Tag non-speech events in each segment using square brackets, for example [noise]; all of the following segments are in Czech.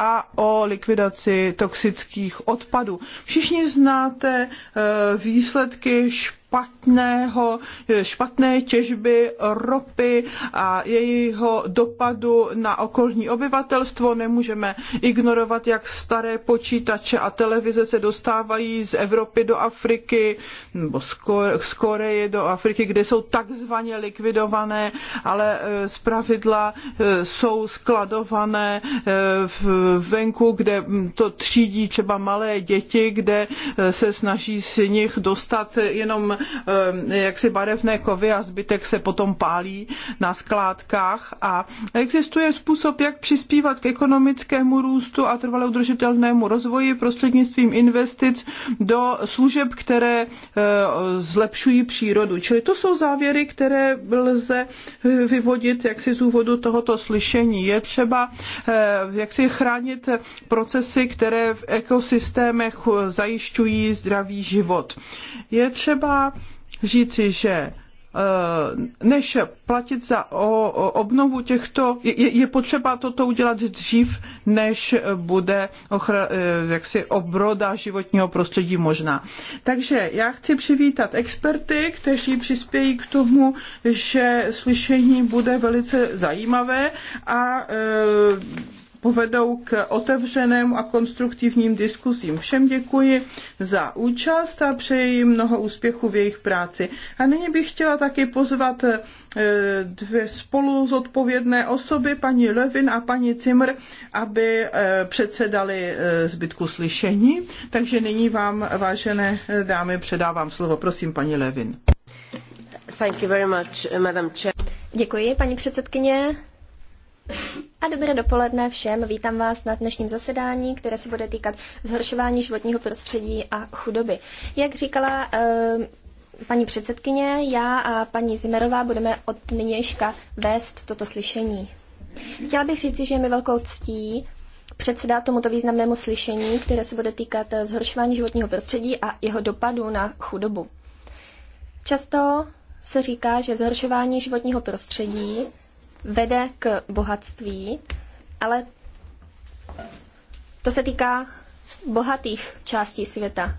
a o likvidaci toxických odpadů. Všichni znáte eh, výsledky špatných špatného, špatné těžby ropy a jejího dopadu na okolní obyvatelstvo. Nemůžeme ignorovat, jak staré počítače a televize se dostávají z Evropy do Afriky nebo z Koreje do Afriky, kde jsou takzvaně likvidované, ale e, z pravidla e, jsou skladované e, venku, kde to třídí třeba malé děti, kde se snaží z nich dostat jenom Eh, jaksi barevné kovy a zbytek se potom pálí na skládkách a existuje způsob, jak přispívat k ekonomickému růstu a trvale udržitelnému rozvoji prostřednictvím investic do služeb, které eh, zlepšují přírodu. Čili to jsou závěry, které lze vyvodit jaksi z úvodu tohoto slyšení. Je třeba eh, jaksi chránit procesy, které v ekosystémech zajišťují zdravý život. Je třeba říci, že eh, než platit za obnovu těchto, je, potřeba toto udělat dřív, než bude ochra, eh, jaksi obroda životního prostředí možná. Takže já chci přivítat experty, kteří přispějí k tomu, že slyšení bude velice zajímavé a eh, povedou k otevřeným a konstruktivním diskuzím. Všem děkuji za účast a přeji jim mnoho úspěchu v jejich práci. A nyní bych chtěla taky pozvat e, dvě spolu zodpovědné osoby, paní Levin a paní Cimr, aby e, předsedali e, zbytku slyšení. Takže nyní vám, vážené dámy, předávám slovo. Prosím, paní Levin. Thank you very much, Madam Chair. Děkuji, paní předsedkyně. A dobré dopoledne všem. Vítám vás na dnešním zasedání, které se bude týkat zhoršování životního prostředí a chudoby. Jak říkala ehm, paní předsedkyně, já a paní Zimerová budeme od nynějška vést toto slyšení. Chtěla bych říci, že je mi velkou ctí předseda tomuto významnému slyšení, které se bude týkat zhoršování životního prostředí a jeho dopadu na chudobu. Často se říká, že zhoršování životního prostředí vede k bohatství, ale to se týká bohatých částí světa.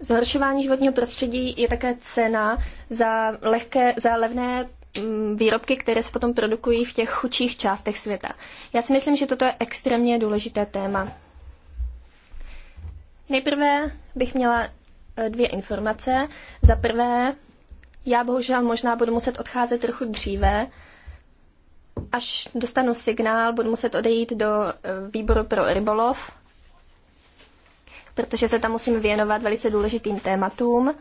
Zhoršování životního prostředí je také cena za, lehké, za levné mm, výrobky, které se potom produkují v těch chudších částech světa. Já si myslím, že toto je extrémně důležité téma. Nejprve bych měla eh, dvě informace. Za prvé, já bohužel možná budu muset odcházet trochu dříve, Až dostanu signál, budu muset odejít do eh, výboru pro rybolov, protože se tam musím věnovat velice důležitým tématům.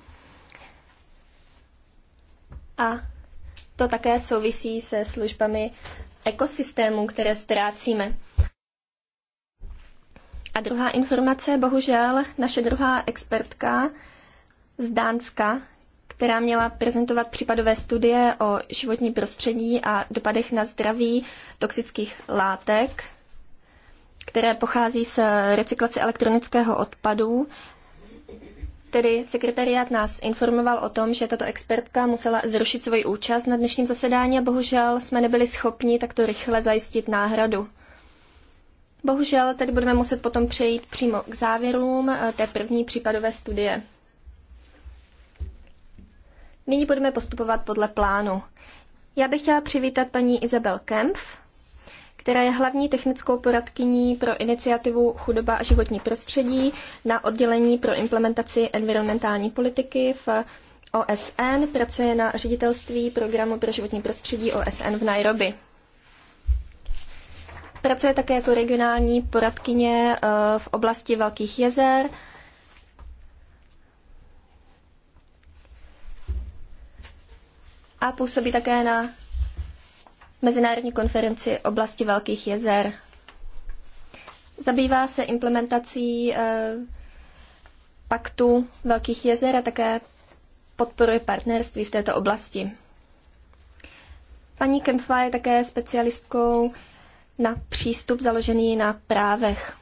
A to také souvisí se službami ekosystémů, které ztrácíme. A druhá informace, bohužel, naše druhá expertka z Dánska která měla prezentovat případové studie o životní prostředí a dopadech na zdraví toxických látek, které pochází z recyklace elektronického odpadu. Tedy sekretariát nás informoval o tom, že tato expertka musela zrušit svoji účast na dnešním zasedání a bohužel jsme nebyli schopni takto rychle zajistit náhradu. Bohužel tedy budeme muset potom přejít přímo k závěrům eh, té první případové studie. Nyní budeme postupovat podle plánu. Já bych chtěla přivítat paní Isabel Kempf, která je hlavní technickou poradkyní pro iniciativu Chudoba a životní prostředí na oddělení pro implementaci environmentální politiky v OSN, pracuje na ředitelství programu pro životní prostředí OSN v Nairobi. Pracuje také jako regionální poradkyně eh, v oblasti Velkých jezer a působí také na Mezinárodní konferenci oblasti Velkých jezer. Zabývá se implementací e, paktu Velkých jezer a také podporuje partnerství v této oblasti. Paní Kempfa je také specialistkou na přístup založený na právech.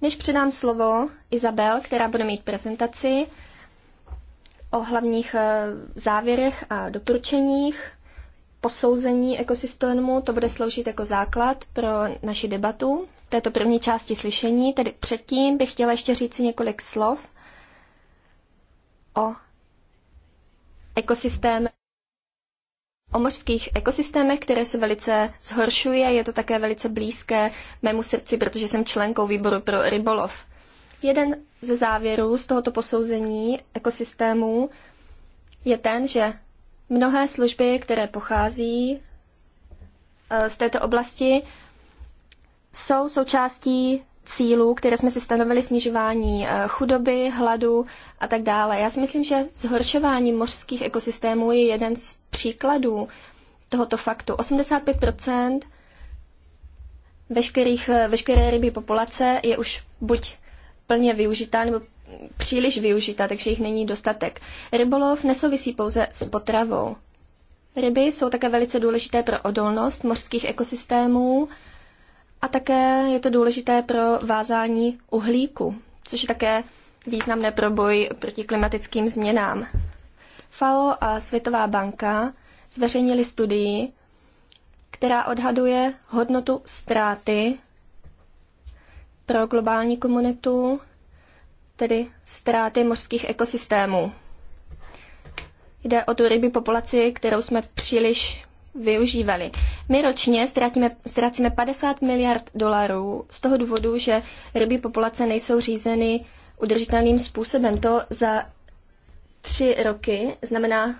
Než předám slovo Izabel, která bude mít prezentaci, o hlavních eh, závěrech a doporučeních posouzení ekosystému. To bude sloužit jako základ pro naši debatu této první části slyšení. Tedy předtím bych chtěla ještě říct několik slov o ekosystému o mořských ekosystémech, které se velice zhoršuje. Je to také velice blízké mému srdci, protože jsem členkou výboru pro rybolov. Jeden ze závěrů z tohoto posouzení ekosystému je ten, že mnohé služby, které pochází eh, z této oblasti, jsou součástí cílů, které jsme si stanovili snižování eh, chudoby, hladu a tak dále. Já si myslím, že zhoršování mořských ekosystémů je jeden z příkladů tohoto faktu. 85 veškerých, eh, veškeré rybí populace je už buď plně využitá nebo příliš využitá, takže jich není dostatek. Rybolov nesouvisí pouze s potravou. Ryby jsou také velice důležité pro odolnost mořských ekosystémů a také je to důležité pro vázání uhlíku, což je také významné pro boj proti klimatickým změnám. FAO a Světová banka zveřejnili studii, která odhaduje hodnotu ztráty pro globální komunitu, tedy ztráty mořských ekosystémů. Jde o tu ryby populaci, kterou jsme příliš využívali. My ročně ztratíme, ztrácíme 50 miliard dolarů z toho důvodu, že ryby populace nejsou řízeny udržitelným způsobem. To za tři roky znamená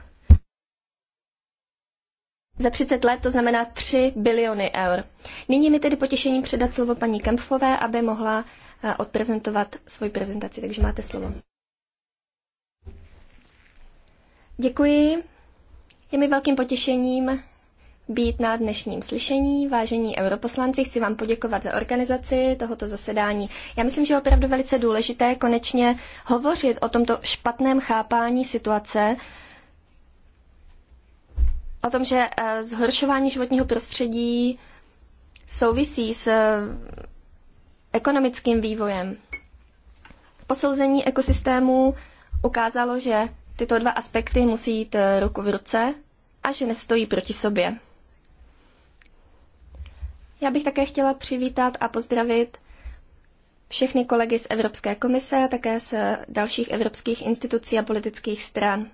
za 30 let, to znamená 3 biliony eur. Nyní mi tedy potěšením předat slovo paní Kempfové, aby mohla eh, odprezentovat svoji prezentaci, takže máte slovo. Děkuji. Je mi velkým potěšením být na dnešním slyšení. Vážení europoslanci, chci vám poděkovat za organizaci tohoto zasedání. Já myslím, že je opravdu velice důležité konečně hovořit o tomto špatném chápání situace, o tom, že eh, zhoršování životního prostředí souvisí s eh, ekonomickým vývojem. Posouzení ekosystému ukázalo, že tyto dva aspekty musí jít eh, ruku v ruce a že nestojí proti sobě. Já bych také chtěla přivítat a pozdravit všechny kolegy z Evropské komise a také z dalších evropských institucí a politických stran.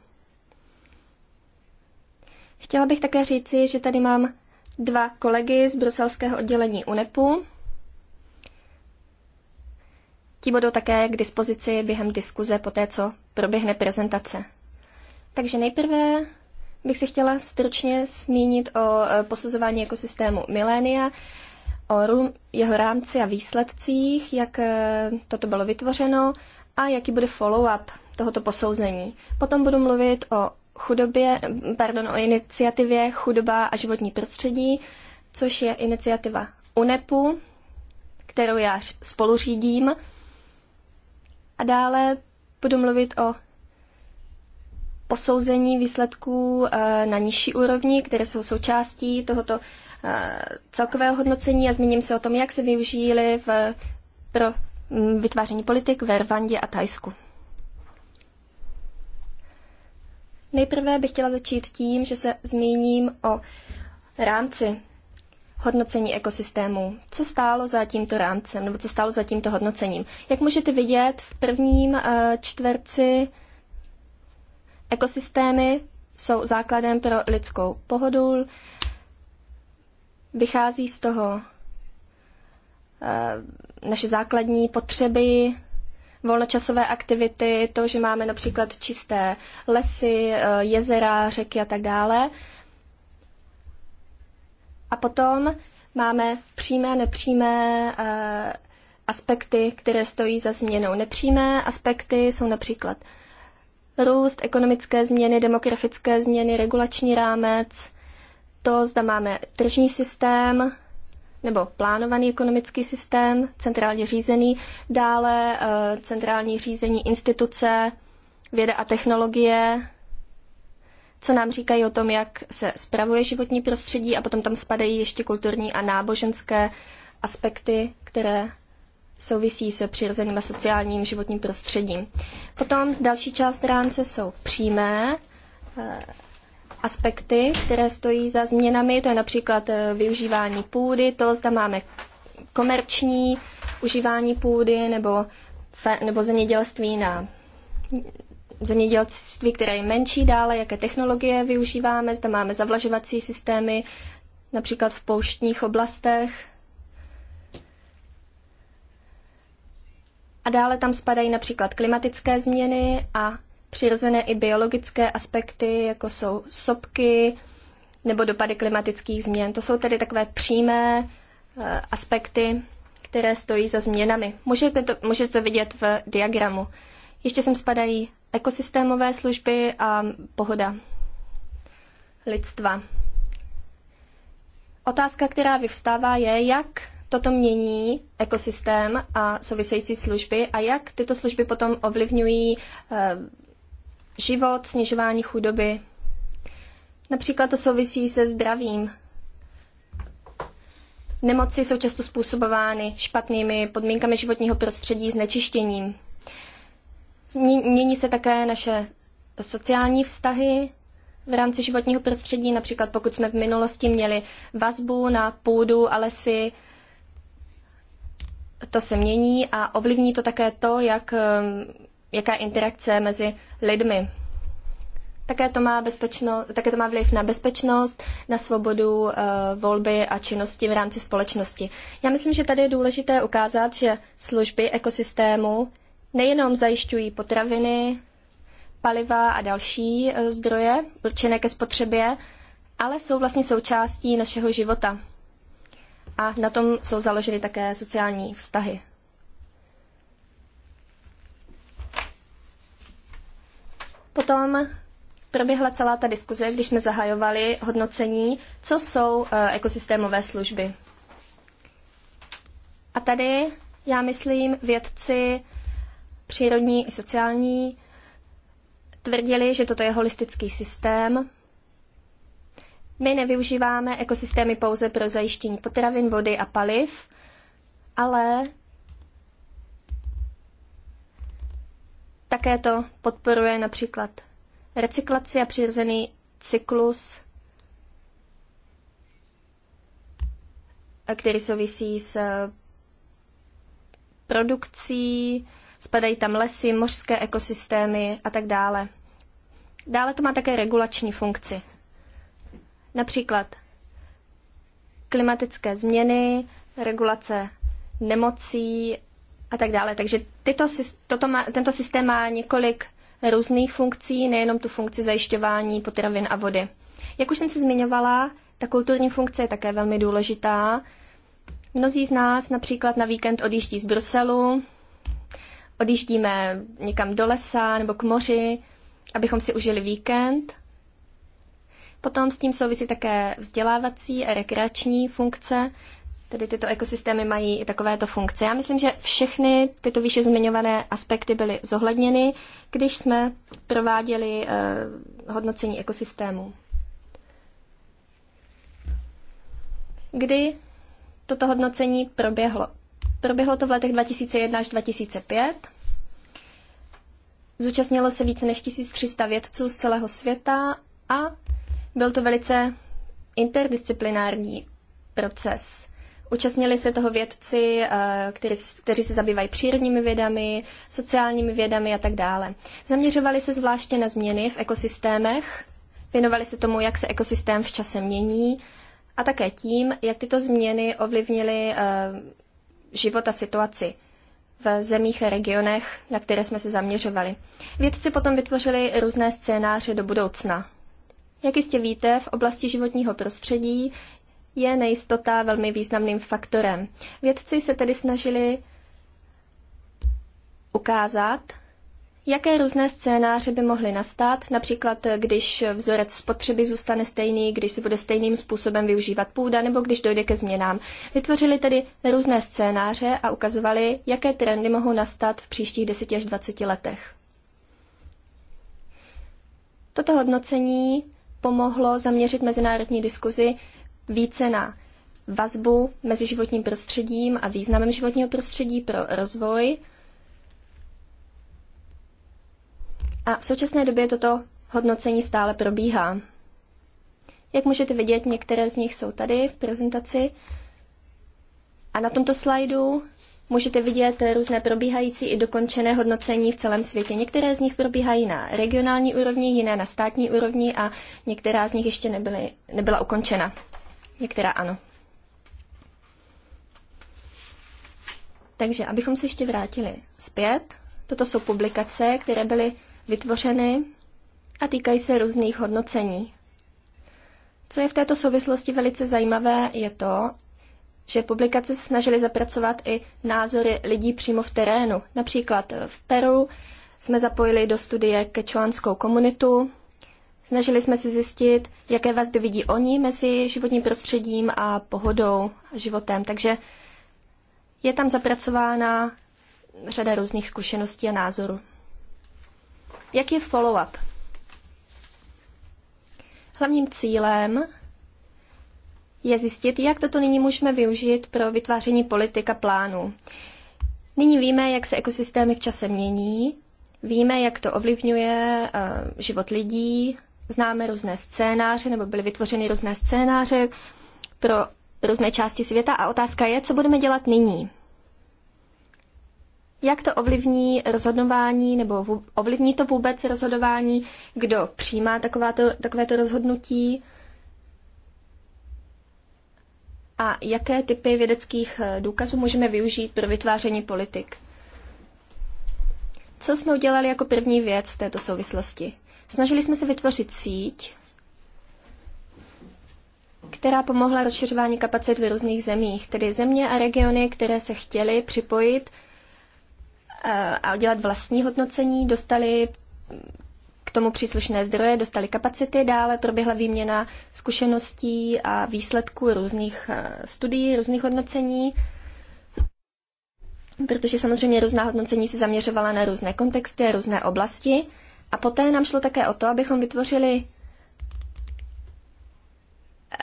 Chtěla bych také říci, že tady mám dva kolegy z bruselského oddělení UNEPu. Ti budou také k dispozici během diskuze po té, co proběhne prezentace. Takže nejprve bych se chtěla stručně zmínit o e, posuzování ekosystému milénia, o jeho rámci a výsledcích, jak e, toto bylo vytvořeno a jaký bude follow-up tohoto posouzení. Potom budu mluvit o chudobě, pardon, o iniciativě Chudoba a životní prostředí, což je iniciativa UNEPu, kterou já spoluřídím. A dále budu mluvit o posouzení výsledků eh, na nižší úrovni, které jsou součástí tohoto eh, celkového hodnocení a zmíním se o tom, jak se využíly pro mm, vytváření politik ve Rwandě a Tajsku. Nejprve bych chtěla začít tím, že se zmíním o rámci hodnocení ekosystému. Co stálo za tímto rámcem, nebo co stálo za tímto hodnocením? Jak můžete vidět, v prvním eh, čtverci ekosystémy jsou základem pro lidskou pohodu. Vychází z toho eh, naše základní potřeby, volnočasové aktivity, to, že máme například čisté lesy, eh, jezera, řeky a tak dále. A potom máme přímé, nepřímé eh, aspekty, které stojí za změnou. Nepřímé aspekty jsou například růst, ekonomické změny, demografické změny, regulační rámec, to, zda máme tržní systém, nebo plánovaný ekonomický systém, centrálně řízený, dále eh, centrální řízení instituce, věda a technologie, co nám říkají o tom, jak se spravuje životní prostředí a potom tam spadají ještě kulturní a náboženské aspekty, které souvisí se přirozeným a sociálním životním prostředím. Potom další část rámce jsou přímé eh, aspekty, které stojí za změnami. To je například eh, využívání půdy, to zda máme komerční užívání půdy nebo, nebo zemědělství na zemědělství, které je menší dále, jaké technologie využíváme, zda máme zavlažovací systémy, například v pouštních oblastech. A dále tam spadají například klimatické změny a přirozené i biologické aspekty, jako jsou sopky nebo dopady klimatických změn. To jsou tedy takové přímé eh, aspekty, které stojí za změnami. Můžete to, můžete to vidět v diagramu. Ještě sem spadají ekosystémové služby a pohoda lidstva. Otázka, která vyvstává, je, jak toto mění ekosystém a související služby a jak tyto služby potom ovlivňují eh, život, snižování chudoby. Například to souvisí se zdravím. Nemoci jsou často způsobovány špatnými podmínkami životního prostředí, znečištěním. Mění se také naše sociální vztahy v rámci životního prostředí. Například pokud jsme v minulosti měli vazbu na půdu a lesy, to se mění a ovlivní to také to, jak jaká je interakce mezi lidmi. Také to, má bezpečno, také to má vliv na bezpečnost, na svobodu e, volby a činnosti v rámci společnosti. Já myslím, že tady je důležité ukázat, že služby ekosystému nejenom zajišťují potraviny, paliva a další e, zdroje určené ke spotřebě, ale jsou vlastně součástí našeho života. A na tom jsou založeny také sociální vztahy. Potom proběhla celá ta diskuze, když jsme zahajovali hodnocení, co jsou eh, ekosystémové služby. A tady, já myslím, vědci přírodní i sociální tvrdili, že toto je holistický systém. My nevyužíváme ekosystémy pouze pro zajištění potravin, vody a paliv, ale Také to podporuje například recyklaci a přirozený cyklus, který souvisí s eh, produkcí, spadají tam lesy, mořské ekosystémy a tak dále. Dále to má také regulační funkci. Například klimatické změny, regulace nemocí a tak dále. Takže tyto, toto má, tento systém má několik různých funkcí, nejenom tu funkci zajišťování potravin a vody. Jak už jsem se zmiňovala, ta kulturní funkce je také velmi důležitá. Mnozí z nás například na víkend odjíždí z Bruselu, odjíždíme někam do lesa nebo k moři, abychom si užili víkend. Potom s tím souvisí také vzdělávací a rekreační funkce, Tedy tyto ekosystémy mají i takovéto funkce. Já myslím, že všechny tyto výše zmiňované aspekty byly zohledněny, když jsme prováděli uh, hodnocení ekosystému. Kdy toto hodnocení proběhlo? Proběhlo to v letech 2001 až 2005. Zúčastnilo se více než 1300 vědců z celého světa a byl to velice interdisciplinární proces. Účastnili se toho vědci, eh, který, kteří se zabývají přírodními vědami, sociálními vědami a tak dále. Zaměřovali se zvláště na změny v ekosystémech, věnovali se tomu, jak se ekosystém v čase mění a také tím, jak tyto změny ovlivnily eh, život a situaci v zemích a regionech, na které jsme se zaměřovali. Vědci potom vytvořili různé scénáře do budoucna. Jak jistě víte, v oblasti životního prostředí je nejistota velmi významným faktorem. Vědci se tedy snažili ukázat, jaké různé scénáře by mohly nastat, například když vzorec spotřeby zůstane stejný, když se bude stejným způsobem využívat půda nebo když dojde ke změnám. Vytvořili tedy různé scénáře a ukazovali, jaké trendy mohou nastat v příštích 10 až 20 letech. Toto hodnocení pomohlo zaměřit mezinárodní diskuzi více na vazbu mezi životním prostředím a významem životního prostředí pro rozvoj. A v současné době toto hodnocení stále probíhá. Jak můžete vidět, některé z nich jsou tady v prezentaci. A na tomto slajdu můžete vidět různé probíhající i dokončené hodnocení v celém světě. Některé z nich probíhají na regionální úrovni, jiné na státní úrovni a některá z nich ještě nebyly, nebyla ukončena některá ano. Takže abychom se ještě vrátili zpět, toto jsou publikace, které byly vytvořeny a týkají se různých hodnocení. Co je v této souvislosti velice zajímavé, je to, že publikace se snažily zapracovat i názory lidí přímo v terénu. Například v Peru jsme zapojili do studie kečuánskou komunitu, Snažili jsme se zjistit, jaké vazby vidí oni mezi životním prostředím a pohodou a životem. Takže je tam zapracována řada různých zkušeností a názorů. Jak je follow-up? Hlavním cílem je zjistit, jak toto nyní můžeme využít pro vytváření politika plánu. Nyní víme, jak se ekosystémy v čase mění, víme, jak to ovlivňuje eh, život lidí, známe různé scénáře, nebo byly vytvořeny různé scénáře pro různé části světa a otázka je, co budeme dělat nyní. Jak to ovlivní rozhodování, nebo ovlivní to vůbec rozhodování, kdo přijímá takováto, takovéto rozhodnutí a jaké typy vědeckých eh, důkazů můžeme využít pro vytváření politik. Co jsme udělali jako první věc v této souvislosti? Snažili jsme se vytvořit síť, která pomohla rozšiřování kapacit v různých zemích, tedy země a regiony, které se chtěly připojit eh, a udělat vlastní hodnocení, dostali k tomu příslušné zdroje, dostali kapacity, dále proběhla výměna zkušeností a výsledků různých eh, studií, různých hodnocení, protože samozřejmě různá hodnocení se zaměřovala na různé kontexty, různé oblasti. A poté nám šlo také o to, abychom vytvořili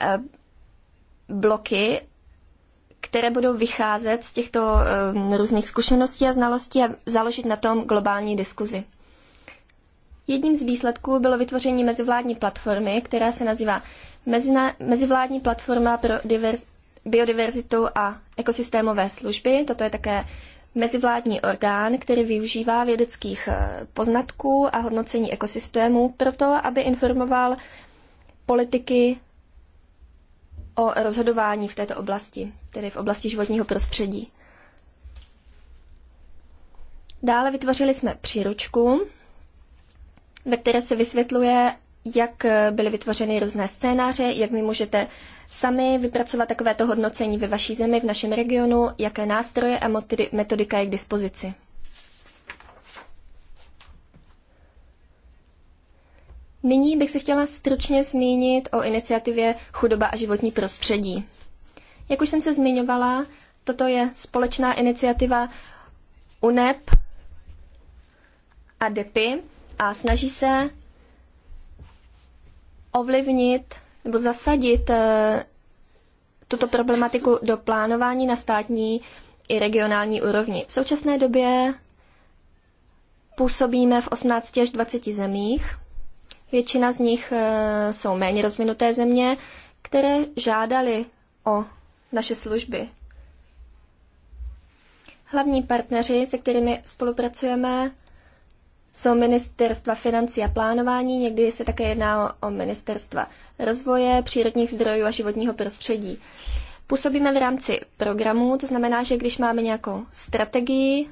eh, bloky, které budou vycházet z těchto eh, různých zkušeností a znalostí a založit na tom globální diskuzi. Jedním z výsledků bylo vytvoření mezivládní platformy, která se nazývá Mezivládní platforma pro biodiverzitu a ekosystémové služby. Toto je také mezivládní orgán, který využívá vědeckých eh, poznatků a hodnocení ekosystémů to, aby informoval politiky o rozhodování v této oblasti, tedy v oblasti životního prostředí. Dále vytvořili jsme příručku, ve které se vysvětluje, jak byly vytvořeny různé scénáře, jak mi můžete sami vypracovat takovéto hodnocení ve vaší zemi, v našem regionu, jaké nástroje a metodika je k dispozici. Nyní bych se chtěla stručně zmínit o iniciativě Chudoba a životní prostředí. Jak už jsem se zmiňovala, toto je společná iniciativa UNEP a DEPI a snaží se ovlivnit nebo zasadit eh, tuto problematiku do plánování na státní i regionální úrovni. V současné době působíme v 18 až 20 zemích. Většina z nich eh, jsou méně rozvinuté země, které žádali o naše služby. Hlavní partneři, se kterými spolupracujeme, jsou ministerstva financí a plánování, někdy se také jedná o, ministerstva rozvoje, přírodních zdrojů a životního prostředí. Působíme v rámci programů, to znamená, že když máme nějakou strategii,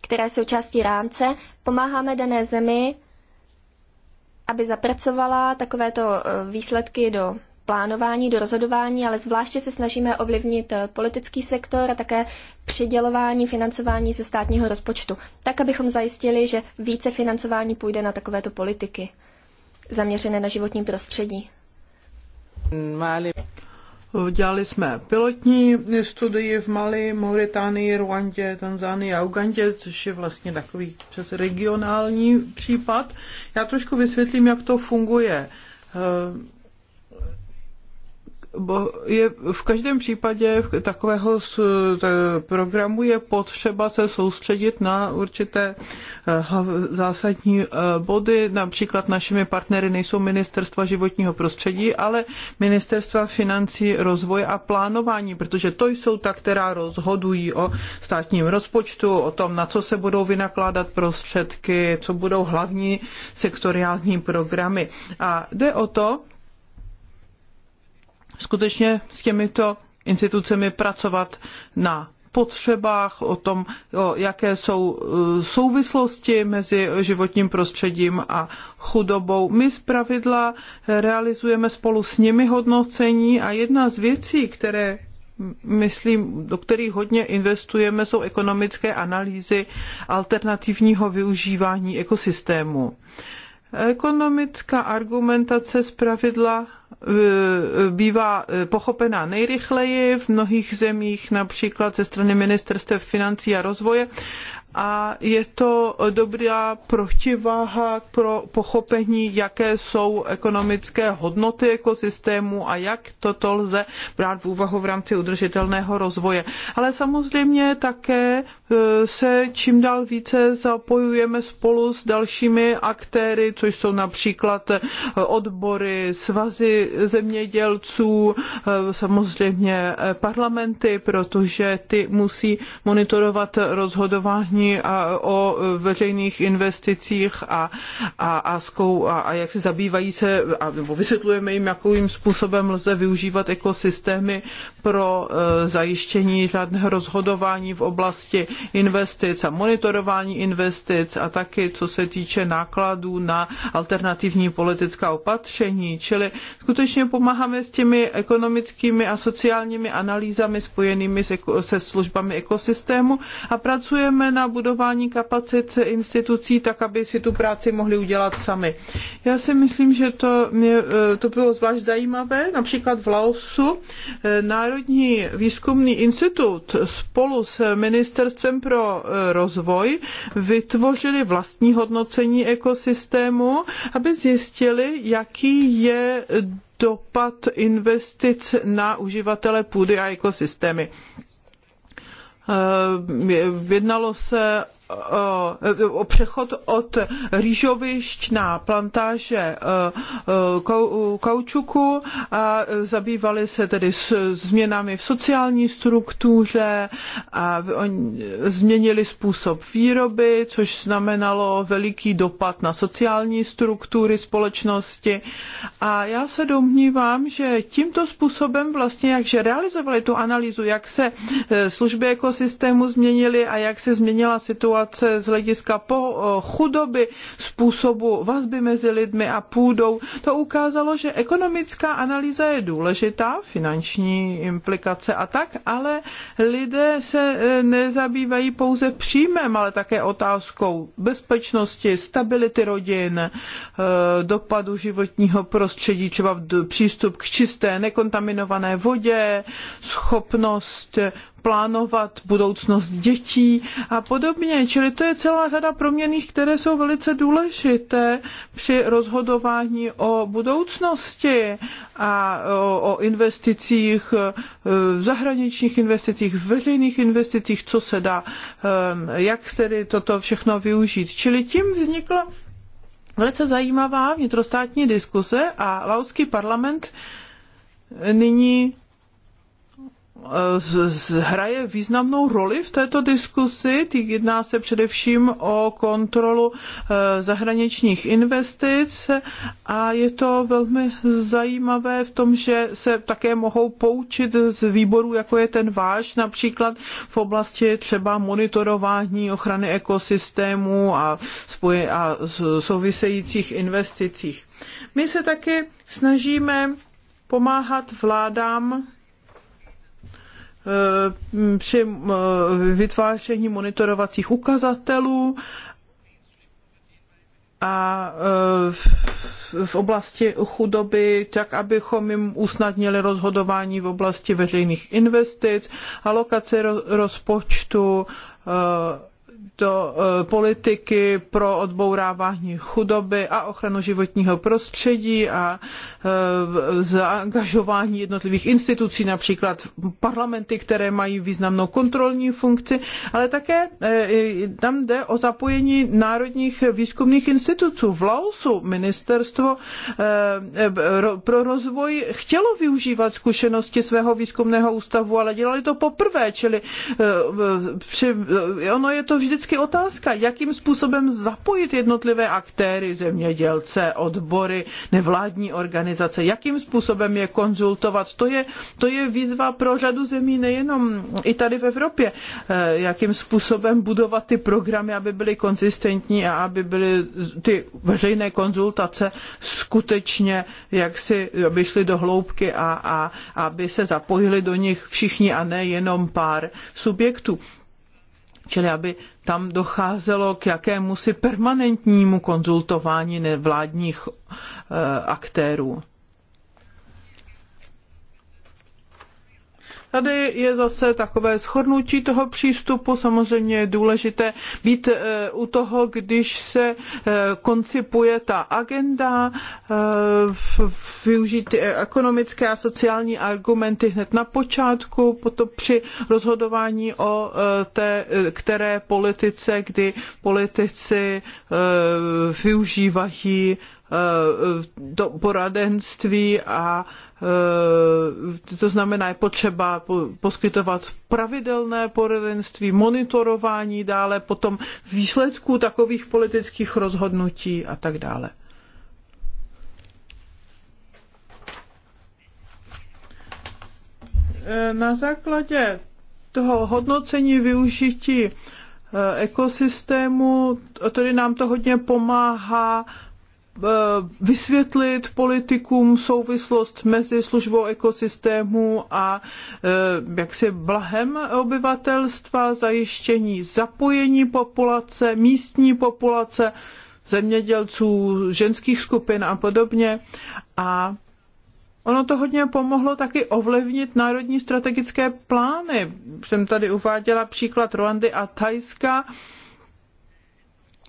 která je součástí rámce, pomáháme dané zemi, aby zapracovala takovéto e, výsledky do plánování, do rozhodování, ale zvláště se snažíme ovlivnit eh, politický sektor a také přidělování financování ze státního rozpočtu, tak abychom zajistili, že více financování půjde na takovéto politiky zaměřené na životní prostředí. Mali. Dělali jsme pilotní studii v Mali, Mauritánii, Rwandě, Tanzánii a Ugandě, což je vlastně takový přes regionální případ. Já trošku vysvětlím, jak to funguje. Eh, bo je v každém případě v takového programu je potřeba se soustředit na určité eh, zásadní eh, body. Například našimi partnery nejsou ministerstva životního prostředí, ale ministerstva financí, rozvoje a plánování, protože to jsou ta, která rozhodují o státním rozpočtu, o tom, na co se budou vynakládat prostředky, co budou hlavní sektoriální programy. A jde o to, skutečně s těmito institucemi pracovat na potřebách, o tom, o jaké jsou e, souvislosti mezi životním prostředím a chudobou. My zpravidla realizujeme spolu s nimi hodnocení a jedna z věcí, které myslím, do kterých hodně investujeme, jsou ekonomické analýzy alternativního využívání ekosystému. Ekonomická argumentace zpravidla bývá eh, pochopena nejrychleji v mnohých zemích, například ze strany ministerstev financí a rozvoje a je to dobrá protiváha pro pochopení, jaké jsou ekonomické hodnoty ekosystému a jak toto lze brát v úvahu v rámci udržitelného rozvoje. Ale samozřejmě také e, se čím dál více zapojujeme spolu s dalšími aktéry, což jsou například e, odbory, svazy zemědělců, e, samozřejmě parlamenty, protože ty musí monitorovat rozhodování všichni o veřejných investicích a, a, a, zkou, a, a jak se zabývají se, a, nebo vysvětlujeme jim, jakým způsobem lze využívat ekosystémy pro e, zajištění řádného rozhodování v oblasti investic a monitorování investic a taky co se týče nákladů na alternativní politická opatření. Čili skutečně pomáháme s těmi ekonomickými a sociálními analýzami spojenými se, se službami ekosystému a pracujeme na budování kapacit institucí, tak aby si tu práci mohli udělat sami. Já si myslím, že to, mě, e, to bylo zvlášť zajímavé, například v Laosu e, Národní výzkumný institut spolu s Ministerstvem pro e, rozvoj vytvořili vlastní hodnocení ekosystému, aby zjistili, jaký je dopad investic na uživatele půdy a ekosystémy. Eh, jednalo se o přechod od rýžovišť na plantáže e, e, kaučuku a zabývali se tedy s změnami v sociální struktuře a změnili způsob výroby, což znamenalo veliký dopad na sociální struktury společnosti. A já se domnívám, že tímto způsobem vlastně, jakže realizovali tu analýzu, jak se e, služby ekosystému změnily a jak se změnila situace, situace z hlediska po eh, chudoby, způsobu vazby mezi lidmi a půdou, to ukázalo, že ekonomická analýza je důležitá, finanční implikace a tak, ale lidé se eh, nezabývají pouze příjmem, ale také otázkou bezpečnosti, stability rodin, eh, dopadu životního prostředí, třeba přístup k čisté, nekontaminované vodě, schopnost plánovat budoucnost dětí a podobně. Čili to je celá řada proměných, které jsou velice důležité při rozhodování o budoucnosti a o, investicích, e, zahraničních investicích, veřejných investicích, co se dá, e, jak tedy toto všechno využít. Čili tím vznikla velice zajímavá vnitrostátní diskuse a laoský parlament nyní hraje významnou roli v této diskusi. Jedná se především o kontrolu eh, zahraničních investic a je to velmi zajímavé v tom, že se také mohou poučit z výborů, jako je ten váš, například v oblasti třeba monitorování ochrany ekosystémů a, spoje, a souvisejících investicích. My se také snažíme pomáhat vládám při eh, vytváření monitorovacích ukazatelů a eh, v oblasti chudoby, tak abychom jim usnadnili rozhodování v oblasti veřejných investic, alokaci rozpočtu, eh, do e, politiky pro odbourávání chudoby a ochranu životního prostředí a e, zaangažování jednotlivých institucí, například parlamenty, které mají významnou kontrolní funkci, ale také e, tam jde o zapojení národních výzkumných institucí. V Laosu ministerstvo pro rozvoj chtělo využívat zkušenosti svého výzkumného ústavu, ale dělali to poprvé, čili ono je to vždycky vždycky otázka, jakým způsobem zapojit jednotlivé aktéry, zemědělce, odbory, nevládní organizace, jakým způsobem je konzultovat. To je, to je výzva pro řadu zemí, nejenom i tady v Evropě, eh, jakým způsobem budovat ty programy, aby byly konzistentní a aby byly ty veřejné konzultace skutečně, jak si, aby šly do hloubky a, a aby se zapojili do nich všichni a ne jenom pár subjektů čili aby tam docházelo k jakému si permanentnímu konzultování nevládních eh, aktérů. Tady je zase takové schodnutí toho přístupu. Samozřejmě je důležité být eh, u toho, když se eh, koncipuje ta agenda, eh, využít ekonomické a sociální argumenty hned na počátku, potom při rozhodování o té, které politice, kdy politici využívají to poradenství a Eh, to znamená, je potřeba poskytovat pravidelné poradenství, monitorování dále, potom výsledků takových politických rozhodnutí a tak dále. Eh, na základě toho hodnocení využití eh, ekosystému, tedy nám to hodně pomáhá Eh, vysvětlit politikům souvislost mezi službou ekosystému a eh, jaksi blahem obyvatelstva, zajištění zapojení populace, místní populace, zemědělců, ženských skupin a podobně. A Ono to hodně pomohlo taky ovlivnit národní strategické plány. Jsem tady uváděla příklad Ruandy a Thajska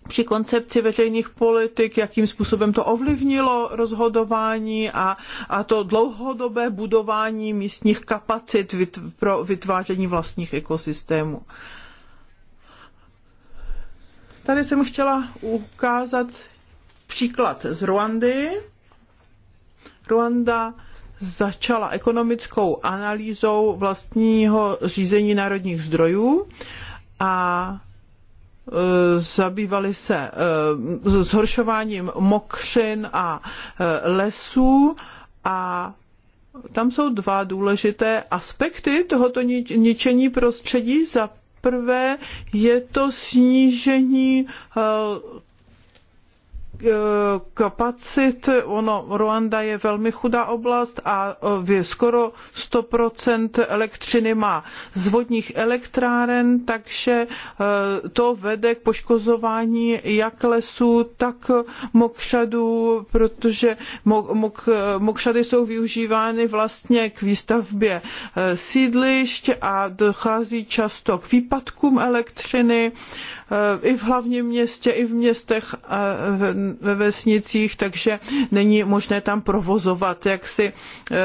při koncepci veřejných politik, jakým způsobem to ovlivnilo rozhodování a, a to dlouhodobé budování místních kapacit vyt, pro vytváření vlastních ekosystémů. Tady jsem chtěla ukázat příklad z Ruandy. Ruanda začala ekonomickou analýzou vlastního řízení národních zdrojů a Eh, zabývali se eh, zhoršováním mokřin a eh, lesů a tam jsou dva důležité aspekty tohoto ničení prostředí. Za prvé je to snížení Eh, kapacit. Ono, Ruanda je velmi chudá oblast a eh, skoro 100% elektřiny má z vodních elektráren, takže eh, to vede k poškozování jak lesů, tak mokřadů, protože mok, mok, mokřady jsou využívány vlastně k výstavbě sídlišť a dochází často k výpadkům elektřiny Eh, i v hlavním městě, i v městech a ve vesnicích, takže není možné tam provozovat jaksi eh,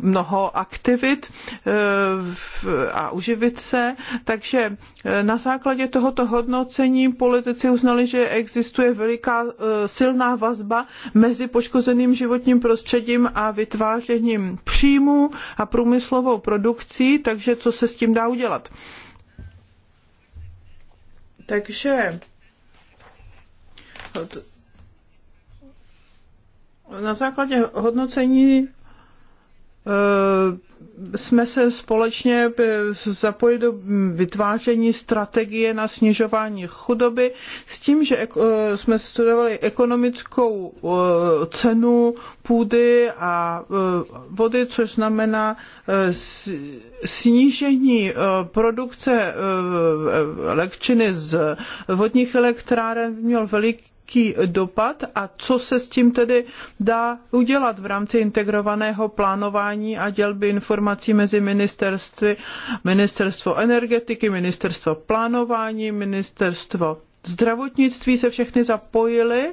mnoho aktivit eh, a uživit se. Takže na základě tohoto hodnocení politici uznali, že existuje veliká silná vazba mezi poškozeným životním prostředím a vytvářením příjmů a průmyslovou produkcí, takže co se s tím dá udělat? Takže na základě hodnocení Eh, jsme se společně eh, zapojili do vytváření strategie na snižování chudoby s tím, že eh, jsme studovali ekonomickou cenu půdy a vody, což znamená snížení produkce elektřiny z vodních elektráren měl veliký jaký dopad a co se s tím tedy dá udělat v rámci integrovaného plánování a dělby informací mezi ministerstvy, ministerstvo energetiky, ministerstvo plánování, ministerstvo zdravotnictví se všechny zapojily.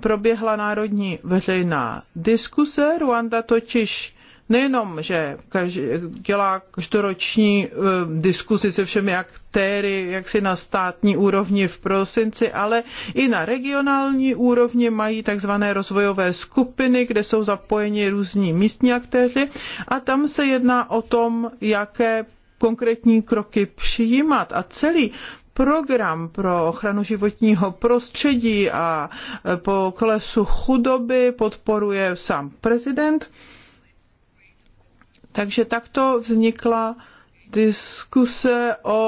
Proběhla národní veřejná diskuse. Ruanda totiž nejenom, že každý, dělá každoroční uh, eh, diskusi se všemi aktéry, jak si na státní úrovni v prosinci, ale i na regionální úrovni mají takzvané rozvojové skupiny, kde jsou zapojeni různí místní aktéři a tam se jedná o tom, jaké konkrétní kroky přijímat a celý program pro ochranu životního prostředí a eh, poklesu chudoby podporuje sám prezident takže takto vznikla diskuse o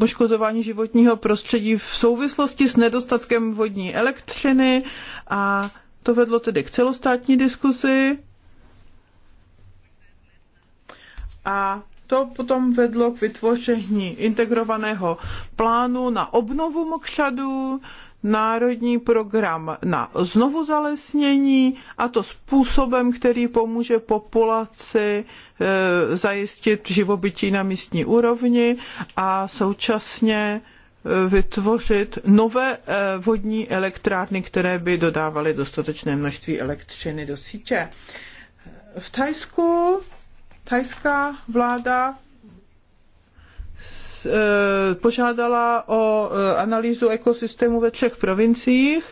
poškozování životního prostředí v souvislosti s nedostatkem vodní elektřiny a to vedlo tedy k celostátní diskusi. A to potom vedlo k vytvoření integrovaného plánu na obnovu mokřadů, národní program na znovuzalesnění a to způsobem, který pomůže populaci e, zajistit živobytí na místní úrovni a současně e, vytvořit nové e, vodní elektrárny, které by dodávaly dostatečné množství elektřiny do sítě. V Thajsku thajská vláda Eh, požádala o eh, analýzu ekosystému ve třech provinciích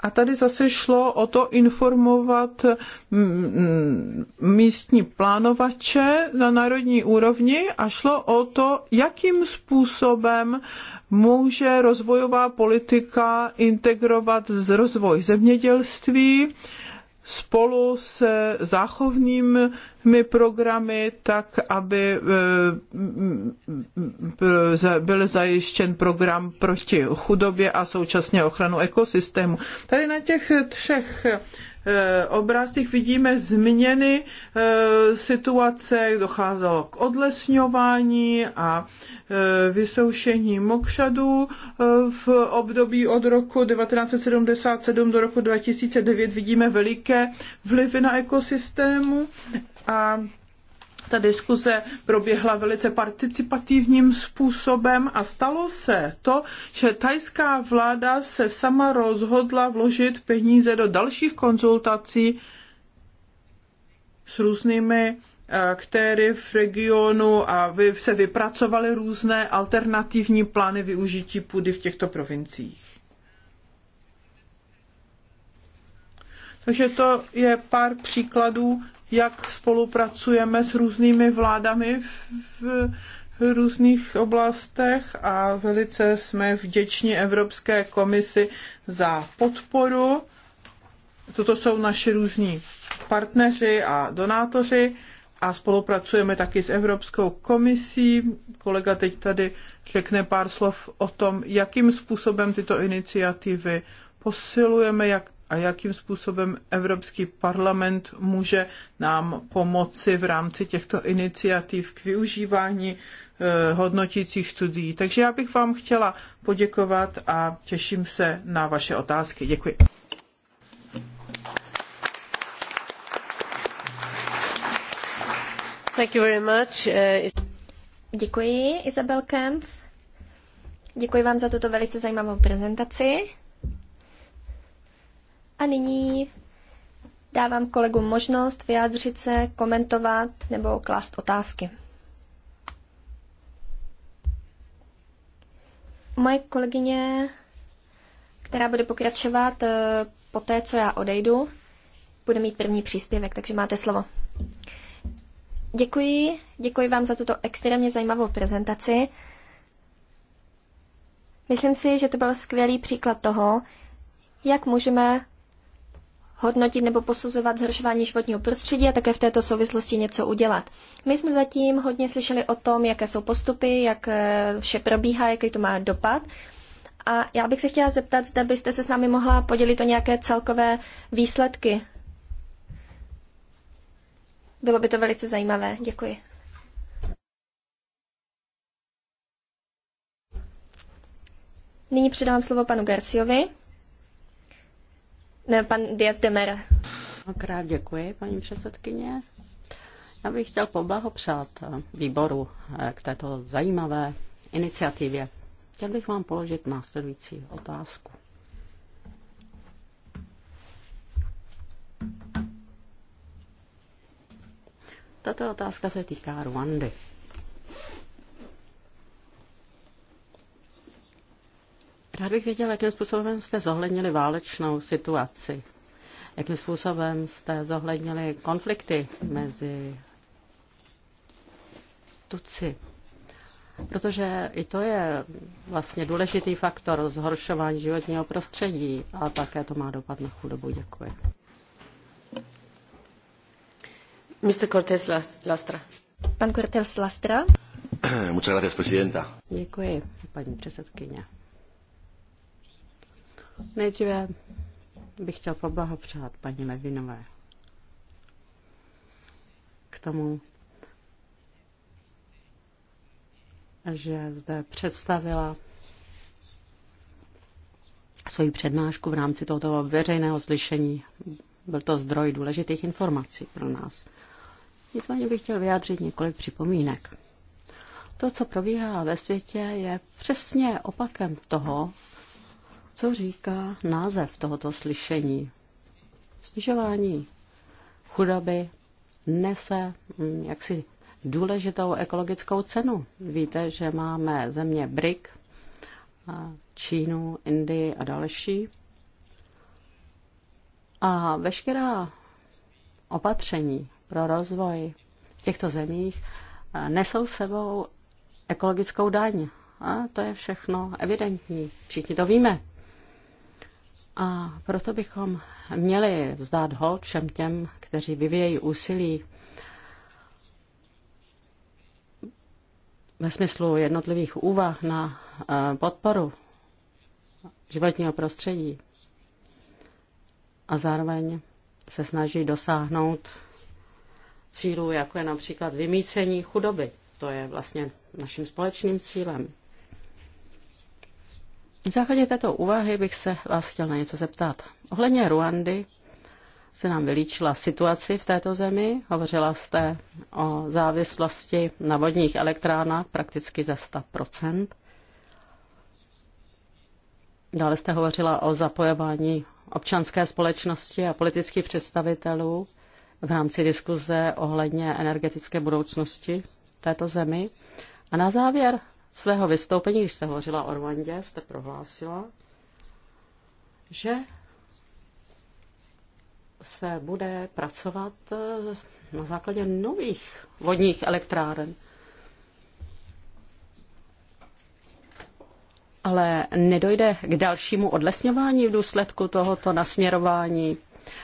a tady zase šlo o to informovat mm, mm, místní plánovače na národní úrovni a šlo o to, jakým způsobem může rozvojová politika integrovat z rozvoj zemědělství spolu se záchovnými programy, tak aby e, byl zajištěn program proti chudobě a současně ochranu ekosystému. Tady na těch třech Eh, obrázcích vidíme změny eh, situace, docházelo k odlesňování a eh, vysoušení mokřadů v období od roku 1977 do roku 2009 vidíme veliké vlivy na ekosystému a ta diskuze proběhla velice participativním způsobem a stalo se to, že tajská vláda se sama rozhodla vložit peníze do dalších konzultací s různými eh, které v regionu a se vypracovaly různé alternativní plány využití půdy v těchto provinciích. Takže to je pár příkladů jak spolupracujeme s různými vládami v, v různých oblastech a velice jsme vděční Evropské komisi za podporu. Toto jsou naši různí partneři a donátoři a spolupracujeme taky s Evropskou komisí. Kolega teď tady řekne pár slov o tom, jakým způsobem tyto iniciativy posilujeme, jak a jakým způsobem Evropský parlament může nám pomoci v rámci těchto iniciativ k využívání eh, hodnotících studií. Takže já bych vám chtěla poděkovat a těším se na vaše otázky. Děkuji. Thank you very much. Eh, Děkuji, Isabel Kempf. Děkuji vám za tuto velice zajímavou prezentaci. A nyní dávám kolegům možnost vyjádřit se, komentovat nebo klást otázky. Moje kolegyně, která bude pokračovat eh, po té, co já odejdu, bude mít první příspěvek, takže máte slovo. Děkuji, děkuji vám za tuto extrémně zajímavou prezentaci. Myslím si, že to byl skvělý příklad toho, jak můžeme hodnotit nebo posuzovat zhoršování životního prostředí a také v této souvislosti něco udělat. My jsme zatím hodně slyšeli o tom, jaké jsou postupy, jak eh, vše probíhá, jaký to má dopad. A já bych se chtěla zeptat, zda byste se s námi mohla podělit o nějaké celkové výsledky. Bylo by to velice zajímavé. Děkuji. Nyní předávám slovo panu Garciovi pan Diaz de Mera. děkuji, paní předsedkyně. Já bych chtěl poblahopřát eh, výboru eh, k této zajímavé iniciativě. Chtěl bych vám položit následující otázku. Tato otázka se týká Ruandy. Rád bych věděl, jakým způsobem jste zohlednili válečnou situaci. Jakým způsobem jste zohlednili konflikty mezi Tuci? Protože i to je vlastně důležitý faktor zhoršování životního prostředí a také to má dopad na chudobu. Děkuji. Mr. Cortés Lastra. Pan Cortés Lastra. Muchas gracias, presidenta. Děkuji, paní předsedkyně. Nejdříve bych chtěl poblahopřát paní Levinové k tomu, že zde představila svoji přednášku v rámci tohoto veřejného slyšení. Byl to zdroj důležitých informací pro nás. Nicméně bych chtěl vyjádřit několik připomínek. To, co probíhá ve světě, je přesně opakem toho, co říká název tohoto slyšení? Snižování chudoby nese mm, jaksi důležitou ekologickou cenu. Víte, že máme země BRIC, Čínu, Indii a další. A veškerá opatření pro rozvoj v těchto zemích eh, nesou sebou ekologickou daň. A to je všechno evidentní. Všichni to víme. A proto bychom měli vzdát hold všem těm, kteří vyvíjejí úsilí ve smyslu jednotlivých úvah na eh, podporu životního prostředí a zároveň se snaží dosáhnout cílů, jako je například vymícení chudoby. To je vlastně naším společným cílem. Na základě této úvahy bych se vás chtěl na něco zeptat. Ohledně Ruandy se nám vylíčila situaci v této zemi. Hovořila jste o závislosti na vodních elektrárnách prakticky za 100%. Dále jste hovořila o zapojování občanské společnosti a politických představitelů v rámci diskuze ohledně energetické budoucnosti této zemi. A na závěr svého vystoupení, když jste hovořila o Rwandě, jste prohlásila, že se bude pracovat na základě nových vodních elektráren. Ale nedojde k dalšímu odlesňování v důsledku tohoto nasměrování.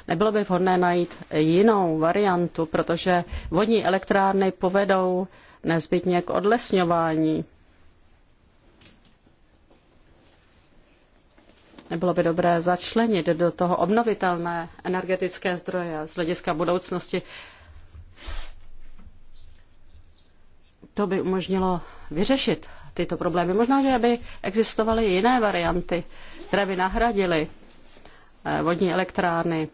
Nebylo by vhodné najít jinou variantu, protože vodní elektrárny povedou nezbytně k odlesňování. nebylo by dobré začlenit do toho obnovitelné energetické zdroje z hlediska budoucnosti. To by umožnilo vyřešit tyto problémy. Možná, že by existovaly jiné varianty, které by nahradily eh, vodní elektrárny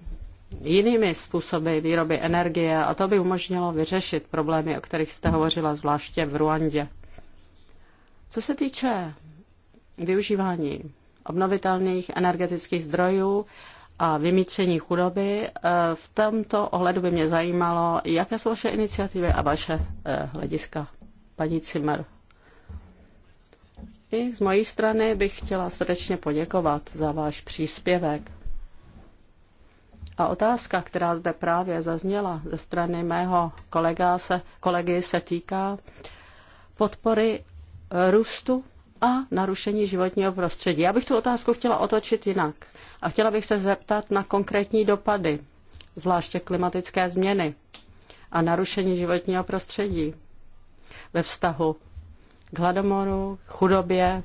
jinými způsoby výroby energie a to by umožnilo vyřešit problémy, o kterých jste hovořila, zvláště v Ruandě. Co se týče využívání obnovitelných energetických zdrojů a vymícení chudoby. E, v tomto ohledu by mě zajímalo, jaké jsou vaše iniciativy a vaše e, hlediska. Paní Cimer. I z mojí strany bych chtěla srdečně poděkovat za váš příspěvek. A otázka, která zde právě zazněla ze strany mého kolega se, kolegy, se týká podpory růstu a narušení životního prostředí. Já bych tu otázku chtěla otočit jinak a chtěla bych se zeptat na konkrétní dopady, zvláště klimatické změny a narušení životního prostředí ve vztahu k hladomoru, chudobě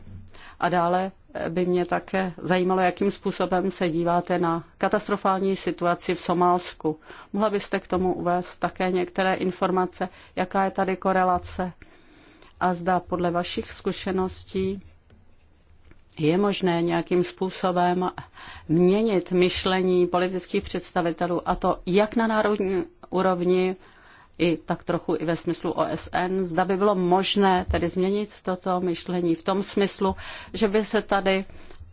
a dále by mě také zajímalo, jakým způsobem se díváte na katastrofální situaci v Somálsku. Mohla byste k tomu uvést také některé informace, jaká je tady korelace a zda podle vašich zkušeností je možné nějakým způsobem měnit myšlení politických představitelů a to jak na národní úrovni, i tak trochu i ve smyslu OSN. Zda by bylo možné tedy změnit toto myšlení v tom smyslu, že by se tady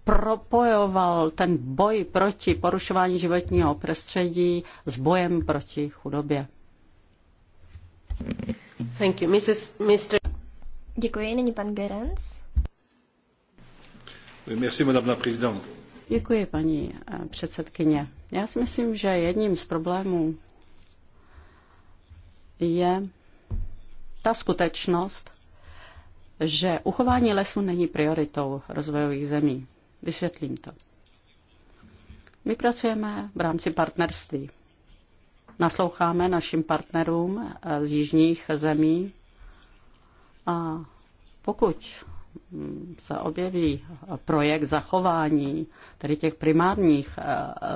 propojoval ten boj proti porušování životního prostředí s bojem proti chudobě. Thank you. Mrs. Mr. Děkuji, nyní pan Gerens. Merci, madame la présidente. Děkuji, paní eh, předsedkyně. Já si myslím, že jedním z problémů je ta skutečnost, že uchování lesu není prioritou rozvojových zemí. Vysvětlím to. My pracujeme v rámci partnerství. Nasloucháme našim partnerům eh, z jižních zemí a pokud se objeví projekt zachování tedy těch primárních eh,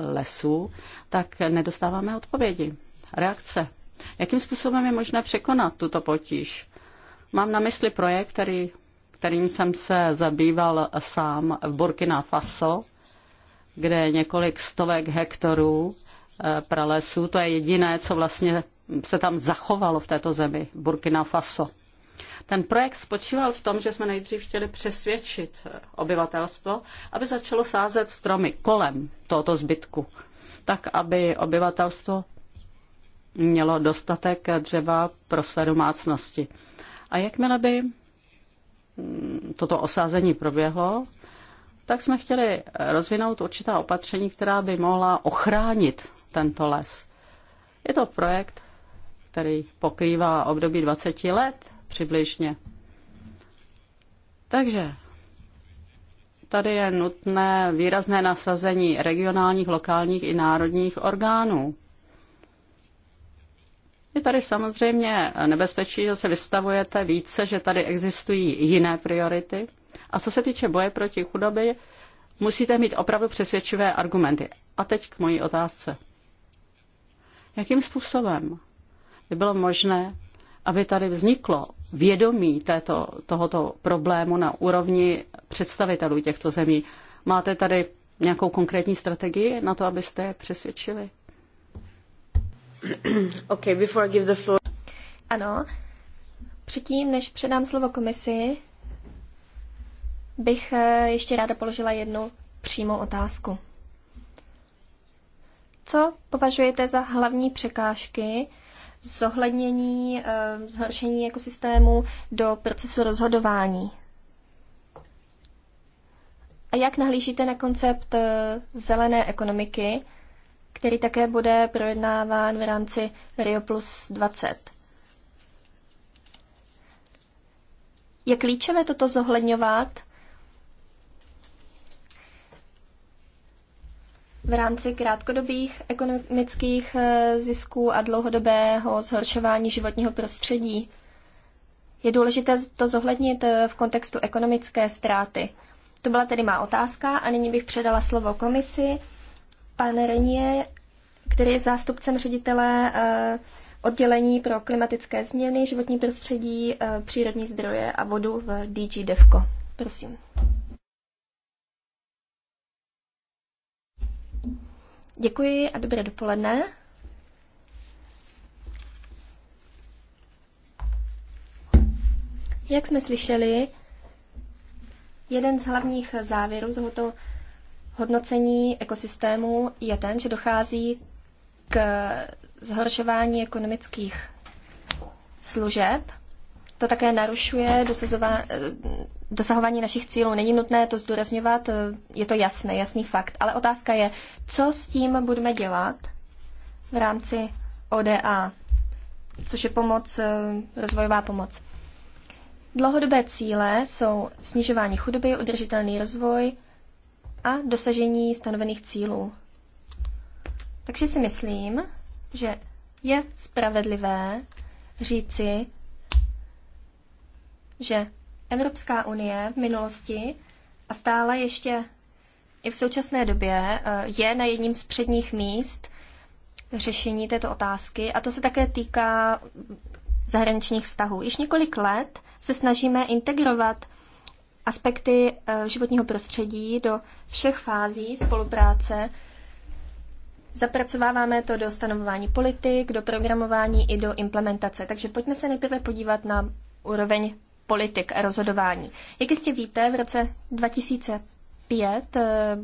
lesů, tak nedostáváme odpovědi, reakce. Jakým způsobem je možné překonat tuto potíž? Mám na mysli projekt, který, kterým jsem se zabýval sám v Burkina Faso, kde několik stovek hektarů eh, pralesů, to je jediné, co vlastně se tam zachovalo v této zemi, Burkina Faso. Ten projekt spočíval v tom, že jsme nejdřív chtěli přesvědčit eh, obyvatelstvo, aby začalo sázet stromy kolem tohoto zbytku, tak aby obyvatelstvo mělo dostatek dřeva pro své domácnosti. A jakmile by mm, toto osázení proběhlo, tak jsme chtěli eh, rozvinout určitá opatření, která by mohla ochránit tento les. Je to projekt, který pokrývá období 20 let přibližně. Takže tady je nutné výrazné nasazení regionálních, lokálních i národních orgánů. Je tady samozřejmě nebezpečí, že se vystavujete více, že tady existují jiné priority. A co se týče boje proti chudobě, musíte mít opravdu přesvědčivé argumenty. A teď k mojí otázce. Jakým způsobem by bylo možné, aby tady vzniklo vědomí této, tohoto problému na úrovni představitelů těchto zemí. Máte tady nějakou konkrétní strategii na to, abyste je přesvědčili? [clears throat] Okay, before I give the floor. Ano, předtím, než předám slovo komisi, bych eh, ještě ráda položila jednu přímou otázku. Co považujete za hlavní překážky, zohlednění eh, zhoršení ekosystému do procesu rozhodování. A jak nahlížíte na koncept eh, zelené ekonomiky, který také bude projednáván v rámci Rio Plus 20? Je klíčové toto zohledňovat v rámci krátkodobých ekonomických eh, zisků a dlouhodobého zhoršování životního prostředí. Je důležité to zohlednit eh, v kontextu ekonomické ztráty. To byla tedy má otázka a nyní bych předala slovo komisi. Pan Renier, který je zástupcem ředitele eh, oddělení pro klimatické změny, životní prostředí, přírodní zdroje a vodu v DG DEVCO. Prosím. Děkuji a dobré dopoledne. Jak jsme slyšeli, jeden z hlavních závěrů tohoto hodnocení ekosystému je ten, že dochází k zhoršování ekonomických služeb to také narušuje eh, dosahování našich cílů. Není nutné to zdůrazňovat, eh, je to jasné, jasný fakt. Ale otázka je, co s tím budeme dělat v rámci ODA, což je pomoc, eh, rozvojová pomoc. Dlouhodobé cíle jsou snižování chudoby, udržitelný rozvoj a dosažení stanovených cílů. Takže si myslím, že je spravedlivé říci, že Evropská unie v minulosti a stále ještě i v současné době eh, je na jedním z předních míst řešení této otázky a to se také týká zahraničních vztahů. Již několik let se snažíme integrovat aspekty eh, životního prostředí do všech fází spolupráce. Zapracováváme to do stanovování politik, do programování i do implementace. Takže pojďme se nejprve podívat na úroveň politik a rozhodování. Jak jistě víte, v roce 2005 eh,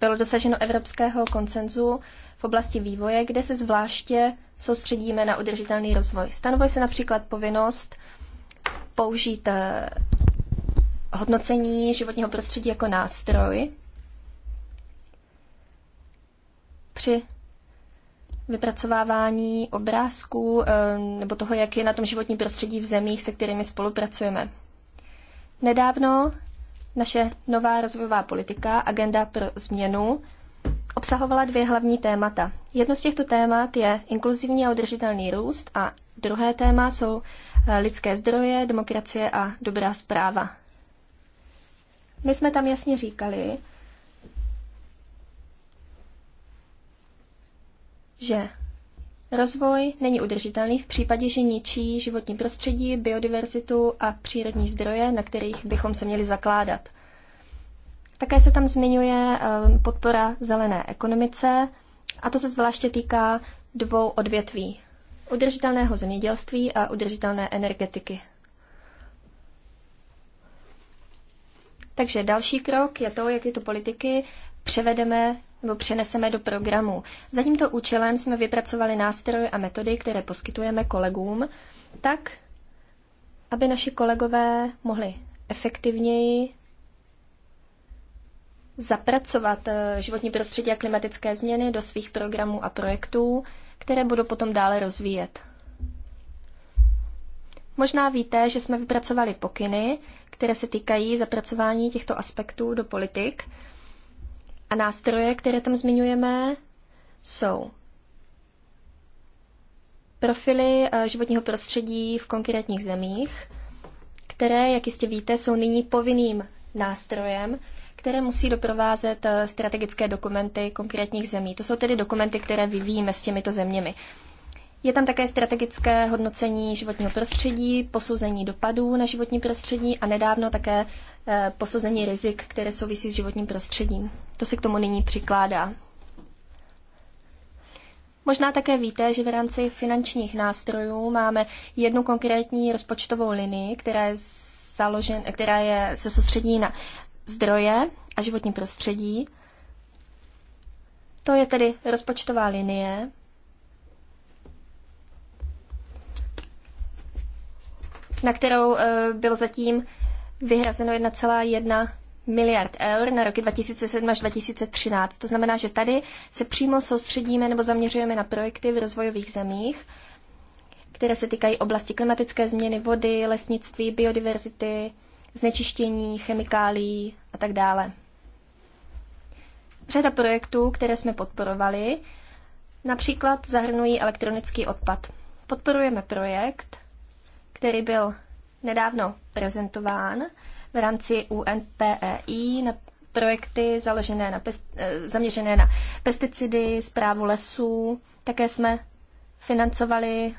bylo dosaženo evropského koncenzu v oblasti vývoje, kde se zvláště soustředíme na udržitelný rozvoj. Stanovuje se například povinnost použít eh, hodnocení životního prostředí jako nástroj při vypracovávání obrázků eh, nebo toho, jak je na tom životní prostředí v zemích, se kterými spolupracujeme. Nedávno naše nová rozvojová politika, agenda pro změnu, obsahovala dvě hlavní témata. Jedno z těchto témat je inkluzivní a udržitelný růst a druhé téma jsou eh, lidské zdroje, demokracie a dobrá zpráva. My jsme tam jasně říkali, že rozvoj není udržitelný v případě, že ničí životní prostředí, biodiverzitu a přírodní zdroje, na kterých bychom se měli zakládat. Také se tam zmiňuje ehm, podpora zelené ekonomice a to se zvláště týká dvou odvětví. Udržitelného zemědělství a udržitelné energetiky. Takže další krok je to, jak tyto politiky převedeme nebo přeneseme do programu. Za tímto účelem jsme vypracovali nástroje a metody, které poskytujeme kolegům, tak, aby naši kolegové mohli efektivněji zapracovat eh, životní prostředí a klimatické změny do svých programů a projektů, které budou potom dále rozvíjet. Možná víte, že jsme vypracovali pokyny, které se týkají zapracování těchto aspektů do politik a nástroje, které tam zmiňujeme, jsou profily eh, životního prostředí v konkrétních zemích, které, jak jistě víte, jsou nyní povinným nástrojem, které musí doprovázet eh, strategické dokumenty konkrétních zemí. To jsou tedy dokumenty, které vyvíjíme s těmito zeměmi. Je tam také strategické hodnocení životního prostředí, posouzení dopadů na životní prostředí a nedávno také eh, posouzení rizik, které souvisí s životním prostředím. To se k tomu nyní přikládá. Možná také víte, že v rámci finančních nástrojů máme jednu konkrétní rozpočtovou linii, která je, založen, která je se soustředí na zdroje a životní prostředí. To je tedy rozpočtová linie, na kterou eh, bylo zatím vyhrazeno 1,1 miliard eur na roky 2007 až 2013. To znamená, že tady se přímo soustředíme nebo zaměřujeme na projekty v rozvojových zemích, které se týkají oblasti klimatické změny, vody, lesnictví, biodiverzity, znečištění, chemikálií a tak dále. Řada projektů, které jsme podporovali, například zahrnují elektronický odpad. Podporujeme projekt, který byl nedávno prezentován v rámci UNPEI na projekty založené na pest, eh, zaměřené na pesticidy, zprávu lesů. Také jsme financovali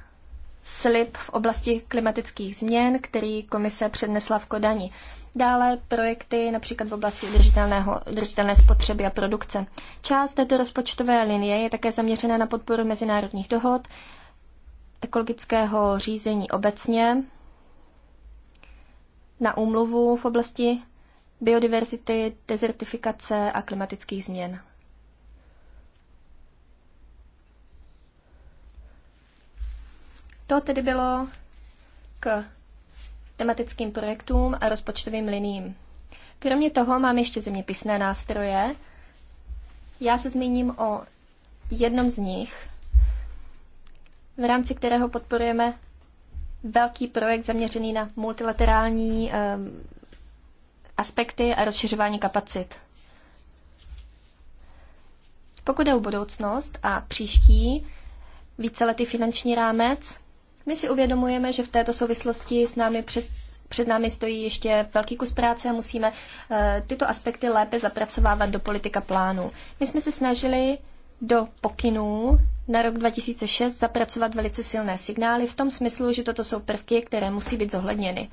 slib v oblasti klimatických změn, který komise přednesla v Kodani. Dále projekty například v oblasti udržitelného, udržitelné spotřeby a produkce. Část této rozpočtové linie je také zaměřena na podporu mezinárodních dohod ekologického řízení obecně, na úmluvu v oblasti biodiverzity, dezertifikace a klimatických změn. To tedy bylo k tematickým projektům a rozpočtovým liním. Kromě toho mám ještě zeměpisné nástroje. Já se zmíním o jednom z nich, v rámci kterého podporujeme velký projekt zaměřený na multilaterální um, aspekty a rozšiřování kapacit. Pokud je o budoucnost a příští víceletý finanční rámec, my si uvědomujeme, že v této souvislosti s námi před, před námi stojí ještě velký kus práce a musíme uh, tyto aspekty lépe zapracovávat do politika plánu. My jsme se snažili do pokynů na rok 2006 zapracovat velice silné signály v tom smyslu, že toto jsou prvky, které musí být zohledněny.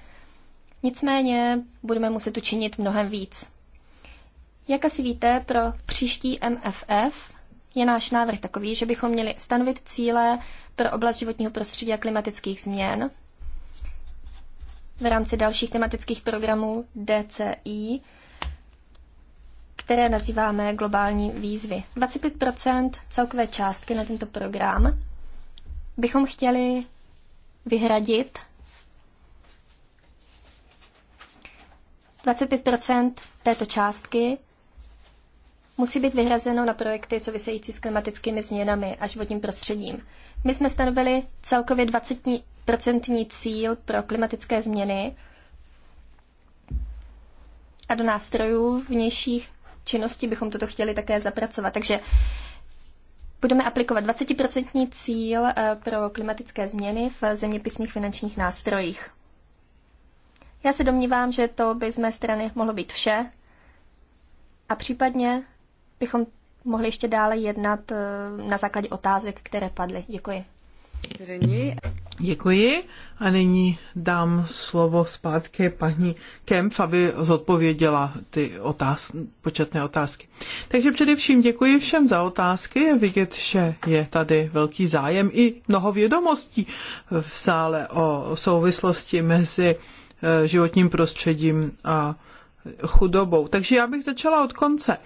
Nicméně budeme muset učinit mnohem víc. Jak asi víte, pro příští MFF je náš návrh takový, že bychom měli stanovit cíle pro oblast životního prostředí a klimatických změn v rámci dalších tematických programů DCI které nazýváme globální výzvy. 25 celkové částky na tento program bychom chtěli vyhradit 25 této částky musí být vyhrazeno na projekty související s klimatickými změnami a životním prostředím. My jsme stanovili celkově 20% cíl pro klimatické změny a do nástrojů vnějších činnosti bychom toto chtěli také zapracovat. Takže budeme aplikovat 20% cíl eh, pro klimatické změny v zeměpisných finančních nástrojích. Já se domnívám, že to by z mé strany mohlo být vše a případně bychom mohli ještě dále jednat eh, na základě otázek, které padly. Děkuji. Děkuji a nyní dám slovo zpátky paní Kemp, aby zodpověděla ty otáz- početné otázky. Takže především děkuji všem za otázky. Je vidět, že je tady velký zájem i mnoho vědomostí v sále o souvislosti mezi eh, životním prostředím a chudobou. Takže já bych začala od konce.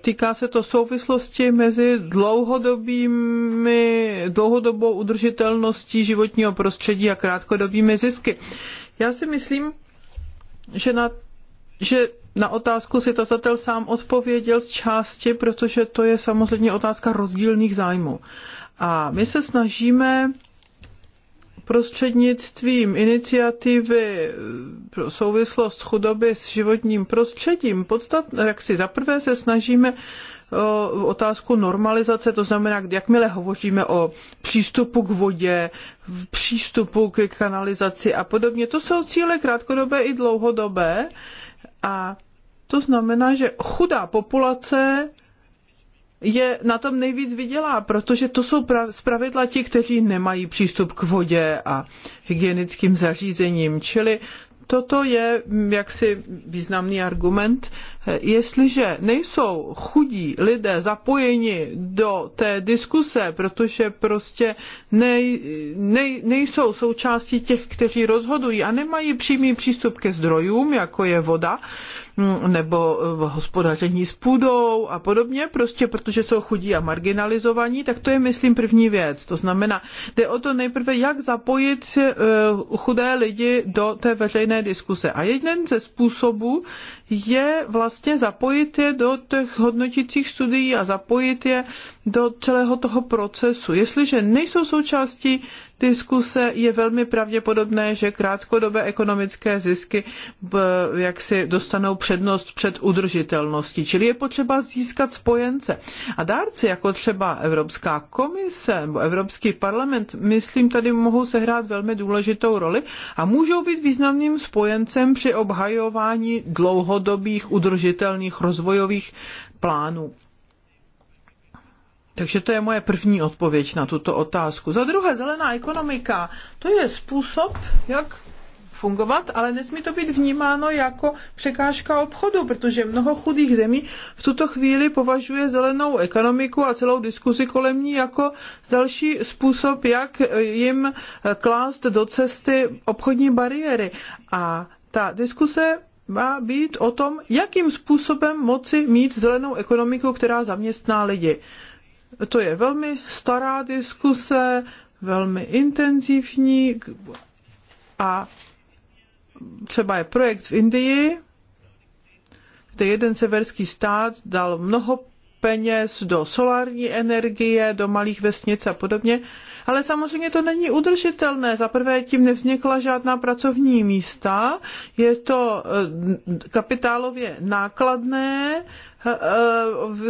Týká se to souvislosti mezi dlouhodobými, dlouhodobou udržitelností životního prostředí a krátkodobými zisky. Já si myslím, že na, že na otázku si tazatel sám odpověděl z části, protože to je samozřejmě otázka rozdílných zájmů. A my se snažíme prostřednictvím iniciativy pro souvislost chudoby s životním prostředím, podstat, jak si zaprvé se snažíme otázku normalizace, to znamená, jakmile hovoříme o přístupu k vodě, přístupu k kanalizaci a podobně, to jsou cíle krátkodobé i dlouhodobé a to znamená, že chudá populace je na tom nejvíc vydělá, protože to jsou zpravidla ti, kteří nemají přístup k vodě a hygienickým zařízením. Čili toto je mm, jaksi významný argument jestliže nejsou chudí lidé zapojeni do té diskuse, protože prostě nej, nej, nejsou součástí těch, kteří rozhodují a nemají přímý přístup ke zdrojům, jako je voda, mm, nebo hospodaření s půdou a podobně, prostě protože jsou chudí a marginalizovaní, tak to je, myslím, první věc. To znamená, jde o to nejprve, jak zapojit eh, chudé lidi do té veřejné diskuse. A jeden ze způsobů, je vlastně zapojit je do těch hodnotících studií a zapojit je do celého toho procesu. Jestliže nejsou součástí diskuse je velmi pravděpodobné, že krátkodobé ekonomické zisky jak si dostanou přednost před udržitelností. Čili je potřeba získat spojence. A dárci, jako třeba Evropská komise nebo Evropský parlament, myslím, tady mohou sehrát velmi důležitou roli a můžou být významným spojencem při obhajování dlouhodobých udržitelných rozvojových plánů. Takže to je moje první odpověď na tuto otázku. Za druhé, zelená ekonomika, to je způsob, jak fungovat, ale nesmí to být vnímáno jako překážka obchodu, protože mnoho chudých zemí v tuto chvíli považuje zelenou ekonomiku a celou diskusi kolem ní jako další způsob, jak jim klást do cesty obchodní bariéry. A ta diskuse má být o tom, jakým způsobem moci mít zelenou ekonomiku, která zaměstná lidi. To je velmi stará diskuse, velmi intenzivní a třeba je projekt v Indii, kde jeden severský stát dal mnoho peněz do solární energie, do malých vesnic a podobně. Ale samozřejmě to není udržitelné. Za prvé tím nevznikla žádná pracovní místa, je to eh, kapitálově nákladné Eh,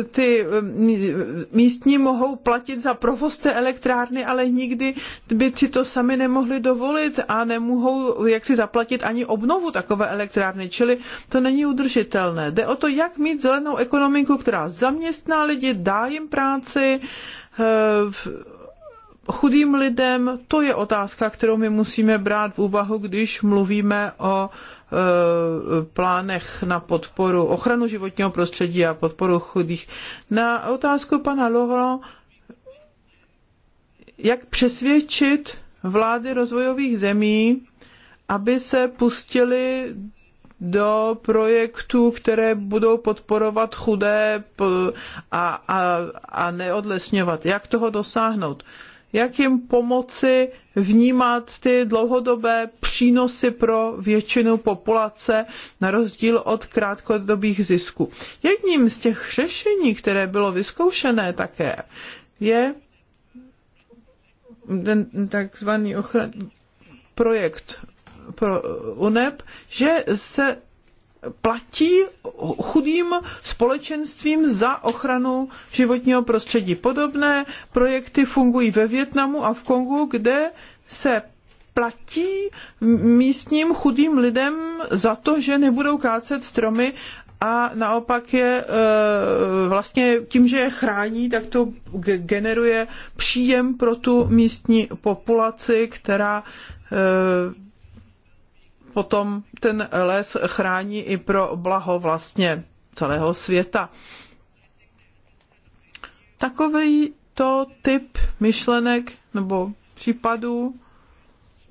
eh, ty eh, místní mohou platit za provoz té elektrárny, ale nikdy by si to sami nemohli dovolit a nemohou jak si zaplatit ani obnovu takové elektrárny, čili to není udržitelné. Jde o to, jak mít zelenou ekonomiku, která zaměstná lidi, dá jim práci, chudým lidem, to je otázka, kterou my musíme brát v úvahu, když mluvíme o Eh, plánech na podporu ochranu životního prostředí a podporu chudých. Na otázku pana Lohro, jak přesvědčit vlády rozvojových zemí, aby se pustili do projektů, které budou podporovat chudé a, a, a neodlesňovat. Jak toho dosáhnout? jak jim pomoci vnímat ty dlouhodobé přínosy pro většinu populace na rozdíl od krátkodobých zisků. Jedním z těch řešení, které bylo vyzkoušené také, je ten takzvaný ochran... projekt pro uh, UNEP, že se platí chudým společenstvím za ochranu životního prostředí. Podobné projekty fungují ve Vietnamu a v Kongu, kde se platí místním chudým lidem za to, že nebudou kácet stromy a naopak je e, vlastně tím, že je chrání, tak to generuje příjem pro tu místní populaci, která e, potom ten les chrání i pro blaho vlastně celého světa. Takový to typ myšlenek nebo případů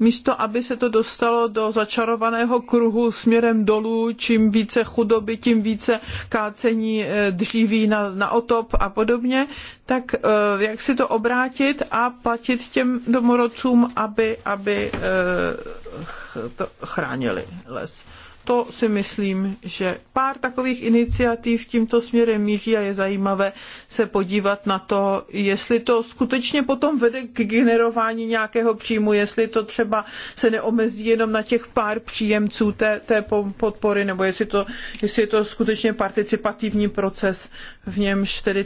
místo aby se to dostalo do začarovaného kruhu směrem dolů, čím více chudoby, tím více kácení eh, dříví na, na otop a podobně, tak eh, jak si to obrátit a platit těm domorodcům, aby, aby eh, to chránili les to si myslím, že pár takových iniciativ tímto směrem míří a je zajímavé se podívat na to, jestli to skutečně potom vede k generování nějakého příjmu, jestli to třeba se neomezí jenom na těch pár příjemců té, té podpory, nebo jestli, to, jestli je to skutečně participativní proces, v němž tedy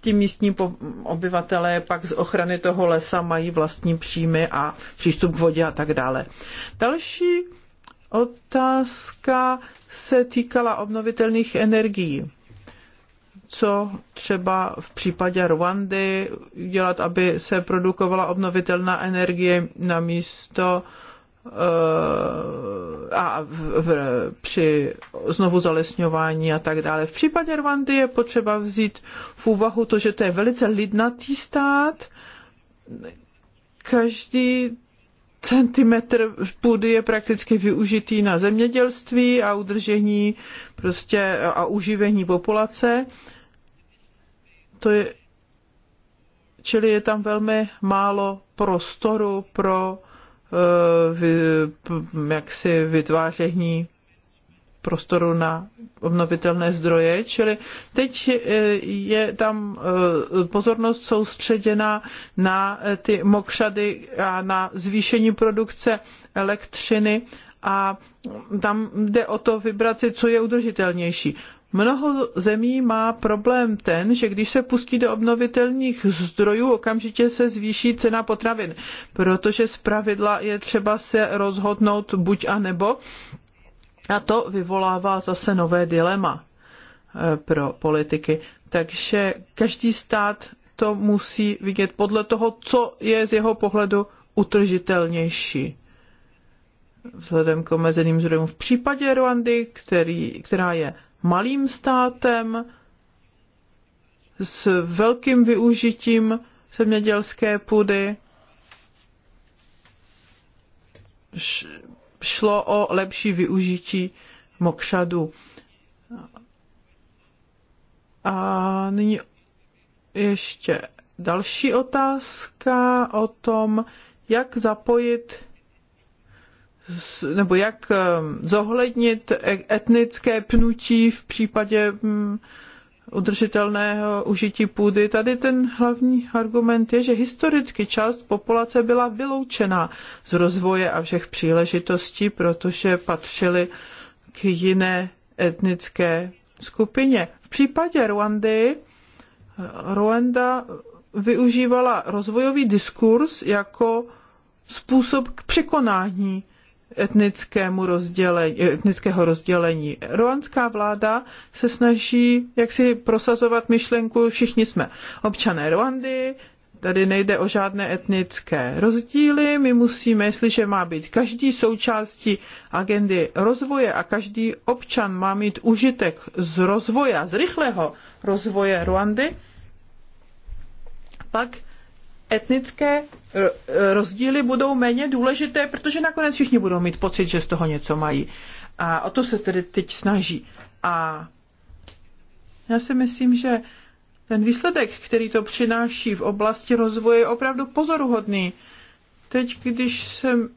ti místní obyvatelé pak z ochrany toho lesa mají vlastní příjmy a přístup k vodě a tak dále. Další Otázka se týkala obnovitelných energií. Co třeba v případě Rwandy dělat, aby se produkovala obnovitelná energie na místo eh, a v, v, při znovu zalesňování a tak dále. V případě Rwandy je potřeba vzít v úvahu to, že to je velice lidnatý stát. Každý centimetr půdy je prakticky využitý na zemědělství a udržení prostě a uživení populace. To je, čili je tam velmi málo prostoru pro eh, jaksi vytváření prostoru na obnovitelné zdroje, čili teď eh, je tam eh, pozornost soustředěna na eh, ty mokřady a na zvýšení produkce elektřiny a tam jde o to vybrat si, co je udržitelnější. Mnoho zemí má problém ten, že když se pustí do obnovitelných zdrojů, okamžitě se zvýší cena potravin, protože pravidla je třeba se rozhodnout buď a nebo a to vyvolává zase nové dilema eh, pro politiky. Takže každý stát to musí vidět podle toho, co je z jeho pohledu utržitelnější. Vzhledem k omezeným zdrojům v případě Rwandy, který, která je malým státem s velkým využitím zemědělské půdy, šlo o lepší využití mokšadu. A nyní ještě další otázka o tom, jak zapojit nebo jak ehm, zohlednit e- etnické pnutí v případě mm, udržitelného užití půdy. Tady ten hlavní argument je, že historicky část populace byla vyloučená z rozvoje a všech příležitostí, protože patřili k jiné etnické skupině. V případě Rwandy, Rwanda využívala rozvojový diskurs jako způsob k překonání etnickému rozdělení, etnického rozdělení. Ruanská vláda se snaží jaksi prosazovat myšlenku, všichni jsme občané Ruandy, Tady nejde o žádné etnické rozdíly. My musíme, jestliže má být každý součástí agendy rozvoje a každý občan má mít užitek z rozvoje, z rychlého rozvoje Ruandy, pak etnické Eh, rozdíly budou méně důležité, protože nakonec všichni budou mít pocit, že z toho něco mají. A o to se tedy teď snaží. A já si myslím, že ten výsledek, který to přináší v oblasti rozvoje, je opravdu pozoruhodný. Teď, když jsem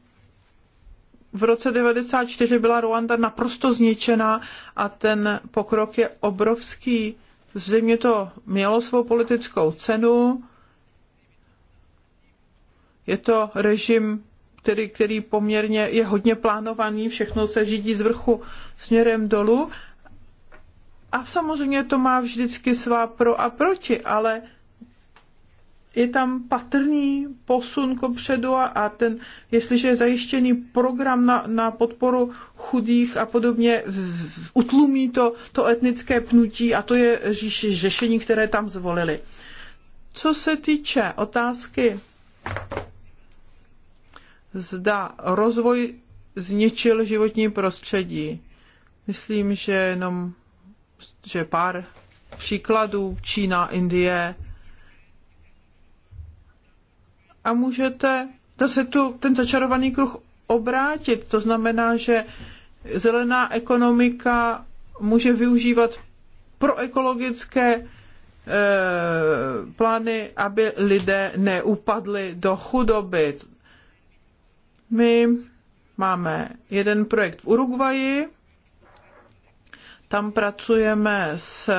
v roce 94 byla Ruanda naprosto zničena a ten pokrok je obrovský. Zřejmě to mělo svou politickou cenu, je to režim, který, který poměrně je hodně plánovaný, všechno se řídí z vrchu směrem dolů. A samozřejmě to má vždycky svá pro a proti, ale je tam patrný posun kopředu a, a ten, jestliže je zajištěný program na, na podporu chudých a podobně, v, v, utlumí to, to etnické pnutí a to je říš, řešení, které tam zvolili. Co se týče otázky zda rozvoj zničil životní prostředí. Myslím, že jenom že pár příkladů Čína, Indie. A můžete to se tu, ten začarovaný kruh obrátit. To znamená, že zelená ekonomika může využívat proekologické e, plány, aby lidé neupadli do chudoby. My máme jeden projekt v Uruguayi, tam pracujeme s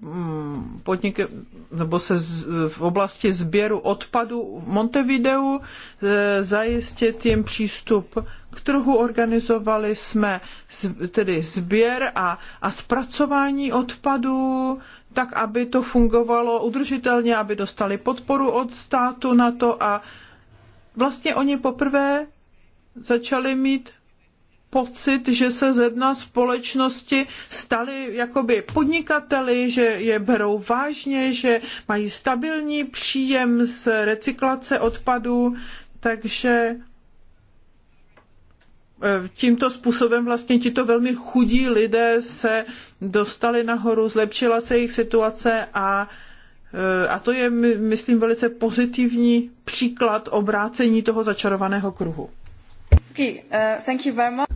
mm, podniky, nebo se z, v oblasti sběru odpadu v Montevideu, e, zajistit jim přístup k trhu. Organizovali jsme z, tedy sběr a, a zpracování odpadu, tak aby to fungovalo udržitelně, aby dostali podporu od státu na to a vlastně oni poprvé začali mít pocit, že se ze dna společnosti stali jakoby podnikateli, že je berou vážně, že mají stabilní příjem z recyklace odpadů, takže e, tímto způsobem vlastně tito velmi chudí lidé se dostali nahoru, zlepšila se jejich situace a Eh, a to je, myslím, velice pozitivní příklad obrácení toho začarovaného kruhu. Okay, uh, thank you very much.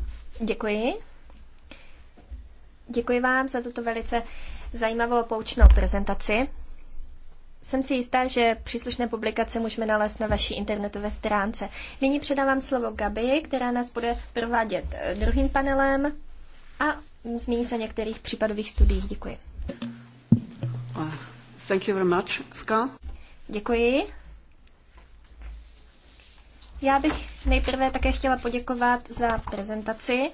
Děkuji. Děkuji vám za tuto velice zajímavou a poučnou prezentaci. Jsem si jistá, že příslušné publikace můžeme nalézt na vaší internetové stránce. Nyní předávám slovo Gabi, která nás bude provádět eh, druhým panelem a zmíní se o některých případových studiích. Děkuji. Ah. Thank you very much, Ska. Děkuji. Já bych nejprve také chtěla poděkovat za prezentaci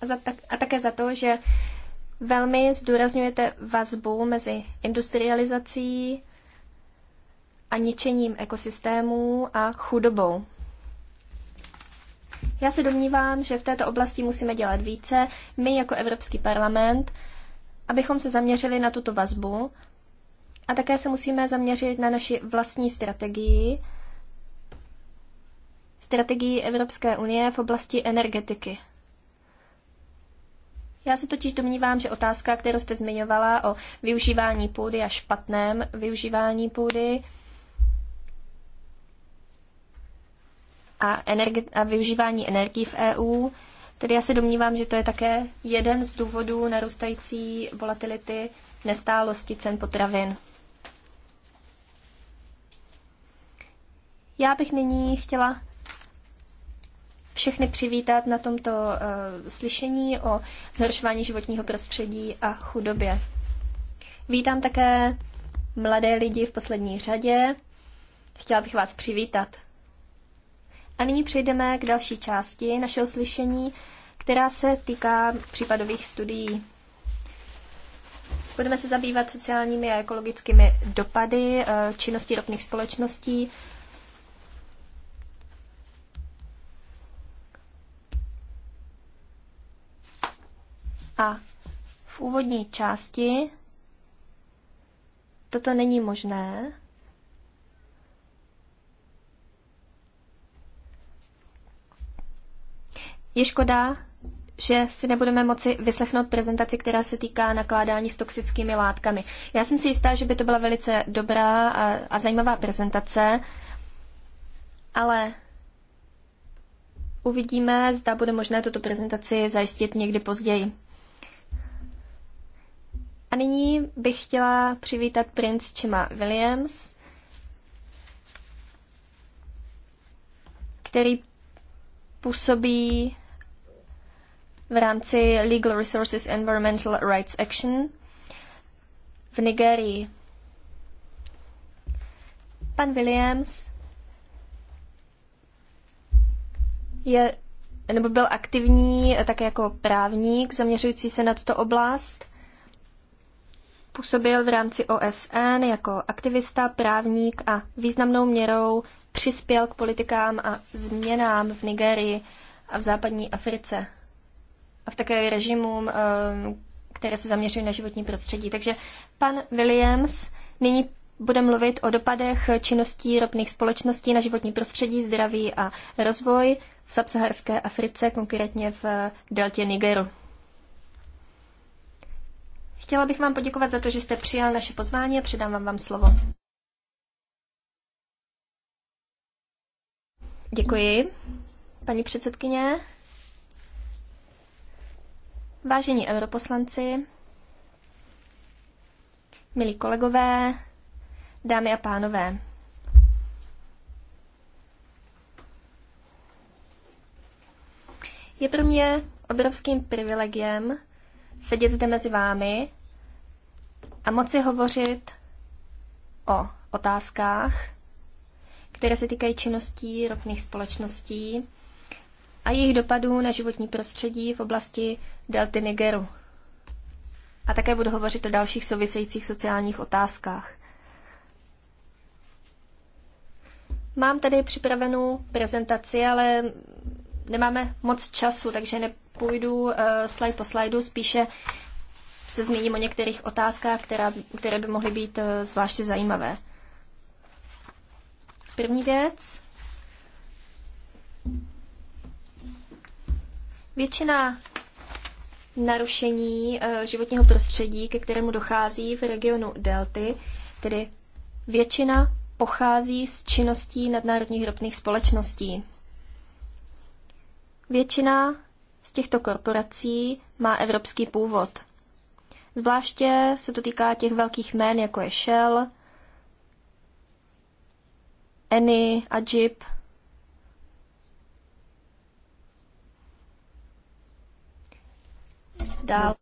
a, za tak, a také za to, že velmi zdůrazňujete vazbu mezi industrializací a ničením ekosystémů a chudobou. Já se domnívám, že v této oblasti musíme dělat více, my jako Evropský parlament, abychom se zaměřili na tuto vazbu a také se musíme zaměřit na naši vlastní strategii, strategii Evropské unie v oblasti energetiky. Já se totiž domnívám, že otázka, kterou jste zmiňovala o využívání půdy a špatném využívání půdy a, a využívání energií v EU, tedy já se domnívám, že to je také jeden z důvodů narůstající volatility nestálosti cen potravin. Já bych nyní chtěla všechny přivítat na tomto uh, slyšení o zhoršování životního prostředí a chudobě. Vítám také mladé lidi v poslední řadě. Chtěla bych vás přivítat. A nyní přejdeme k další části našeho slyšení, která se týká případových studií. Budeme se zabývat sociálními a ekologickými dopady eh, činnosti ropných společností A v úvodní části toto není možné. Je škoda, že si nebudeme moci vyslechnout prezentaci, která se týká nakládání s toxickými látkami. Já jsem si jistá, že by to byla velice dobrá a, a zajímavá prezentace, ale uvidíme, zda bude možné tuto prezentaci zajistit někdy později. A nyní bych chtěla přivítat princ Chima Williams, který působí v rámci Legal Resources Environmental Rights Action v Nigerii. Pan Williams je, nebo byl aktivní také jako právník, zaměřující se na tuto oblast – Působil v rámci OSN jako aktivista, právník a významnou měrou přispěl k politikám a změnám v Nigerii a v západní Africe. A v také režimům, ehm, které se zaměřují na životní prostředí. Takže pan Williams nyní bude mluvit o dopadech činností ropných společností na životní prostředí, zdraví a rozvoj v subsaharské Africe, konkrétně v eh, deltě Nigeru. Chtěla bych vám poděkovat za to, že jste přijal naše pozvání a předám vám, vám slovo. Děkuji, paní předsedkyně. Vážení europoslanci, milí kolegové, dámy a pánové. Je pro mě obrovským privilegiem sedět zde mezi vámi a moci hovořit o otázkách, které se týkají činností ropných společností a jejich dopadů na životní prostředí v oblasti delty Nigeru. A také budu hovořit o dalších souvisejících sociálních otázkách. Mám tady připravenou prezentaci, ale nemáme moc času, takže ne, uh, slide po slajdu, spíše se zmíním o některých otázkách, která, které by mohly být eh, zvláště zajímavé. První věc. Většina narušení eh, životního prostředí, ke kterému dochází v regionu Delty, tedy většina pochází z činností nadnárodních ropných společností. Většina z těchto korporací má evropský původ. Zvláště se to týká těch velkých jmén, jako je Shell, Eni, Ajib. Dál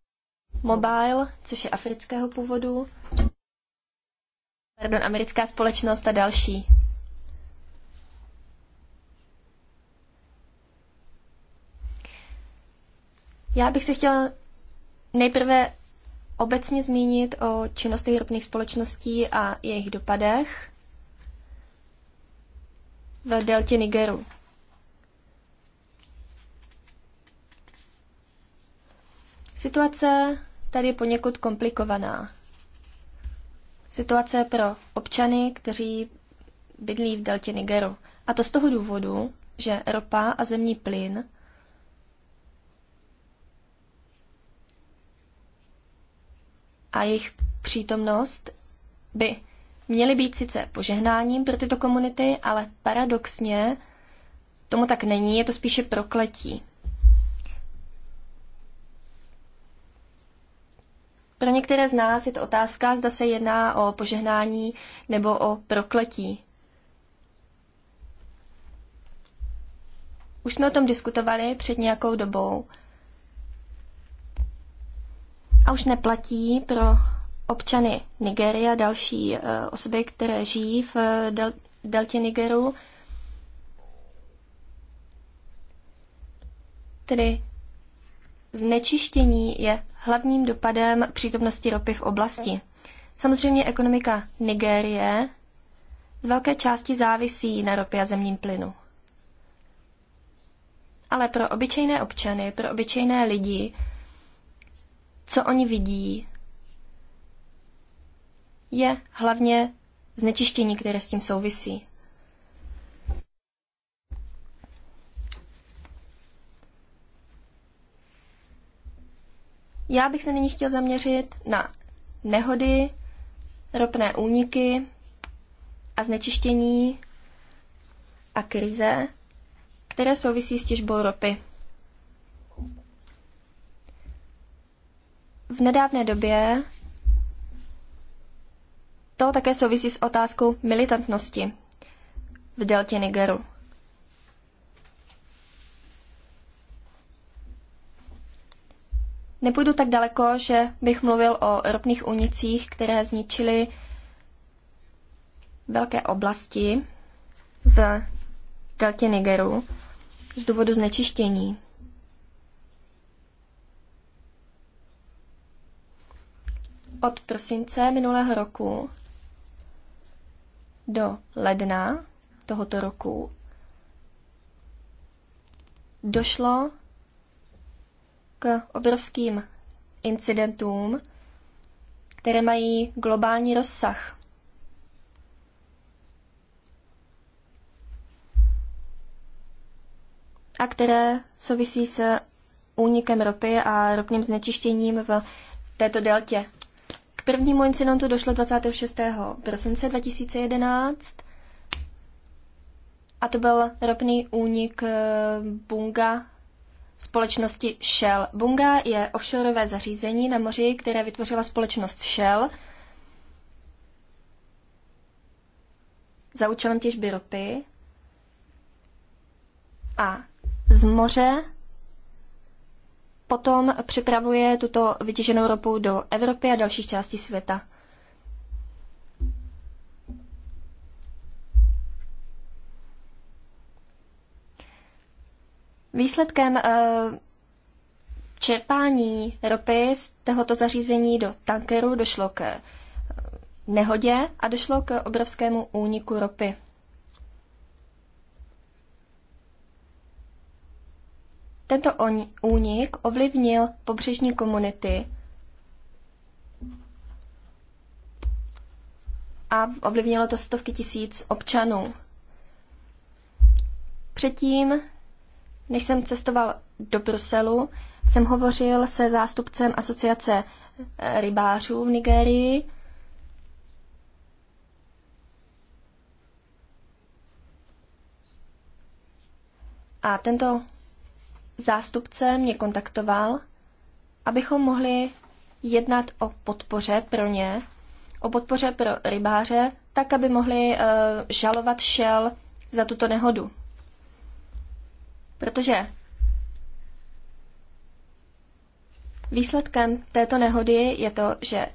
Mobile, což je afrického původu. Pardon, americká společnost a další. Já bych se chtěla nejprve obecně zmínit o činnosti výrobních společností a jejich dopadech v deltě Nigeru. Situace tady je poněkud komplikovaná. Situace pro občany, kteří bydlí v deltě Nigeru. A to z toho důvodu, že ropa a zemní plyn a jejich přítomnost by měly být sice požehnáním pro tyto komunity, ale paradoxně tomu tak není, je to spíše prokletí. Pro některé z nás je to otázka, zda se jedná o požehnání nebo o prokletí. Už jsme o tom diskutovali před nějakou dobou a už neplatí pro občany Nigerie a další eh, osoby, které žijí v eh, del- deltě Nigeru. Tedy znečištění je hlavním dopadem přítomnosti ropy v oblasti. Samozřejmě ekonomika Nigérie z velké části závisí na ropě a zemním plynu. Ale pro obyčejné občany, pro obyčejné lidi co oni vidí, je hlavně znečištění, které s tím souvisí. Já bych se nyní chtěl zaměřit na nehody, ropné úniky a znečištění a krize, které souvisí s těžbou ropy. v nedávné době to také souvisí s otázkou militantnosti v deltě Nigeru. Nepůjdu tak daleko, že bych mluvil o ropných únicích, které zničily velké oblasti v deltě Nigeru z důvodu znečištění. od prosince minulého roku do ledna tohoto roku došlo k obrovským incidentům, které mají globální rozsah. a které souvisí s únikem ropy a ropným znečištěním v této deltě. K prvnímu incidentu došlo 26. prosince 2011 a to byl ropný únik eh, Bunga společnosti Shell. Bunga je offshoreové zařízení na moři, které vytvořila společnost Shell za účelem těžby ropy a z moře potom připravuje tuto vytěženou ropu do Evropy a dalších částí světa. Výsledkem eh, čerpání ropy z tohoto zařízení do tankeru došlo k eh, nehodě a došlo k obrovskému úniku ropy. Tento únik ovlivnil pobřežní komunity a ovlivnilo to stovky tisíc občanů. Předtím, než jsem cestoval do Bruselu, jsem hovořil se zástupcem asociace eh, rybářů v Nigérii. A tento zástupce mě kontaktoval, abychom mohli jednat o podpoře pro ně, o podpoře pro rybáře, tak, aby mohli uh, žalovat šel za tuto nehodu. Protože výsledkem této nehody je to, že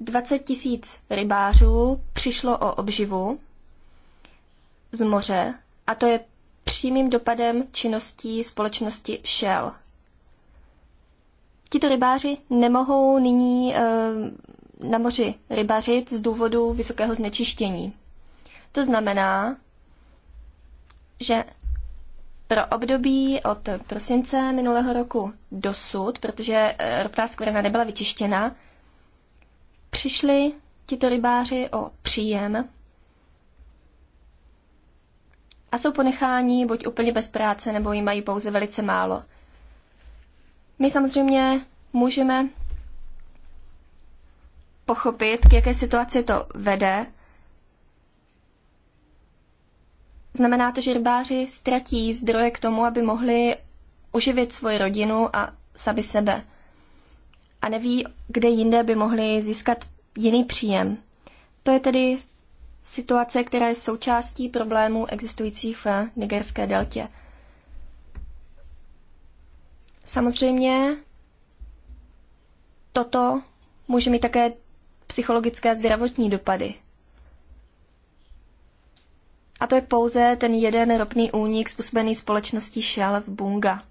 20 tisíc rybářů přišlo o obživu z moře a to je přímým dopadem činností společnosti Shell. Tito rybáři nemohou nyní e, na moři rybařit z důvodu vysokého znečištění. To znamená, že pro období od prosince minulého roku dosud, protože eh, ropná skvrna nebyla vyčištěna, přišli tito rybáři o příjem a jsou ponecháni buď úplně bez práce, nebo jim mají pouze velice málo. My samozřejmě můžeme pochopit, k jaké situaci to vede. Znamená to, že rybáři ztratí zdroje k tomu, aby mohli uživit svoji rodinu a sami sebe. A neví, kde jinde by mohli získat jiný příjem. To je tedy situace, která je součástí problémů existujících v nigerské deltě. Samozřejmě toto může mít také psychologické zdravotní dopady. A to je pouze ten jeden ropný únik způsobený společností Shell v Bunga.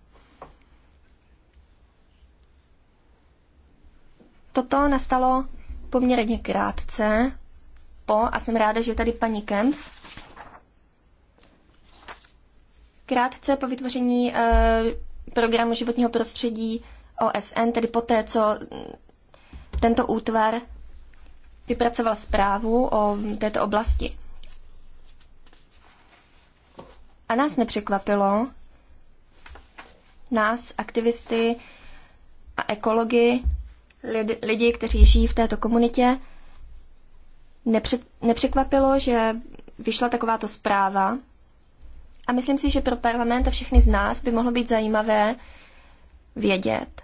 Toto nastalo poměrně krátce po a jsem ráda, že je tady paní Kemp. Krátce po vytvoření eh, programu životního prostředí OSN, tedy poté, co mm, tento útvar vypracoval zprávu o mm, této oblasti. A nás nepřekvapilo, nás, aktivisty a ekology, lidi, kteří žijí v této komunitě, nepřed, nepřekvapilo, že vyšla takováto zpráva. A myslím si, že pro parlament a všechny z nás by mohlo být zajímavé vědět,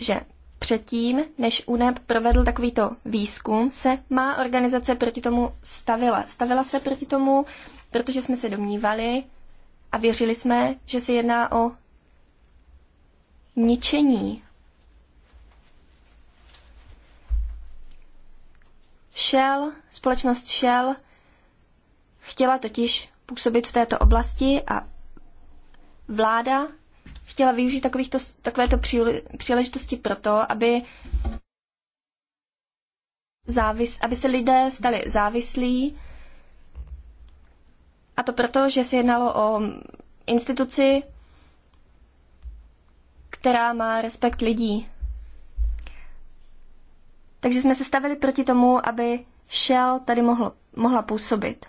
že předtím, než UNEP provedl takovýto výzkum, se má organizace proti tomu stavila. Stavila se proti tomu, protože jsme se domnívali a věřili jsme, že se jedná o ničení Shell, společnost Shell chtěla totiž působit v této oblasti a vláda chtěla využít takovýchto, takovéto příležitosti proto, aby, závis, aby se lidé stali závislí a to proto, že se jednalo o instituci, která má respekt lidí. Takže jsme se stavili proti tomu, aby Shell tady mohlo, mohla působit.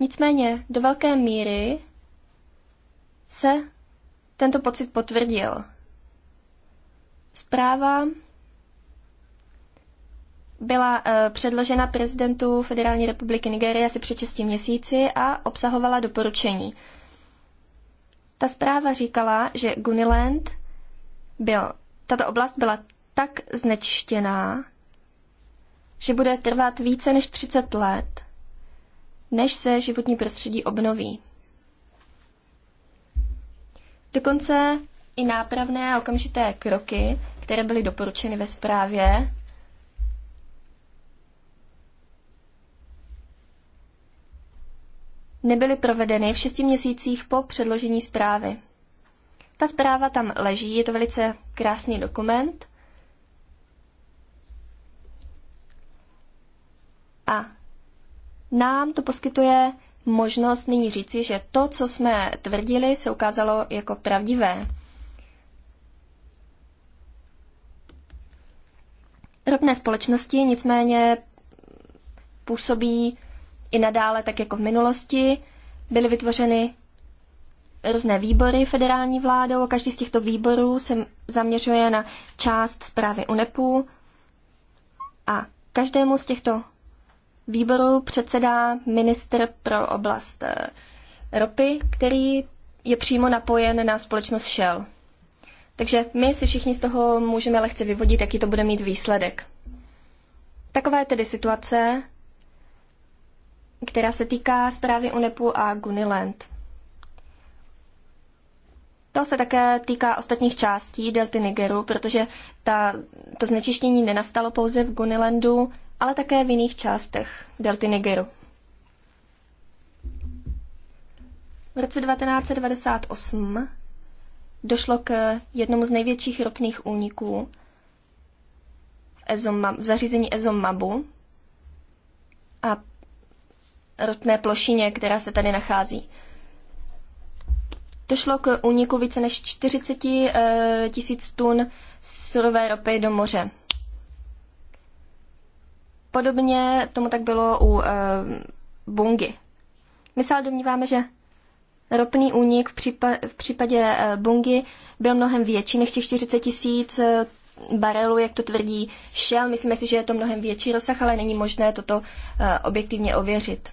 Nicméně do velké míry se tento pocit potvrdil. Zpráva byla uh, předložena prezidentu Federální republiky Nigerie asi před 6 měsíci a obsahovala doporučení. Ta zpráva říkala, že Guniland byl, tato oblast byla tak znečištěná, že bude trvat více než 30 let, než se životní prostředí obnoví. Dokonce i nápravné a okamžité kroky, které byly doporučeny ve zprávě, nebyly provedeny v šesti měsících po předložení zprávy. Ta zpráva tam leží, je to velice krásný dokument, A nám to poskytuje možnost nyní říci, že to, co jsme tvrdili, se ukázalo jako pravdivé. Ropné společnosti nicméně působí i nadále tak jako v minulosti. Byly vytvořeny různé výbory federální vládou a každý z těchto výborů se zaměřuje na část zprávy UNEPu a každému z těchto Výboru předsedá minister pro oblast eh, ropy, který je přímo napojen na společnost Shell. Takže my si všichni z toho můžeme lehce vyvodit, jaký to bude mít výsledek. Taková je tedy situace, která se týká zprávy UNEPu a Guniland. To se také týká ostatních částí delty Nigeru, protože ta, to znečištění nenastalo pouze v Gunilandu, ale také v jiných částech delty Nigeru. V roce 1998 došlo k jednomu z největších ropných úniků v, zařízení Ezomabu a ropné plošině, která se tady nachází. Došlo k úniku více než 40 eh, tisíc tun surové ropy do moře. Podobně tomu tak bylo u uh, bungy. My se ale domníváme, že ropný únik v, případ, v případě uh, bungy byl mnohem větší než těch 40 tisíc barelů, jak to tvrdí Shell. Myslíme si, že je to mnohem větší rozsah, ale není možné toto uh, objektivně ověřit.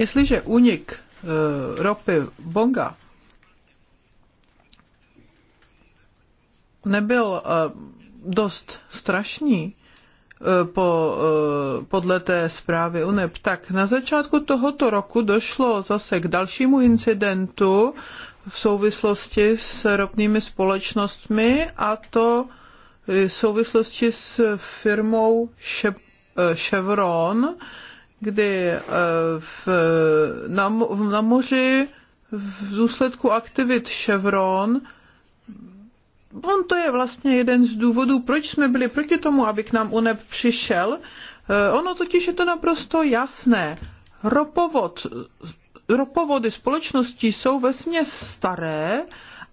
Jestliže únik e, ropy Bonga nebyl e, dost strašný e, po, podle té zprávy UNEP, tak na začátku tohoto roku došlo zase k dalšímu incidentu v souvislosti s ropnými společnostmi a to v souvislosti s firmou Chevron, kdy eh, v, na, na moři v důsledku aktivit Chevron On to je vlastně jeden z důvodů, proč jsme byli proti tomu, aby k nám UNEP přišel. Eh, ono totiž je to naprosto jasné. Ropovod, ropovody společností jsou vesměs staré,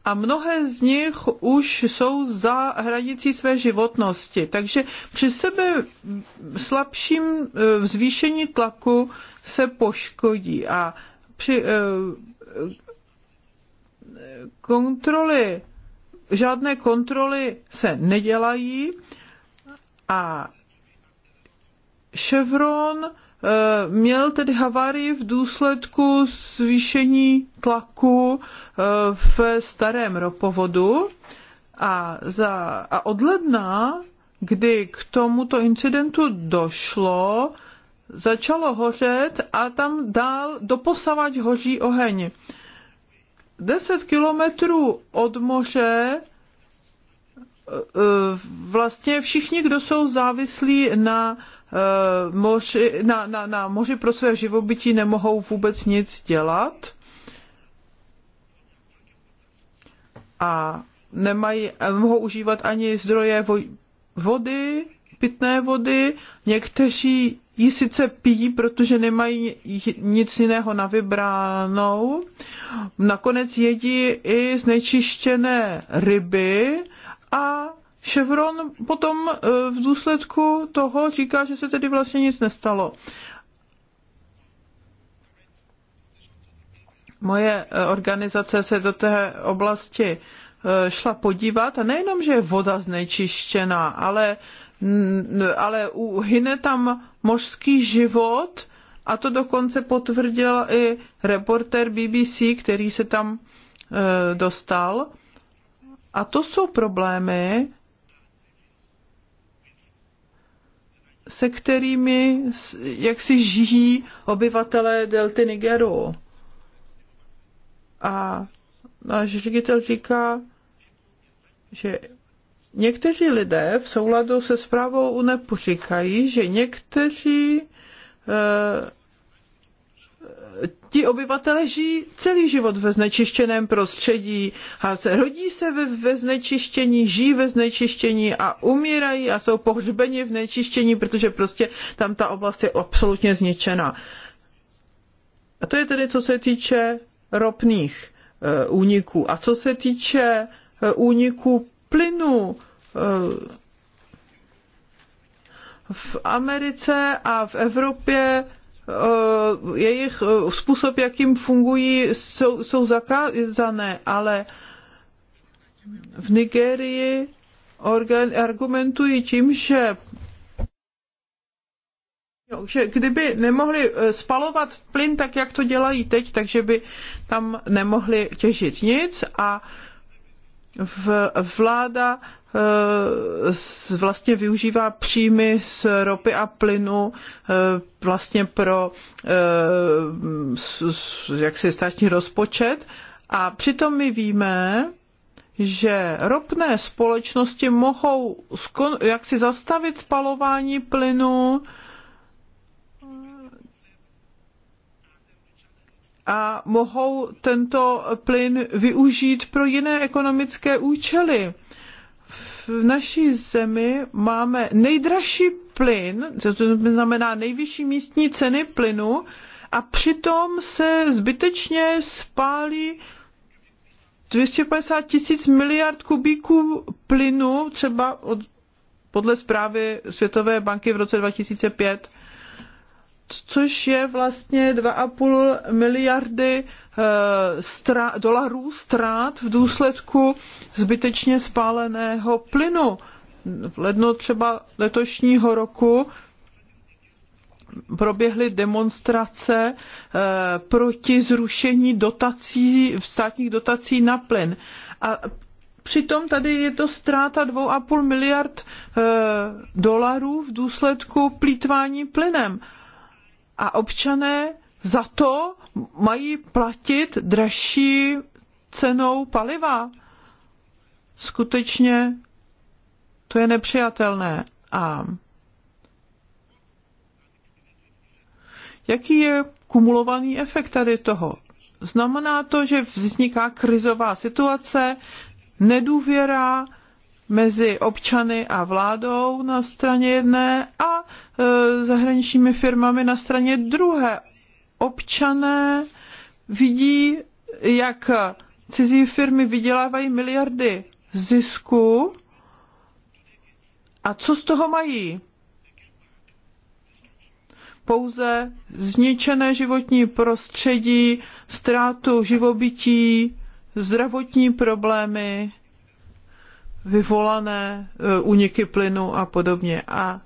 a mnohé z nich už jsou za hranicí své životnosti. Takže při sebe slabším eh, zvýšení tlaku se poškodí a při eh, kontroly, žádné kontroly se nedělají a Chevron Eh, měl tedy havárii v důsledku zvýšení tlaku eh, v starém ropovodu a, za, a od ledna, kdy k tomuto incidentu došlo, začalo hořet a tam dál doposavať hoří oheň. 10 kilometrů od moře eh, vlastně všichni, kdo jsou závislí na Eh, moři, na, na, na moři pro své živobytí nemohou vůbec nic dělat a nemají, nemohou užívat ani zdroje vody, pitné vody. Někteří ji sice pijí, protože nemají nic jiného na vybránou. Nakonec jedí i znečištěné ryby a Chevron potom e, v důsledku toho říká, že se tedy vlastně nic nestalo. Moje e, organizace se do té oblasti e, šla podívat a nejenom, že je voda znečištěná, ale, ale uhyne tam mořský život a to dokonce potvrdil i reporter BBC, který se tam dostal. A to jsou problémy, se kterými jak si žijí obyvatelé delty Nigeru. A náš ředitel říká, že někteří lidé v souladu se zprávou UNEP říkají, že někteří eh, ti obyvatele žijí celý život ve znečištěném prostředí a rodí se ve, ve znečištění, žijí ve znečištění a umírají a jsou pohřbeni v znečištění, protože prostě tam ta oblast je absolutně zničená. A to je tedy, co se týče ropných e, úniků. A co se týče e, úniků plynu, e, v Americe a v Evropě Eh, jejich eh, způsob, jakým fungují, jsou, jsou zakázané, ale v Nigérii argumentují tím, že že kdyby nemohli eh, spalovat plyn tak, jak to dělají teď, takže by tam nemohli těžit nic a v, vláda Eh, vlastně využívá příjmy z ropy a plynu eh, vlastně pro eh, jaksi státní rozpočet a přitom my víme, že ropné společnosti mohou jaksi zastavit spalování plynu a mohou tento plyn využít pro jiné ekonomické účely v naší zemi máme nejdražší plyn, to znamená nejvyšší místní ceny plynu, a přitom se zbytečně spálí 250 tisíc miliard kubíků plynu, třeba od, podle zprávy Světové banky v roce 2005 což je vlastně 2,5 miliardy eh, dolarů ztrát v důsledku zbytečně spáleného plynu. V lednu třeba letošního roku proběhly demonstrace eh, proti zrušení dotací, státních dotací na plyn. A Přitom tady je to ztráta 2,5 miliard e, dolarů v důsledku plítvání plynem a občané za to mají platit dražší cenou paliva. Skutečně to je nepřijatelné. A jaký je kumulovaný efekt tady toho? Znamená to, že vzniká krizová situace, nedůvěra, mezi občany a vládou na straně jedné a e, zahraničními firmami na straně druhé. Občané vidí, jak cizí firmy vydělávají miliardy zisku a co z toho mají? Pouze zničené životní prostředí, ztrátu živobytí, zdravotní problémy vyvolané e, úniky plynu a podobně. A,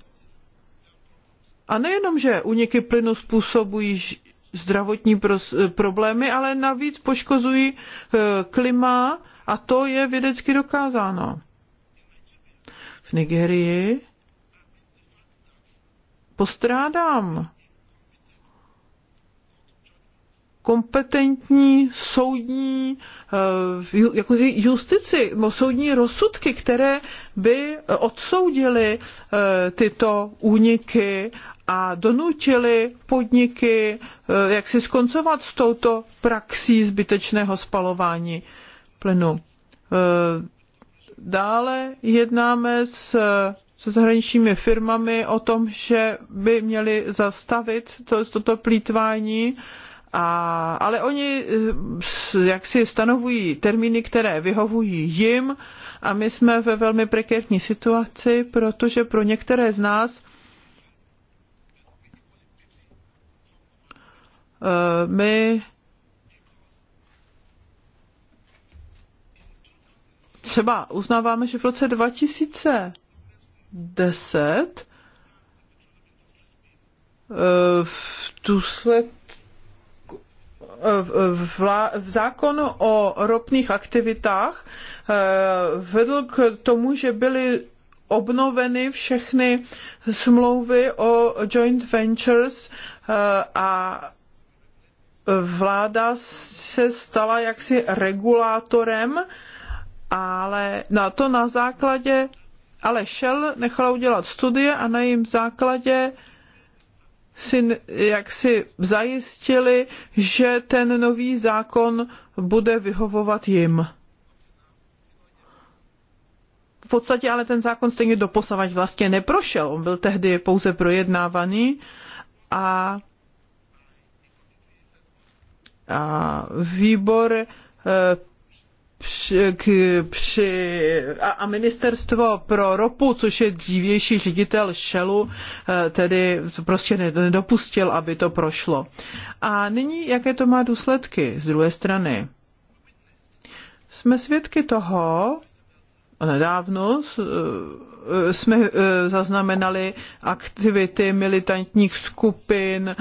a nejenom, že úniky plynu způsobují zdravotní e, problémy, ale navíc poškozují e, klima a to je vědecky dokázáno. V Nigerii postrádám kompetentní soudní eh, jako justici, soudní rozsudky, které by eh, odsoudily eh, tyto úniky a donutili podniky, jak si skoncovat s touto praxí zbytečného spalování plynu. Dále jednáme s se zahraničními firmami o tom, že by měli zastavit to, toto plítvání a, ale oni eh, jak si stanovují termíny, které vyhovují jim a my jsme ve velmi prekérní situaci, protože pro některé z nás eh, my třeba uznáváme, že v roce 2010 eh, v důsledku v zákon o ropných aktivitách eh, vedl k tomu, že byly obnoveny všechny smlouvy o joint ventures eh, a vláda se stala jaksi regulátorem, ale na to na základě ale Shell nechala udělat studie a na jejím základě si jak si zajistili, že ten nový zákon bude vyhovovat jim. V podstatě ale ten zákon stejně doposavať vlastně neprošel. On byl tehdy pouze projednávaný a, a výbor eh, k, při, a, a ministerstvo pro ropu, což je dřívější ředitel Shellu, eh, tedy prostě nedopustil, aby to prošlo. A nyní, jaké to má důsledky z druhé strany? Jsme svědky toho, nedávno eh, jsme eh, zaznamenali aktivity militantních skupin,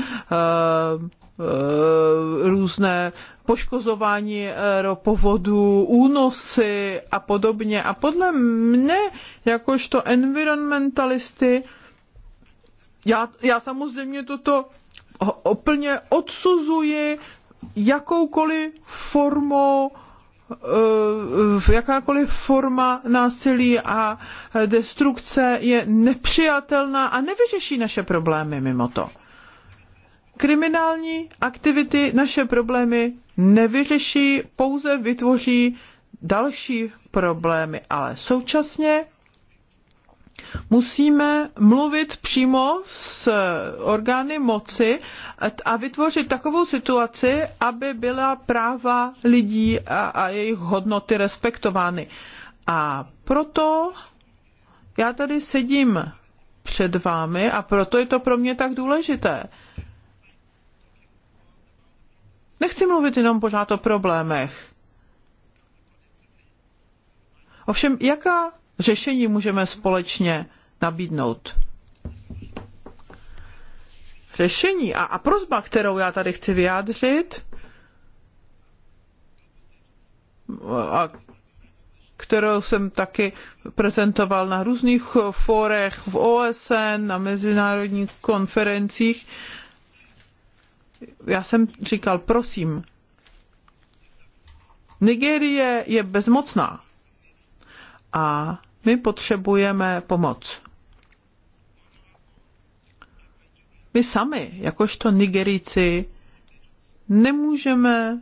Eh, různé poškozování ropovodů, únosy a podobně. A podle mne, jakožto environmentalisty, já, já samozřejmě toto úplně odsuzuji jakoukoliv formou eh, jakákoliv forma násilí a destrukce je nepřijatelná a nevyřeší naše problémy mimo to. Kriminální aktivity naše problémy nevyřeší, pouze vytvoří další problémy, ale současně musíme mluvit přímo s orgány moci a vytvořit takovou situaci, aby byla práva lidí a, a jejich hodnoty respektovány. A proto já tady sedím před vámi a proto je to pro mě tak důležité. Nechci mluvit jenom pořád o problémech. Ovšem, jaká řešení můžeme společně nabídnout? Řešení a, a prozba, kterou já tady chci vyjádřit, a kterou jsem taky prezentoval na různých fórech v OSN, na mezinárodních konferencích, já jsem říkal, prosím, Nigérie je bezmocná a my potřebujeme pomoc. My sami, jakožto Nigerici, nemůžeme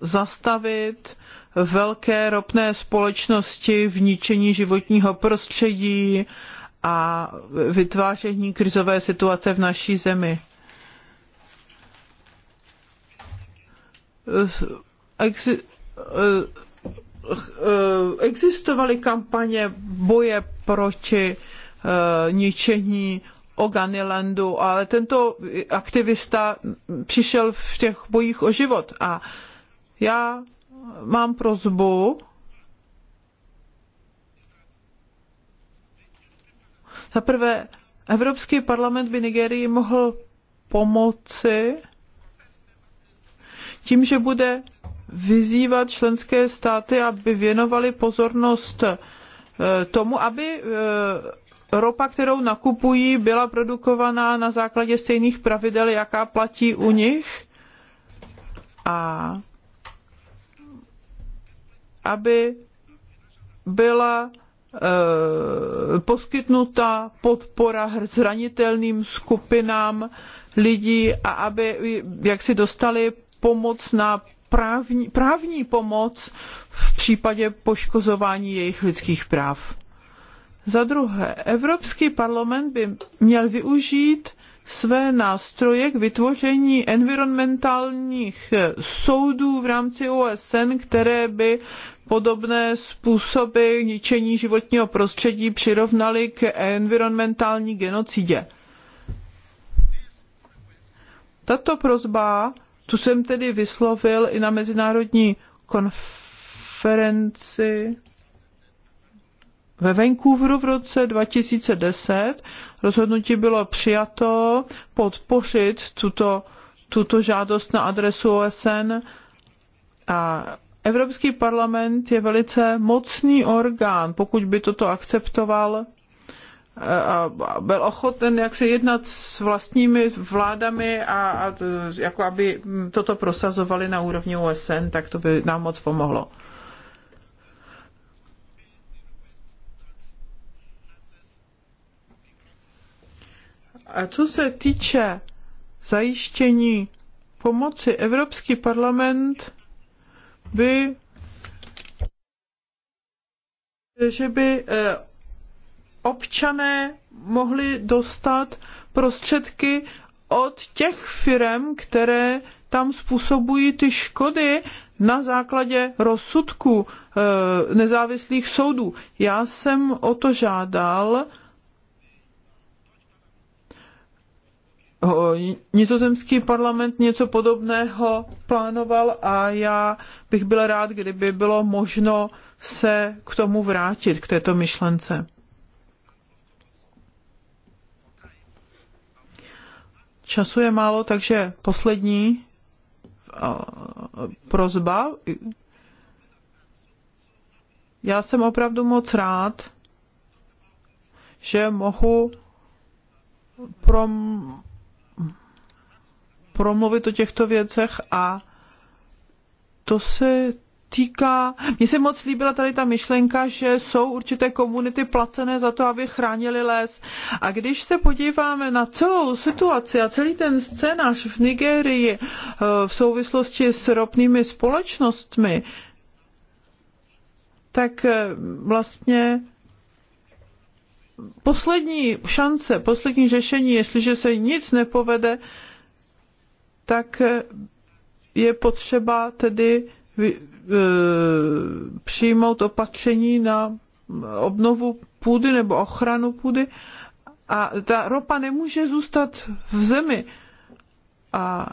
zastavit velké ropné společnosti v ničení životního prostředí a vytváření krizové situace v naší zemi. Eh, eh, existovaly kampaně boje proti eh, ničení Oganilandu, ale tento aktivista přišel v těch bojích o život. A já mám prozbu, Za prvé, Evropský parlament by Nigerii mohl pomoci tím, že bude vyzývat členské státy, aby věnovali pozornost eh, tomu, aby eh, ropa, kterou nakupují, byla produkovaná na základě stejných pravidel, jaká platí u nich. A aby byla eh, poskytnuta podpora zranitelným skupinám lidí a aby jak si dostali pomoc na právní, právní pomoc v případě poškozování jejich lidských práv. Za druhé, Evropský parlament by měl využít své nástroje k vytvoření environmentálních soudů v rámci OSN, které by podobné způsoby ničení životního prostředí přirovnaly k environmentální genocidě. Tato prozba tu jsem tedy vyslovil i na mezinárodní konferenci ve Vancouveru v roce 2010. Rozhodnutí bylo přijato podpořit tuto, tuto žádost na adresu OSN a Evropský parlament je velice mocný orgán, pokud by toto akceptoval, a byl ochoten jak se jednat s vlastními vládami a, a to, jako aby toto prosazovali na úrovni OSN, tak to by nám moc pomohlo. A co se týče zajištění pomoci, Evropský parlament by že by eh, občané mohli dostat prostředky od těch firm, které tam způsobují ty škody na základě rozsudku eh, nezávislých soudů. Já jsem o to žádal nizozemský parlament něco podobného plánoval a já bych byl rád, kdyby bylo možno se k tomu vrátit, k této myšlence. Času je málo, takže poslední prozba. Já jsem opravdu moc rád, že mohu prom, promluvit o těchto věcech a to se týká, mně se moc líbila tady ta myšlenka, že jsou určité komunity placené za to, aby chránili les. A když se podíváme na celou situaci a celý ten scénář v Nigerii eh, v souvislosti s ropnými společnostmi, tak eh, vlastně poslední šance, poslední řešení, jestliže se nic nepovede, tak eh, je potřeba tedy Eh, přijmout opatření na obnovu půdy nebo ochranu půdy a ta ropa nemůže zůstat v zemi. A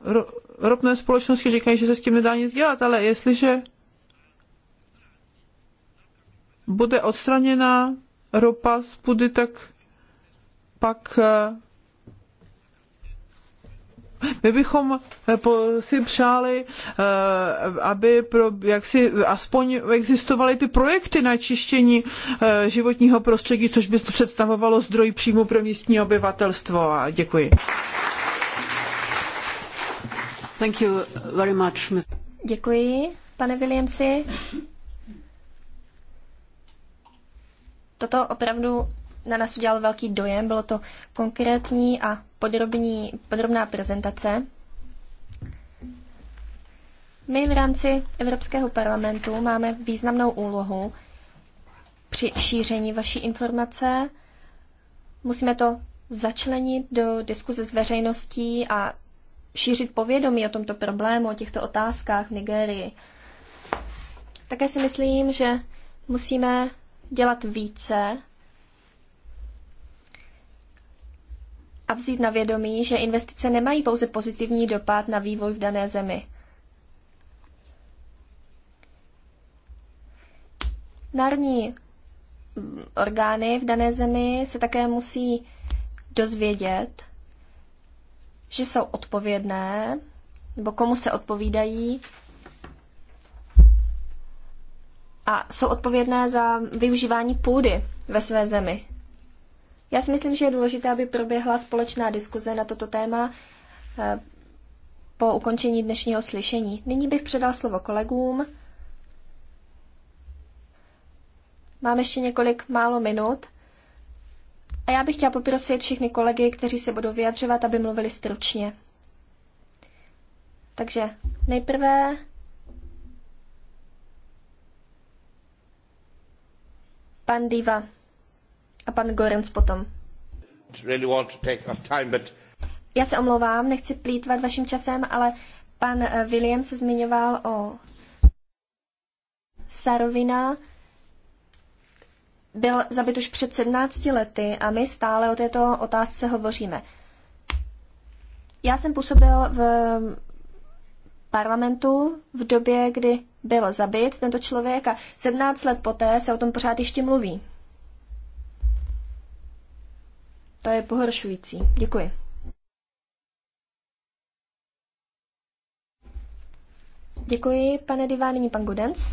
ro, ropné společnosti říkají, že se s tím nedá nic dělat, ale jestliže bude odstraněna ropa z půdy, tak pak eh, my bychom eh, si přáli, eh, aby pro, jaksi, aspoň existovaly ty projekty na čištění eh, životního prostředí, což by představovalo zdroj příjmu pro místní obyvatelstvo. A děkuji. Thank you very much, Ms. Děkuji, pane Williamsi. Toto opravdu na nás udělal velký dojem. Bylo to konkrétní a podrobní, podrobná prezentace. My v rámci Evropského parlamentu máme významnou úlohu při šíření vaší informace. Musíme to začlenit do diskuze s veřejností a šířit povědomí o tomto problému, o těchto otázkách v Nigerii. Také si myslím, že musíme dělat více a vzít na vědomí, že investice nemají pouze pozitivní dopad na vývoj v dané zemi. Národní orgány v dané zemi se také musí dozvědět, že jsou odpovědné, nebo komu se odpovídají a jsou odpovědné za využívání půdy ve své zemi. Já si myslím, že je důležité, aby proběhla společná diskuze na toto téma eh, po ukončení dnešního slyšení. Nyní bych předal slovo kolegům. Mám ještě několik málo minut. A já bych chtěla poprosit všechny kolegy, kteří se budou vyjadřovat, aby mluvili stručně. Takže nejprve pan Diva. A pan Gorenc potom. Já se omlouvám, nechci plítvat vaším časem, ale pan eh, William se zmiňoval o Sarovina. Byl zabit už před 17 lety a my stále o této otázce hovoříme. Já jsem působil v parlamentu v době, kdy byl zabit tento člověk a 17 let poté se o tom pořád ještě mluví. To je pohoršující. Děkuji. Děkuji, pane Divá, nyní pan Gudens.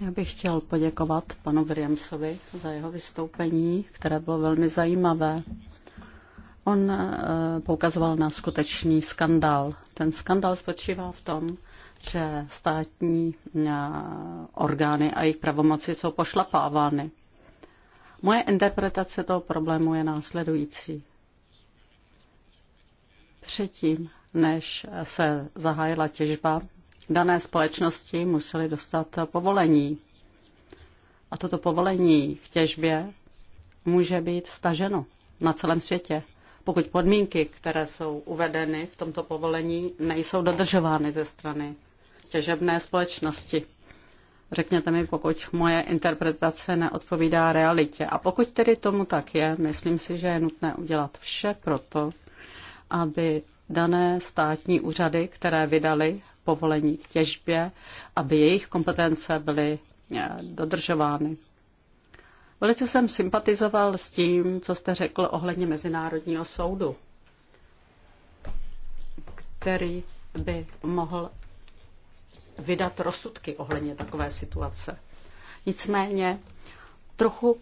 Já bych chtěl poděkovat panu Williamsovi za jeho vystoupení, které bylo velmi zajímavé. On eh, poukazoval na skutečný skandál. Ten skandál spočíval v tom, že státní eh, orgány a jejich pravomoci jsou pošlapávány. Moje interpretace toho problému je následující. Předtím, než se zahájila těžba, dané společnosti museli dostat povolení. A toto povolení k těžbě může být staženo na celém světě, pokud podmínky, které jsou uvedeny v tomto povolení, nejsou dodržovány ze strany těžebné společnosti. Řekněte mi, pokud moje interpretace neodpovídá realitě. A pokud tedy tomu tak je, myslím si, že je nutné udělat vše proto, aby dané státní úřady, které vydali povolení k těžbě, aby jejich kompetence byly eh, dodržovány. Velice jsem sympatizoval s tím, co jste řekl ohledně Mezinárodního soudu, který by mohl vydat rozsudky ohledně takové situace. Nicméně trochu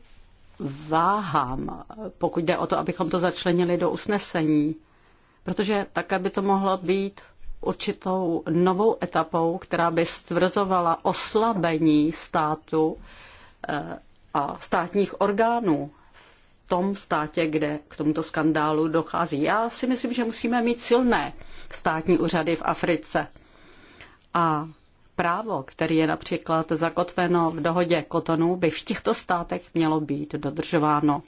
váhám, pokud jde o to, abychom to začlenili do usnesení, protože také by to mohlo být určitou novou etapou, která by stvrzovala oslabení státu eh, a státních orgánů v tom státě, kde k tomuto skandálu dochází. Já si myslím, že musíme mít silné státní úřady v Africe. A právo, které je například zakotveno v dohodě Kotonu, by v těchto státech mělo být dodržováno.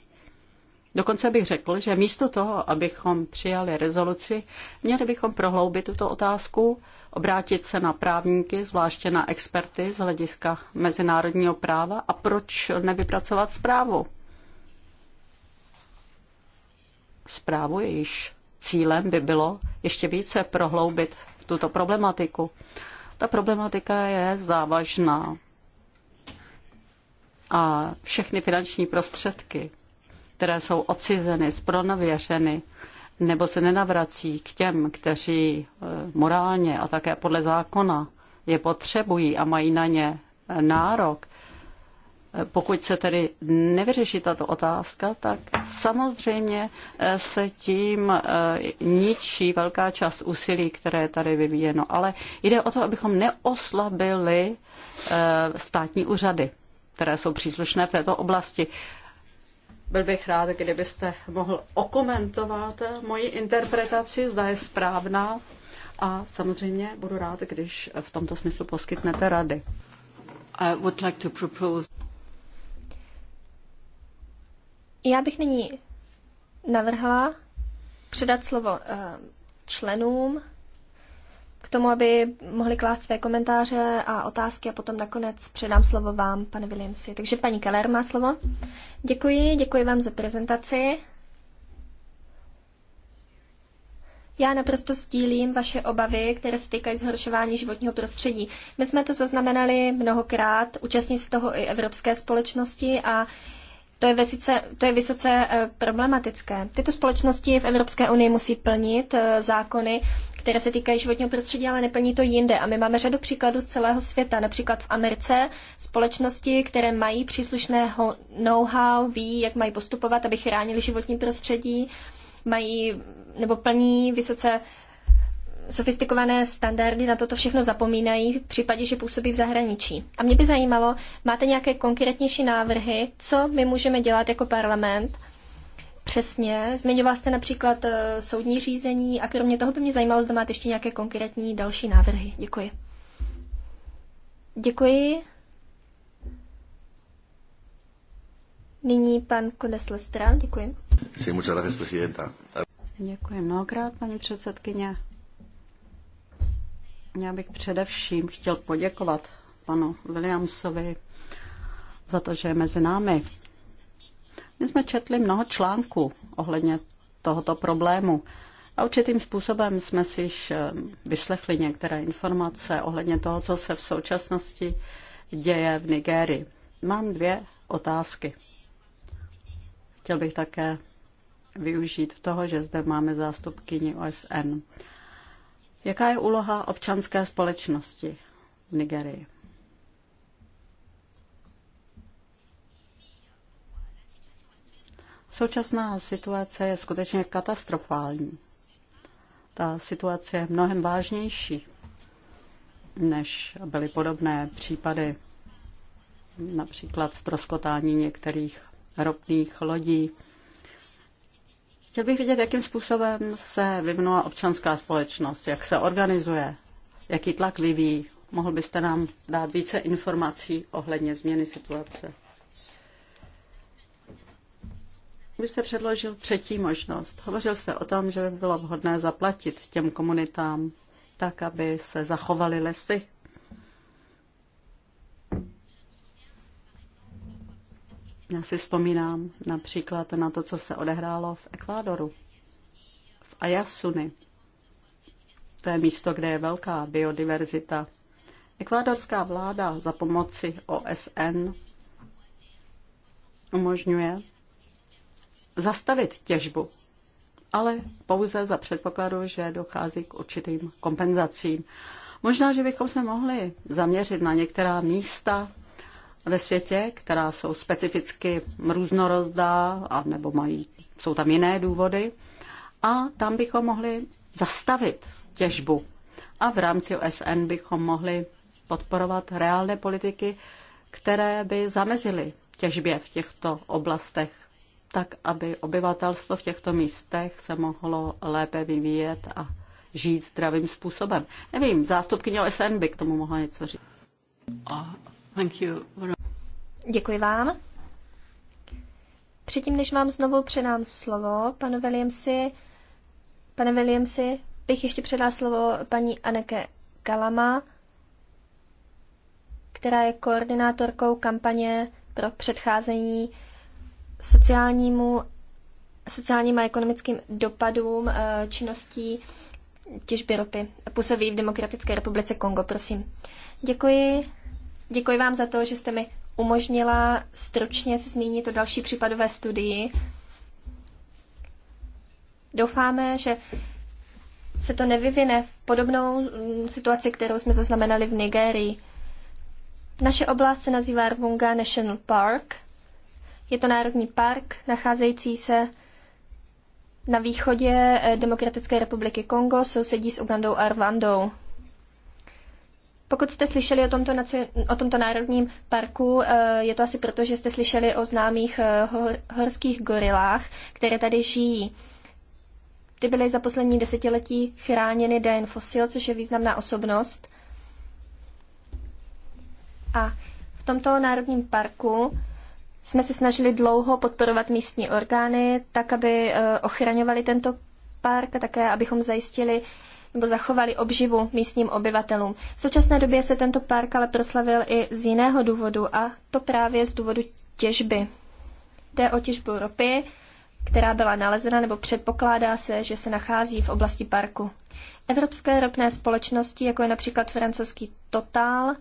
Dokonce bych řekl, že místo toho, abychom přijali rezoluci, měli bychom prohloubit tuto otázku, obrátit se na právníky, zvláště na experty z hlediska mezinárodního práva a proč nevypracovat zprávu. Zprávu jejíž cílem by bylo ještě více prohloubit tuto problematiku. Ta problematika je závažná a všechny finanční prostředky, které jsou odcizeny, zpronověřeny, nebo se nenavrací k těm, kteří e, morálně a také podle zákona je potřebují a mají na ně nárok, pokud se tedy nevyřeší tato otázka, tak samozřejmě eh, se tím eh, ničí velká část úsilí, které je tady vyvíjeno. Ale jde o to, abychom neoslabili eh, státní úřady, které jsou příslušné v této oblasti. Byl bych rád, kdybyste mohl okomentovat moji interpretaci, zda je správná. A samozřejmě budu rád, když v tomto smyslu poskytnete rady. I would like to propose... Já bych nyní navrhla předat slovo eh, členům k tomu, aby mohli klást své komentáře a otázky a potom nakonec předám slovo vám, pane Williamsi. Takže paní Keller má slovo. Děkuji, děkuji vám za prezentaci. Já naprosto stílím vaše obavy, které se týkají zhoršování životního prostředí. My jsme to zaznamenali mnohokrát, účastní se toho i evropské společnosti a to je, vesice, to je vysoce eh, problematické. Tyto společnosti v Evropské unii musí plnit eh, zákony, které se týkají životního prostředí, ale neplní to jinde. A my máme řadu příkladů z celého světa. Například v Americe společnosti, které mají příslušné know-how, ví, jak mají postupovat, aby chránili životní prostředí, mají nebo plní vysoce sofistikované standardy na toto všechno zapomínají v případě, že působí v zahraničí. A mě by zajímalo, máte nějaké konkrétnější návrhy, co my můžeme dělat jako parlament? Přesně. Zmiňoval jste například eh, soudní řízení a kromě toho by mě zajímalo, zda máte ještě nějaké konkrétní další návrhy. Děkuji. Děkuji. Nyní pan Kodes Lestra. Děkuji. muchas gracias, Děkuji mnohokrát, paní předsedkyně. Já bych především chtěl poděkovat panu Williamsovi za to, že je mezi námi. My jsme četli mnoho článků ohledně tohoto problému a určitým způsobem jsme si již eh, vyslechli některé informace ohledně toho, co se v současnosti děje v Nigérii. Mám dvě otázky. Chtěl bych také využít toho, že zde máme zástupkyni OSN. Jaká je úloha občanské společnosti v Nigerii? Současná situace je skutečně katastrofální. Ta situace je mnohem vážnější, než byly podobné případy, například ztroskotání některých ropných lodí Chtěl bych vidět, jakým způsobem se vyvinula občanská společnost, jak se organizuje, jaký tlak vyvíjí. Mohl byste nám dát více informací ohledně změny situace? Vy jste předložil třetí možnost. Hovořil jste o tom, že by bylo vhodné zaplatit těm komunitám tak, aby se zachovaly lesy. Já si vzpomínám například na to, co se odehrálo v Ekvádoru, v Ayasuni. To je místo, kde je velká biodiverzita. Ekvádorská vláda za pomoci OSN umožňuje zastavit těžbu, ale pouze za předpokladu, že dochází k určitým kompenzacím. Možná, že bychom se mohli zaměřit na některá místa, ve světě, která jsou specificky různorozdá, a nebo mají, jsou tam jiné důvody. A tam bychom mohli zastavit těžbu. A v rámci OSN bychom mohli podporovat reálné politiky, které by zamezily těžbě v těchto oblastech, tak aby obyvatelstvo v těchto místech se mohlo lépe vyvíjet a žít zdravým způsobem. Nevím, zástupkyně OSN by k tomu mohla něco říct. A Děkuji vám. Předtím, než vám znovu předám slovo, panu Williamsi, pane Williamsi, bych ještě předal slovo paní Aneke Kalama, která je koordinátorkou kampaně pro předcházení sociálnímu, sociálním a ekonomickým dopadům eh, činností těžby ropy. Působí v Demokratické republice Kongo, prosím. Děkuji. Děkuji vám za to, že jste mi umožnila stručně se zmínit o další případové studii. Doufáme, že se to nevyvine v podobnou mm, situaci, kterou jsme zaznamenali v Nigérii. Naše oblast se nazývá Rwunga National Park. Je to národní park nacházející se na východě eh, Demokratické republiky Kongo, sousedí s Ugandou a Rwandou. Pokud jste slyšeli o tomto, o tomto národním parku, eh, je to asi proto, že jste slyšeli o známých eh, horských gorilách, které tady žijí. Ty byly za poslední desetiletí chráněny Dan Fossil, což je významná osobnost. A v tomto národním parku jsme se snažili dlouho podporovat místní orgány, tak aby eh, ochraňovali tento park a také abychom zajistili nebo zachovali obživu místním obyvatelům. V současné době se tento park ale proslavil i z jiného důvodu a to právě z důvodu těžby. Jde o těžbu ropy, která byla nalezena nebo předpokládá se, že se nachází v oblasti parku. Evropské ropné společnosti, jako je například francouzský Total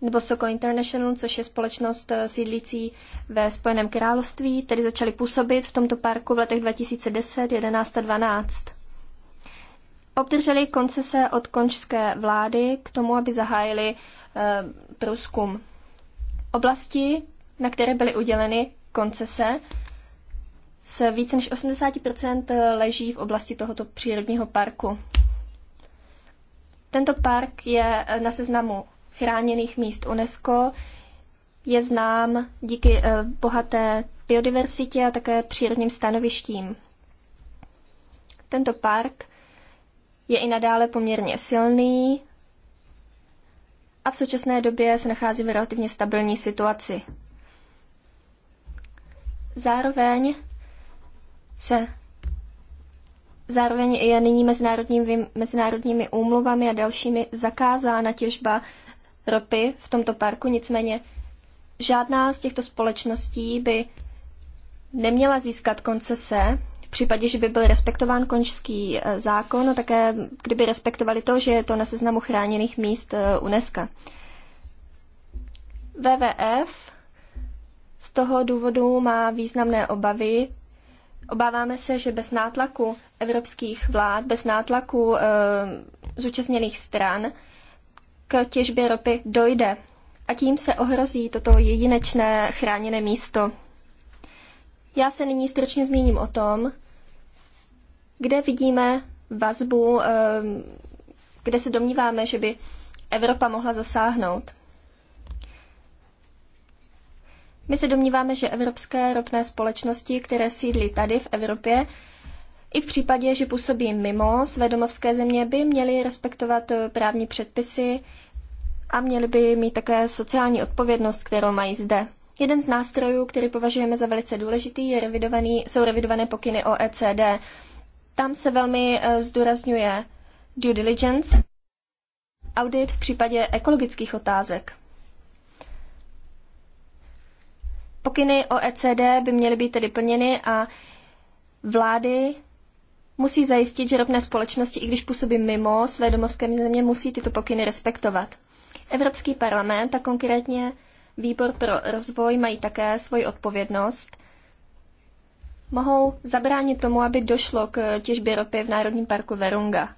nebo Soko International, což je společnost eh, sídlící ve Spojeném království, tedy začaly působit v tomto parku v letech 2010, 11 a 12 obdrželi koncese od končské vlády k tomu, aby zahájili eh, průzkum oblasti, na které byly uděleny koncese, se více než 80% leží v oblasti tohoto přírodního parku. Tento park je eh, na seznamu chráněných míst UNESCO, je znám díky eh, bohaté biodiverzitě a také přírodním stanovištím. Tento park je i nadále poměrně silný a v současné době se nachází v relativně stabilní situaci. Zároveň se Zároveň je nyní mezinárodními, mezinárodními úmluvami a dalšími zakázána těžba ropy v tomto parku, nicméně žádná z těchto společností by neměla získat koncese případě, že by byl respektován končský eh, zákon a no také kdyby respektovali to, že je to na seznamu chráněných míst eh, UNESCO. WWF z toho důvodu má významné obavy. Obáváme se, že bez nátlaku evropských vlád, bez nátlaku e, zúčastněných stran k těžbě ropy dojde. A tím se ohrozí toto jedinečné chráněné místo. Já se nyní stručně zmíním o tom, kde vidíme vazbu, ehm, kde se domníváme, že by Evropa mohla zasáhnout. My se domníváme, že evropské ropné společnosti, které sídlí tady v Evropě, i v případě, že působí mimo své domovské země, by měly respektovat eh, právní předpisy a měly by mít také sociální odpovědnost, kterou mají zde. Jeden z nástrojů, který považujeme za velice důležitý, je revidovaný, jsou revidované pokyny OECD. Tam se velmi eh, zdůrazňuje due diligence, audit v případě ekologických otázek. Pokyny OECD by měly být tedy plněny a vlády musí zajistit, že ropné společnosti, i když působí mimo své domovské země, musí tyto pokyny respektovat. Evropský parlament a konkrétně Výbor pro rozvoj mají také svoji odpovědnost mohou zabránit tomu, aby došlo k těžbě ropy v Národním parku Verunga.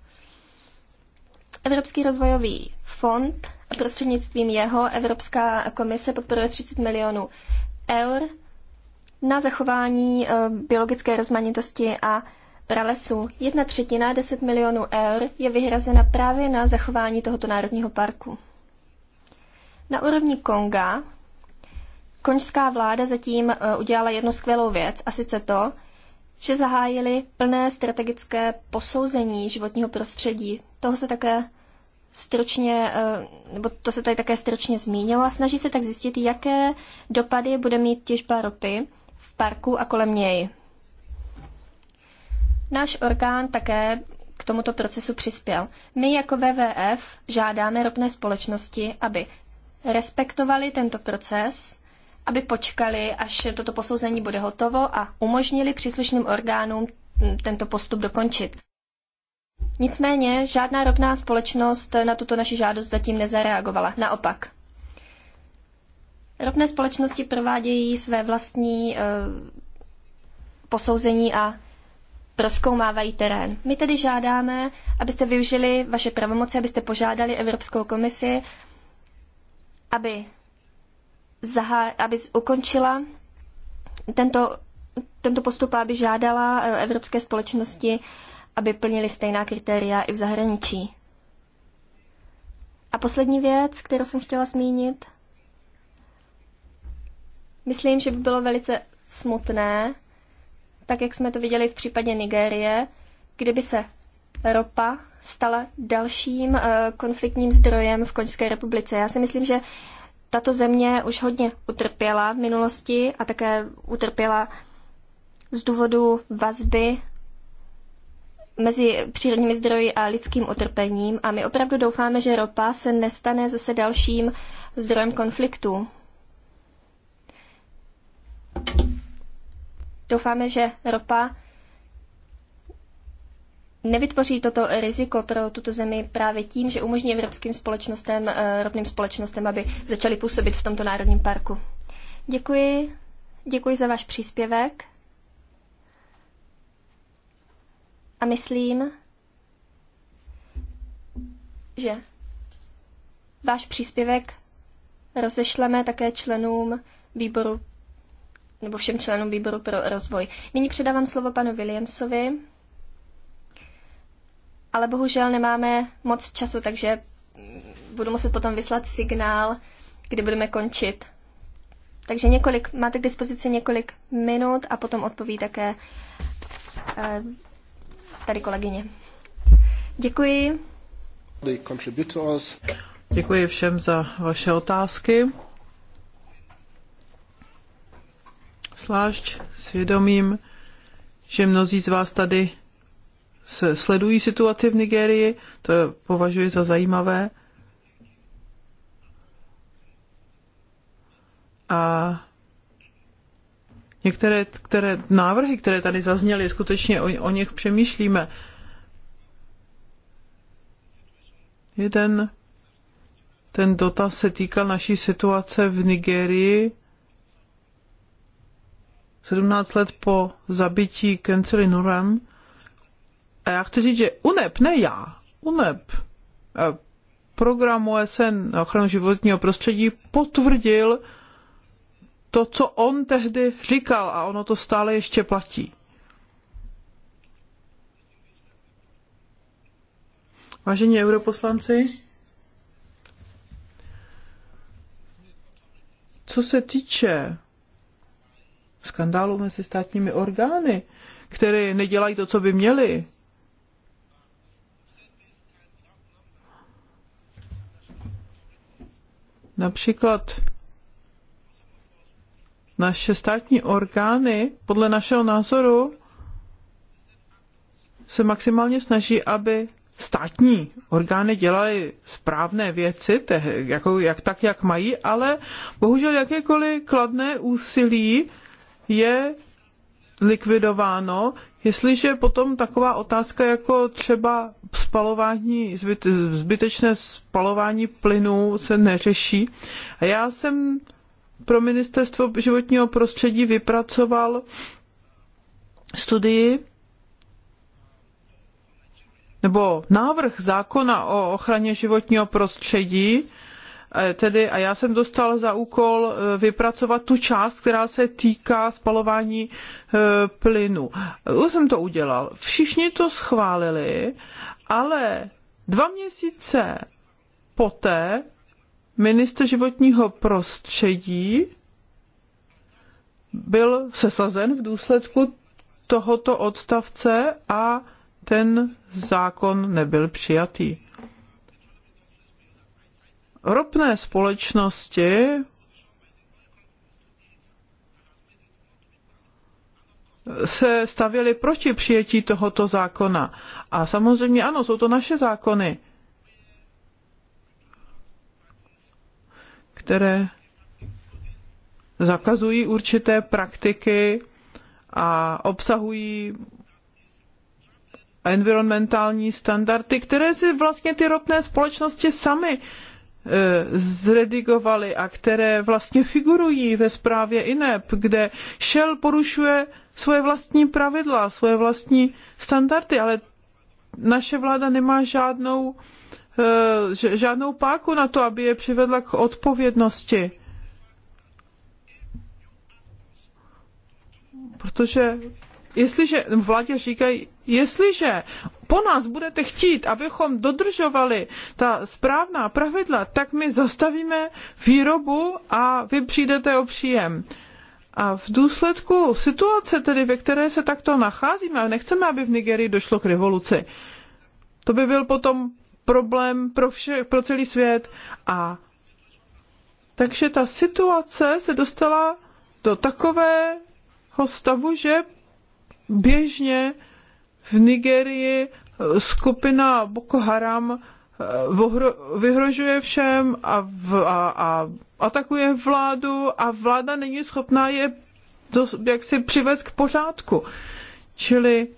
Evropský rozvojový fond a prostřednictvím jeho Evropská komise podporuje 30 milionů eur na zachování eh, biologické rozmanitosti a pralesu. Jedna třetina, 10 milionů eur, je vyhrazena právě na zachování tohoto národního parku. Na úrovni Konga Konžská vláda zatím eh, udělala jednu skvělou věc, a sice to, že zahájili plné strategické posouzení životního prostředí. Toho se také stručně, eh, nebo to se tady také stručně zmínilo a snaží se tak zjistit, jaké dopady bude mít těžba ropy v parku a kolem něj. Náš orgán také k tomuto procesu přispěl. My jako WWF žádáme ropné společnosti, aby respektovali tento proces aby počkali, až toto posouzení bude hotovo a umožnili příslušným orgánům tento postup dokončit. Nicméně žádná ropná společnost na tuto naši žádost zatím nezareagovala. Naopak. Ropné společnosti provádějí své vlastní e, posouzení a proskoumávají terén. My tedy žádáme, abyste využili vaše pravomoci, abyste požádali Evropskou komisi, aby zahá, aby ukončila tento, tento postup a aby žádala eh, evropské společnosti, aby plnili stejná kritéria i v zahraničí. A poslední věc, kterou jsem chtěla zmínit. Myslím, že by bylo velice smutné, tak jak jsme to viděli v případě Nigérie, kdyby se ropa stala dalším eh, konfliktním zdrojem v Koňské republice. Já si myslím, že tato země už hodně utrpěla v minulosti a také utrpěla z důvodu vazby mezi přírodními zdroji a lidským utrpením a my opravdu doufáme, že ropa se nestane zase dalším zdrojem konfliktu. Doufáme, že ropa Nevytvoří toto riziko pro tuto zemi právě tím, že umožní evropským společnostem, eh, rovným společnostem, aby začaly působit v tomto národním parku. Děkuji. Děkuji za váš příspěvek. A myslím, že váš příspěvek rozešleme také členům výboru nebo všem členům výboru pro rozvoj. Nyní předávám slovo panu Williamsovi ale bohužel nemáme moc času, takže budu muset potom vyslat signál, kdy budeme končit. Takže několik, máte k dispozici několik minut a potom odpoví také eh, tady kolegyně. Děkuji. Děkuji všem za vaše otázky. Zvlášť svědomím, že mnozí z vás tady se sledují situaci v Nigerii, to považuji za zajímavé. A některé které návrhy, které tady zazněly, skutečně o, o nich přemýšlíme. Jeden ten dotaz se týkal naší situace v Nigerii. 17 let po zabití Kenceli Nuran, a já chci říct, že UNEP, ne já, UNEP, eh, program OSN na ochranu životního prostředí potvrdil to, co on tehdy říkal a ono to stále ještě platí. Vážení europoslanci, co se týče skandálu mezi státními orgány, které nedělají to, co by měli? Například naše státní orgány, podle našeho názoru, se maximálně snaží, aby státní orgány dělaly správné věci, te, jako, jak tak, jak mají, ale bohužel jakékoliv kladné úsilí je likvidováno Jestliže potom taková otázka jako třeba spalování, zbytečné spalování plynů se neřeší. A já jsem pro ministerstvo životního prostředí vypracoval studii nebo návrh zákona o ochraně životního prostředí, E, tedy a já jsem dostal za úkol e, vypracovat tu část, která se týká spalování e, plynu. Už jsem to udělal. Všichni to schválili, ale dva měsíce poté ministr životního prostředí byl sesazen v důsledku tohoto odstavce a ten zákon nebyl přijatý ropné společnosti se stavěly proti přijetí tohoto zákona. A samozřejmě ano, jsou to naše zákony, které zakazují určité praktiky a obsahují environmentální standardy, které si vlastně ty ropné společnosti samy Eh, zredigovali a které vlastně figurují ve zprávě INEP, kde Shell porušuje svoje vlastní pravidla, svoje vlastní standardy, ale naše vláda nemá žádnou, eh, žádnou páku na to, aby je přivedla k odpovědnosti. Protože jestliže vládě říkají, Jestliže po nás budete chtít, abychom dodržovali ta správná pravidla, tak my zastavíme výrobu a vy přijdete o příjem. A v důsledku situace, tedy ve které se takto nacházíme, nechceme, aby v Nigerii došlo k revoluci, to by byl potom problém pro, vše, pro celý svět. A takže ta situace se dostala do takového stavu, že běžně v Nigerii skupina Boko Haram eh, vyhrožuje všem a, v, a, a atakuje vládu a vláda není schopná je do, jak si přivést k pořádku. Čili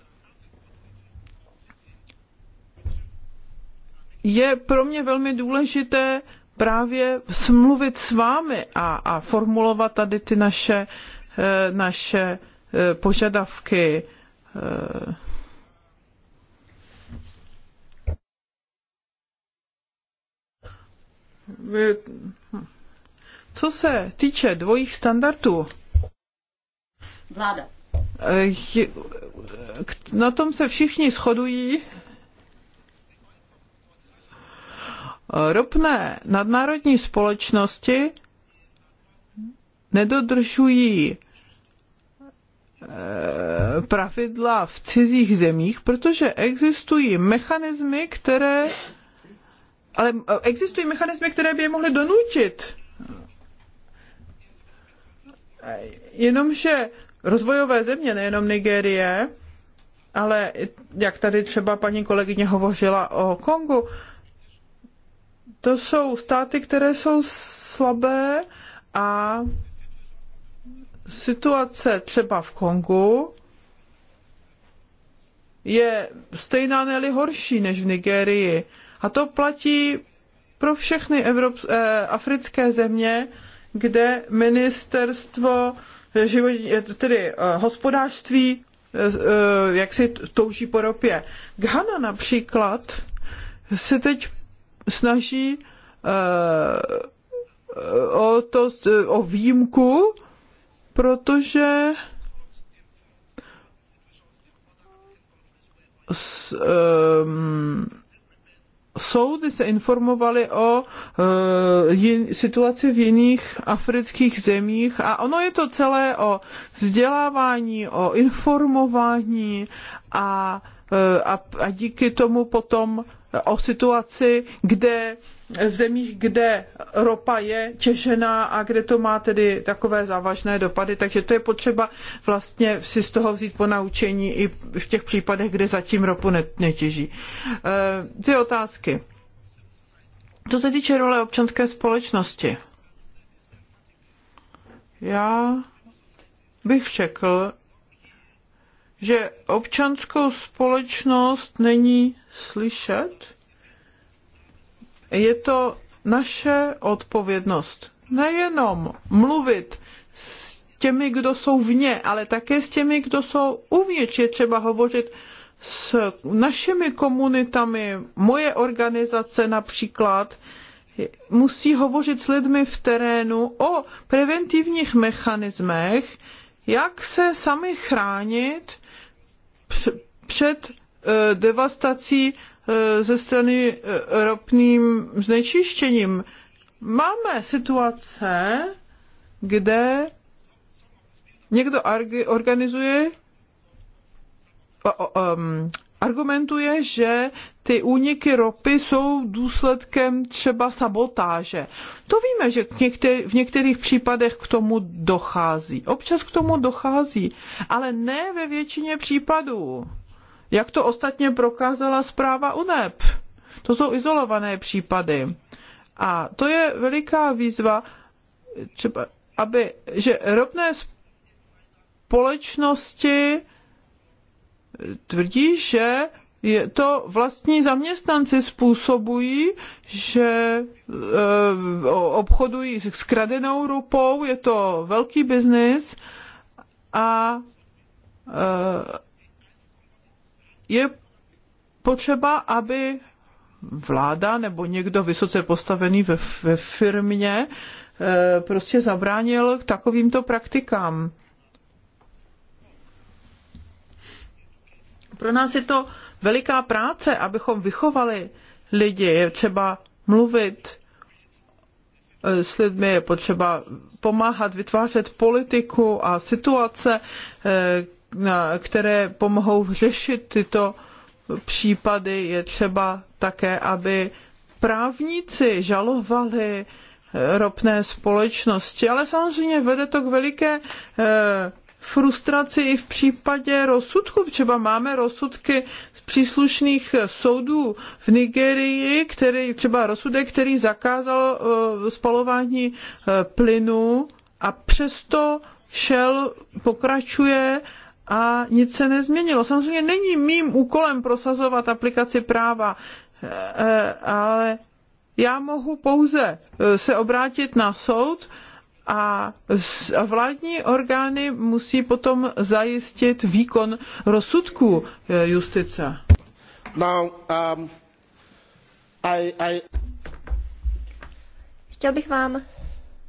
je pro mě velmi důležité právě smluvit s vámi a, a formulovat tady ty naše, eh, naše eh, požadavky. Co se týče dvojích standardů, vláda. Eh, na tom se všichni shodují. Ropné nadnárodní společnosti nedodržují eh, pravidla v cizích zemích, protože existují mechanismy, které ale eh, existují mechanismy, které by je mohly donutit. Eh, jenomže rozvojové země, nejenom Nigérie, ale jak tady třeba paní kolegyně hovořila o Kongu, to jsou státy, které jsou slabé a situace třeba v Kongu je stejná, ne horší než v Nigérii. A to platí pro všechny Evrop, eh, africké země, kde ministerstvo eh, život, eh, tedy eh, hospodářství eh, eh jak si touží po ropě. Ghana například se teď snaží o, to, o výjimku, protože s, ehm, soudy se informovaly o e, situaci v jiných afrických zemích a ono je to celé o vzdělávání, o informování a, e, a, a díky tomu potom o situaci, kde v zemích, kde ropa je těžená a kde to má tedy takové závažné dopady. Takže to je potřeba vlastně si z toho vzít po naučení i v těch případech, kde zatím ropu netěží. Eh, dvě otázky. Co se týče role občanské společnosti, já bych řekl, že občanskou společnost není slyšet, je to naše odpovědnost. Nejenom mluvit s těmi, kdo jsou vně, ale také s těmi, kdo jsou uvnitř. Je třeba hovořit s našimi komunitami. Moje organizace například musí hovořit s lidmi v terénu o preventivních mechanismech, jak se sami chránit před eh, devastací eh, ze strany eh, ropným znečištěním. Máme situace, kde někdo organizuje argumentuje, že ty úniky ropy jsou důsledkem třeba sabotáže. To víme, že v některých případech k tomu dochází. Občas k tomu dochází, ale ne ve většině případů. Jak to ostatně prokázala zpráva UNEP. To jsou izolované případy. A to je veliká výzva, třeba, aby, že ropné společnosti tvrdí, že je to vlastní zaměstnanci způsobují, že eh, obchodují s kradenou rupou, je to velký biznis a eh, je potřeba, aby vláda nebo někdo vysoce postavený ve, ve firmě eh, prostě zabránil k takovýmto praktikám. pro nás je to veliká práce, abychom vychovali lidi. Je třeba mluvit eh, s lidmi, je potřeba pomáhat vytvářet politiku a situace, eh, které pomohou řešit tyto případy. Je třeba také, aby právníci žalovali eh, ropné společnosti, ale samozřejmě vede to k veliké frustraci i v případě rozsudku. Třeba máme rozsudky z příslušných soudů v Nigerii, který, třeba rozsudek, který zakázal eh, spalování eh, plynu a přesto šel, pokračuje a nic se nezměnilo. Samozřejmě není mým úkolem prosazovat aplikaci práva, eh, ale já mohu pouze se obrátit na soud a vládní orgány musí potom zajistit výkon rozsudků eh, justice. Now, um, I, I... Chtěl bych vám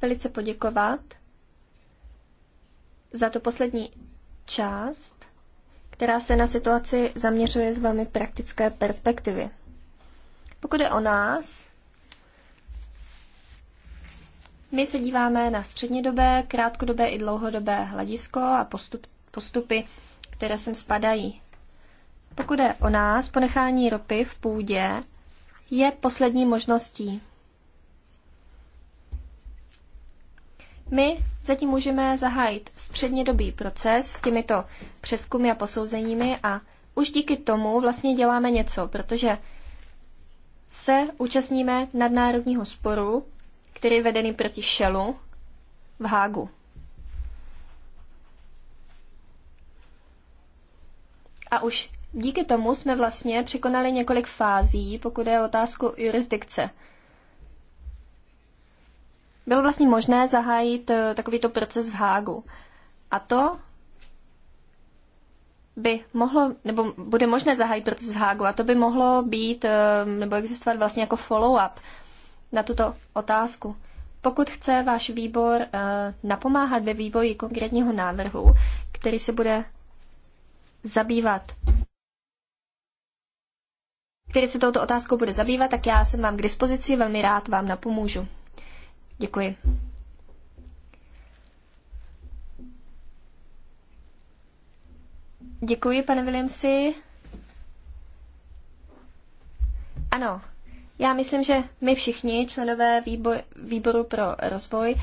velice poděkovat za tu poslední část, která se na situaci zaměřuje z velmi praktické perspektivy. Pokud je o nás, my se díváme na střednědobé, krátkodobé i dlouhodobé hledisko a postup, postupy, které sem spadají. Pokud je o nás, ponechání ropy v půdě je poslední možností. My zatím můžeme zahájit střednědobý proces s těmito přeskumy a posouzeními a už díky tomu vlastně děláme něco, protože se účastníme nadnárodního sporu který je vedený proti Shellu v Hágu. A už díky tomu jsme vlastně překonali několik fází, pokud je otázku jurisdikce. Bylo vlastně možné zahájit eh, takovýto proces v Hágu. A to by mohlo, nebo bude možné zahájit proces v Hágu a to by mohlo být, eh, nebo existovat vlastně jako follow-up na tuto otázku. Pokud chce váš výbor eh, napomáhat ve vývoji konkrétního návrhu, který se bude zabývat který se touto otázkou bude zabývat, tak já jsem vám k dispozici, velmi rád vám napomůžu. Děkuji. Děkuji, pane Williamsi. Ano, já myslím, že my všichni, členové výbor, výboru pro rozvoj,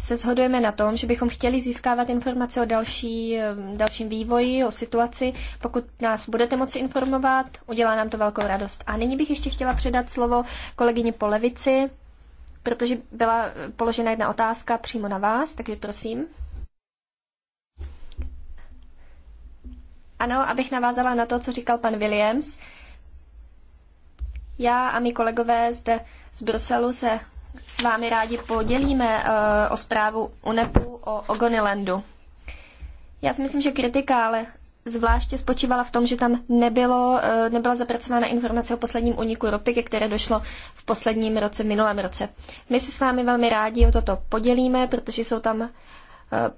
se shodujeme na tom, že bychom chtěli získávat informace o další, dalším vývoji, o situaci. Pokud nás budete moci informovat, udělá nám to velkou radost. A nyní bych ještě chtěla předat slovo kolegyni Polevici, protože byla položena jedna otázka přímo na vás, takže prosím. Ano, abych navázala na to, co říkal pan Williams. Já a my kolegové zde z Bruselu se s vámi rádi podělíme eh, o zprávu UNEPu o Ogonilandu. Já si myslím, že kritika, ale zvláště spočívala v tom, že tam nebylo, eh, nebyla zapracována informace o posledním uniku ropy, ke které došlo v posledním roce, v minulém roce. My se s vámi velmi rádi o toto podělíme, protože jsou tam eh,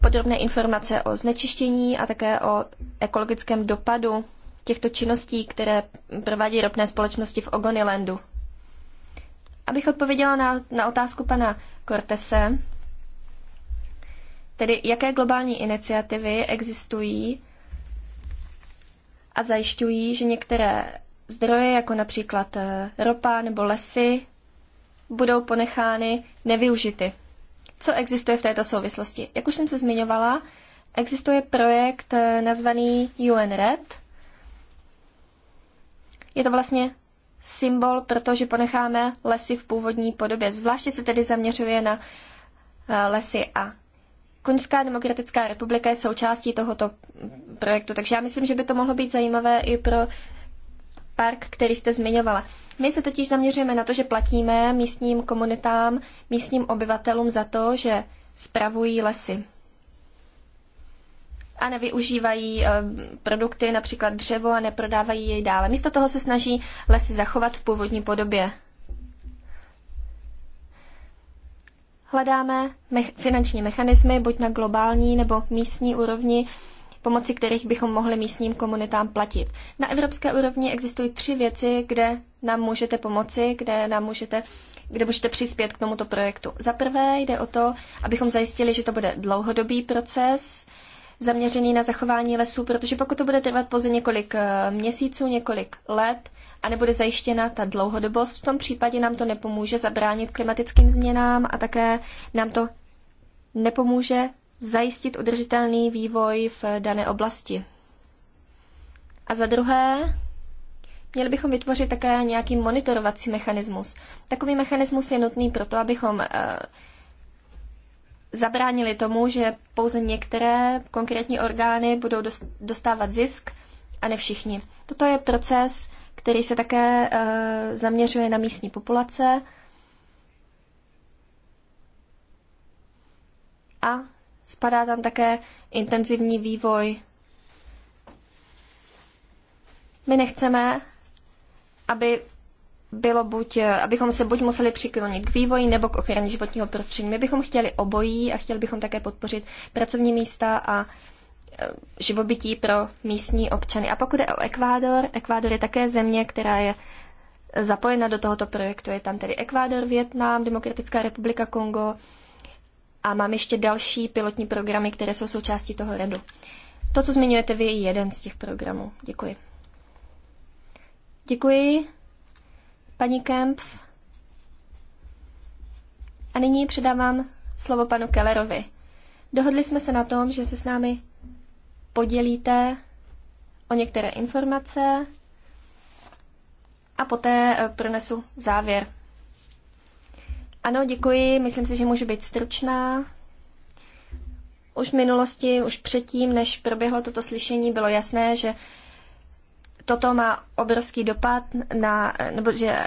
podrobné informace o znečištění a také o ekologickém dopadu těchto činností, které provádí ropné společnosti v Ogonilandu. Abych odpověděla na, na otázku pana Cortese, tedy jaké globální iniciativy existují a zajišťují, že některé zdroje, jako například eh, ropa nebo lesy, budou ponechány nevyužity. Co existuje v této souvislosti? Jak už jsem se zmiňovala, existuje projekt eh, nazvaný UN Red, je to vlastně symbol, protože ponecháme lesy v původní podobě. Zvláště se tedy zaměřuje na eh, lesy a Kuňská demokratická republika je součástí tohoto projektu, takže já myslím, že by to mohlo být zajímavé i pro park, který jste zmiňovala. My se totiž zaměřujeme na to, že platíme místním komunitám, místním obyvatelům za to, že spravují lesy a nevyužívají eh, produkty, například dřevo, a neprodávají jej dále. Místo toho se snaží lesy zachovat v původní podobě. Hledáme me- finanční mechanismy, buď na globální nebo místní úrovni, pomocí kterých bychom mohli místním komunitám platit. Na evropské úrovni existují tři věci, kde nám můžete pomoci, kde nám můžete kde můžete přispět k tomuto projektu. Za prvé jde o to, abychom zajistili, že to bude dlouhodobý proces, zaměřený na zachování lesů, protože pokud to bude trvat pouze několik eh, měsíců, několik let a nebude zajištěna ta dlouhodobost, v tom případě nám to nepomůže zabránit klimatickým změnám a také nám to nepomůže zajistit udržitelný vývoj v dané oblasti. A za druhé, Měli bychom vytvořit také nějaký monitorovací mechanismus. Takový mechanismus je nutný proto, abychom eh, zabránili tomu, že pouze některé konkrétní orgány budou dostávat zisk a ne všichni. Toto je proces, který se také eh, zaměřuje na místní populace a spadá tam také intenzivní vývoj. My nechceme, aby bylo buď, eh, abychom se buď museli přiklonit k vývoji nebo k ochraně životního prostředí. My bychom chtěli obojí a chtěli bychom také podpořit pracovní místa a eh, živobytí pro místní občany. A pokud je o Ekvádor, Ekvádor je také země, která je zapojena do tohoto projektu. Je tam tedy Ekvádor, Větnam, Demokratická republika Kongo a mám ještě další pilotní programy, které jsou součástí toho redu. To, co zmiňujete vy, je jeden z těch programů. Děkuji. Děkuji paní Kemp. A nyní předávám slovo panu Kellerovi. Dohodli jsme se na tom, že se s námi podělíte o některé informace a poté eh, pronesu závěr. Ano, děkuji. Myslím si, že můžu být stručná. Už v minulosti, už předtím, než proběhlo toto slyšení, bylo jasné, že toto má obrovský dopad na, nebo že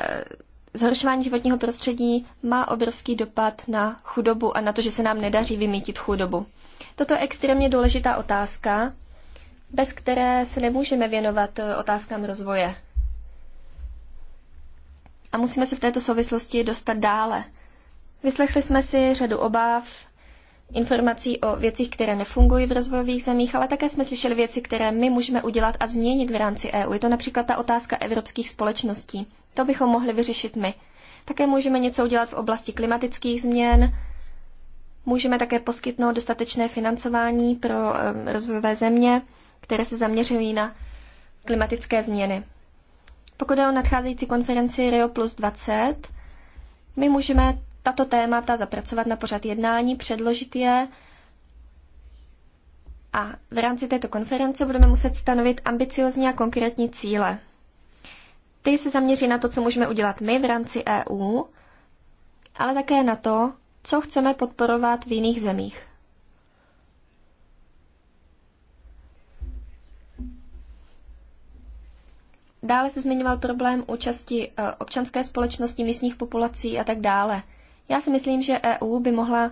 zhoršování životního prostředí má obrovský dopad na chudobu a na to, že se nám nedaří vymítit chudobu. Toto je extrémně důležitá otázka, bez které se nemůžeme věnovat otázkám rozvoje. A musíme se v této souvislosti dostat dále. Vyslechli jsme si řadu obav informací o věcích, které nefungují v rozvojových zemích, ale také jsme slyšeli věci, které my můžeme udělat a změnit v rámci EU. Je to například ta otázka evropských společností. To bychom mohli vyřešit my. Také můžeme něco udělat v oblasti klimatických změn. Můžeme také poskytnout dostatečné financování pro rozvojové země, které se zaměřují na klimatické změny. Pokud je o nadcházející konferenci Rio plus 20, my můžeme tato témata zapracovat na pořad jednání, předložit je a v rámci této konference budeme muset stanovit ambiciozní a konkrétní cíle. Ty se zaměří na to, co můžeme udělat my v rámci EU, ale také na to, co chceme podporovat v jiných zemích. Dále se zmiňoval problém účasti eh, občanské společnosti, místních populací a tak dále. Já si myslím, že EU by mohla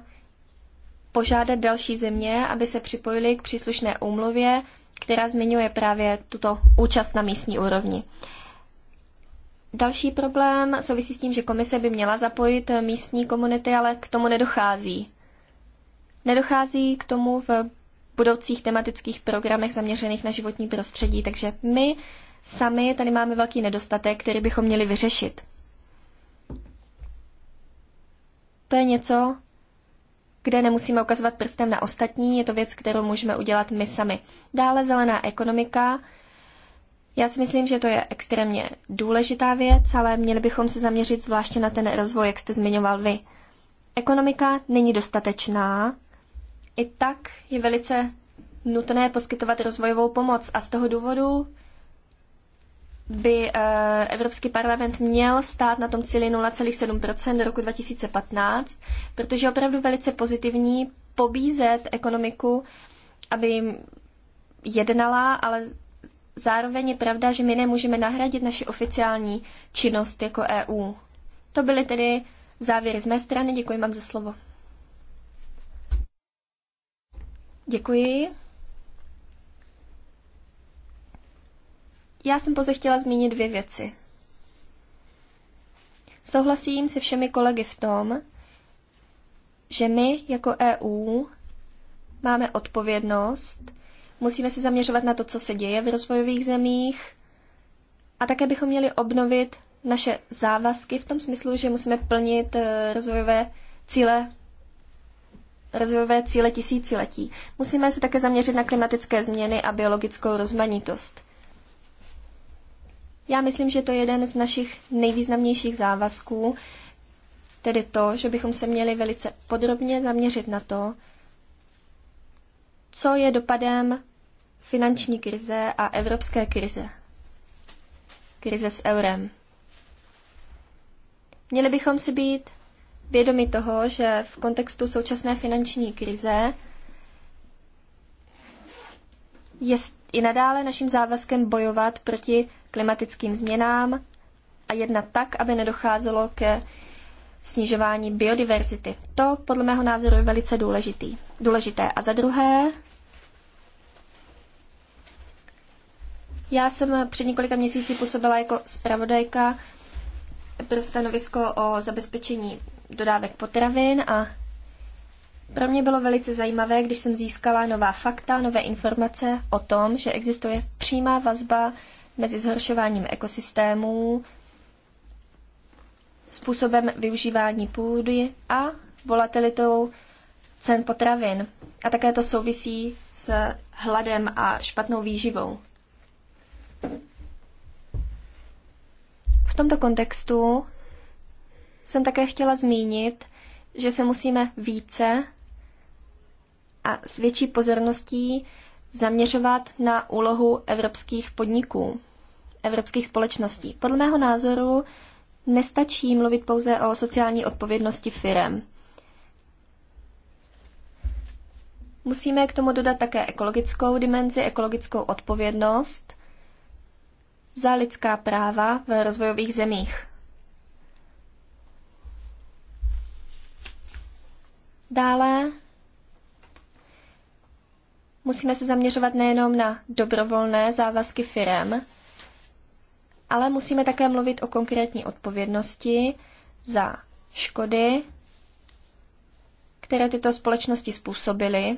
požádat další země, aby se připojili k příslušné úmluvě, která zmiňuje právě tuto účast na místní úrovni. Další problém souvisí s tím, že komise by měla zapojit místní komunity, ale k tomu nedochází. Nedochází k tomu v budoucích tematických programech zaměřených na životní prostředí, takže my sami tady máme velký nedostatek, který bychom měli vyřešit. To je něco, kde nemusíme ukazovat prstem na ostatní, je to věc, kterou můžeme udělat my sami. Dále zelená ekonomika. Já si myslím, že to je extrémně důležitá věc, ale měli bychom se zaměřit zvláště na ten rozvoj, jak jste zmiňoval vy. Ekonomika není dostatečná, i tak je velice nutné poskytovat rozvojovou pomoc a z toho důvodu by eh, Evropský parlament měl stát na tom cíli 0,7 do roku 2015, protože je opravdu velice pozitivní pobízet ekonomiku, aby jednala, ale zároveň je pravda, že my nemůžeme nahradit naši oficiální činnost jako EU. To byly tedy závěry z mé strany. Děkuji vám za slovo. Děkuji. Já jsem pouze chtěla zmínit dvě věci. Souhlasím se všemi kolegy v tom, že my jako EU máme odpovědnost, musíme se zaměřovat na to, co se děje v rozvojových zemích a také bychom měli obnovit naše závazky v tom smyslu, že musíme plnit eh, rozvojové cíle rozvojové cíle tisíciletí. Musíme se také zaměřit na klimatické změny a biologickou rozmanitost. Já myslím, že to je jeden z našich nejvýznamnějších závazků, tedy to, že bychom se měli velice podrobně zaměřit na to, co je dopadem finanční krize a evropské krize. Krize s eurem. Měli bychom si být vědomi toho, že v kontextu současné finanční krize je i nadále naším závazkem bojovat proti klimatickým změnám a jednat tak, aby nedocházelo ke snižování biodiverzity. To podle mého názoru je velice důležitý, důležité. A za druhé, já jsem před několika měsíci působila jako zpravodajka pro stanovisko o zabezpečení dodávek potravin a pro mě bylo velice zajímavé, když jsem získala nová fakta, nové informace o tom, že existuje přímá vazba mezi zhoršováním ekosystémů, způsobem využívání půdy a volatilitou cen potravin. A také to souvisí s hladem a špatnou výživou. V tomto kontextu jsem také chtěla zmínit, že se musíme více a s větší pozorností zaměřovat na úlohu evropských podniků, evropských společností. Podle mého názoru nestačí mluvit pouze o sociální odpovědnosti firem. Musíme k tomu dodat také ekologickou dimenzi, ekologickou odpovědnost za lidská práva v rozvojových zemích. Dále Musíme se zaměřovat nejenom na dobrovolné závazky firem, ale musíme také mluvit o konkrétní odpovědnosti za škody, které tyto společnosti způsobily.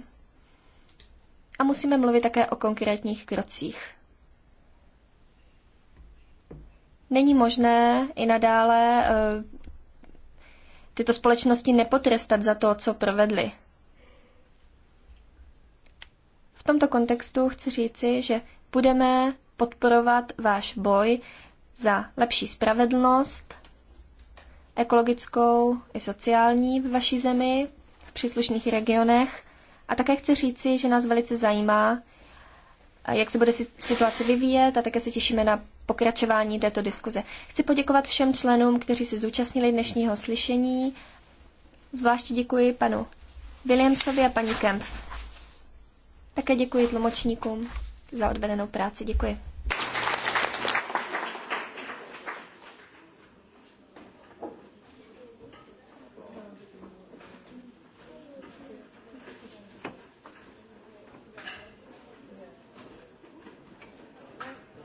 A musíme mluvit také o konkrétních krocích. Není možné i nadále eh, tyto společnosti nepotrestat za to, co provedly. V tomto kontextu chci říci, že budeme podporovat váš boj za lepší spravedlnost, ekologickou i sociální v vaší zemi, v příslušných regionech. A také chci říci, že nás velice zajímá, jak se bude situace vyvíjet a také se těšíme na pokračování této diskuze. Chci poděkovat všem členům, kteří se zúčastnili dnešního slyšení. Zvláště děkuji panu Williamsovi a paní Kemp. Také děkuji tlumočníkům za odvedenou práci. Děkuji.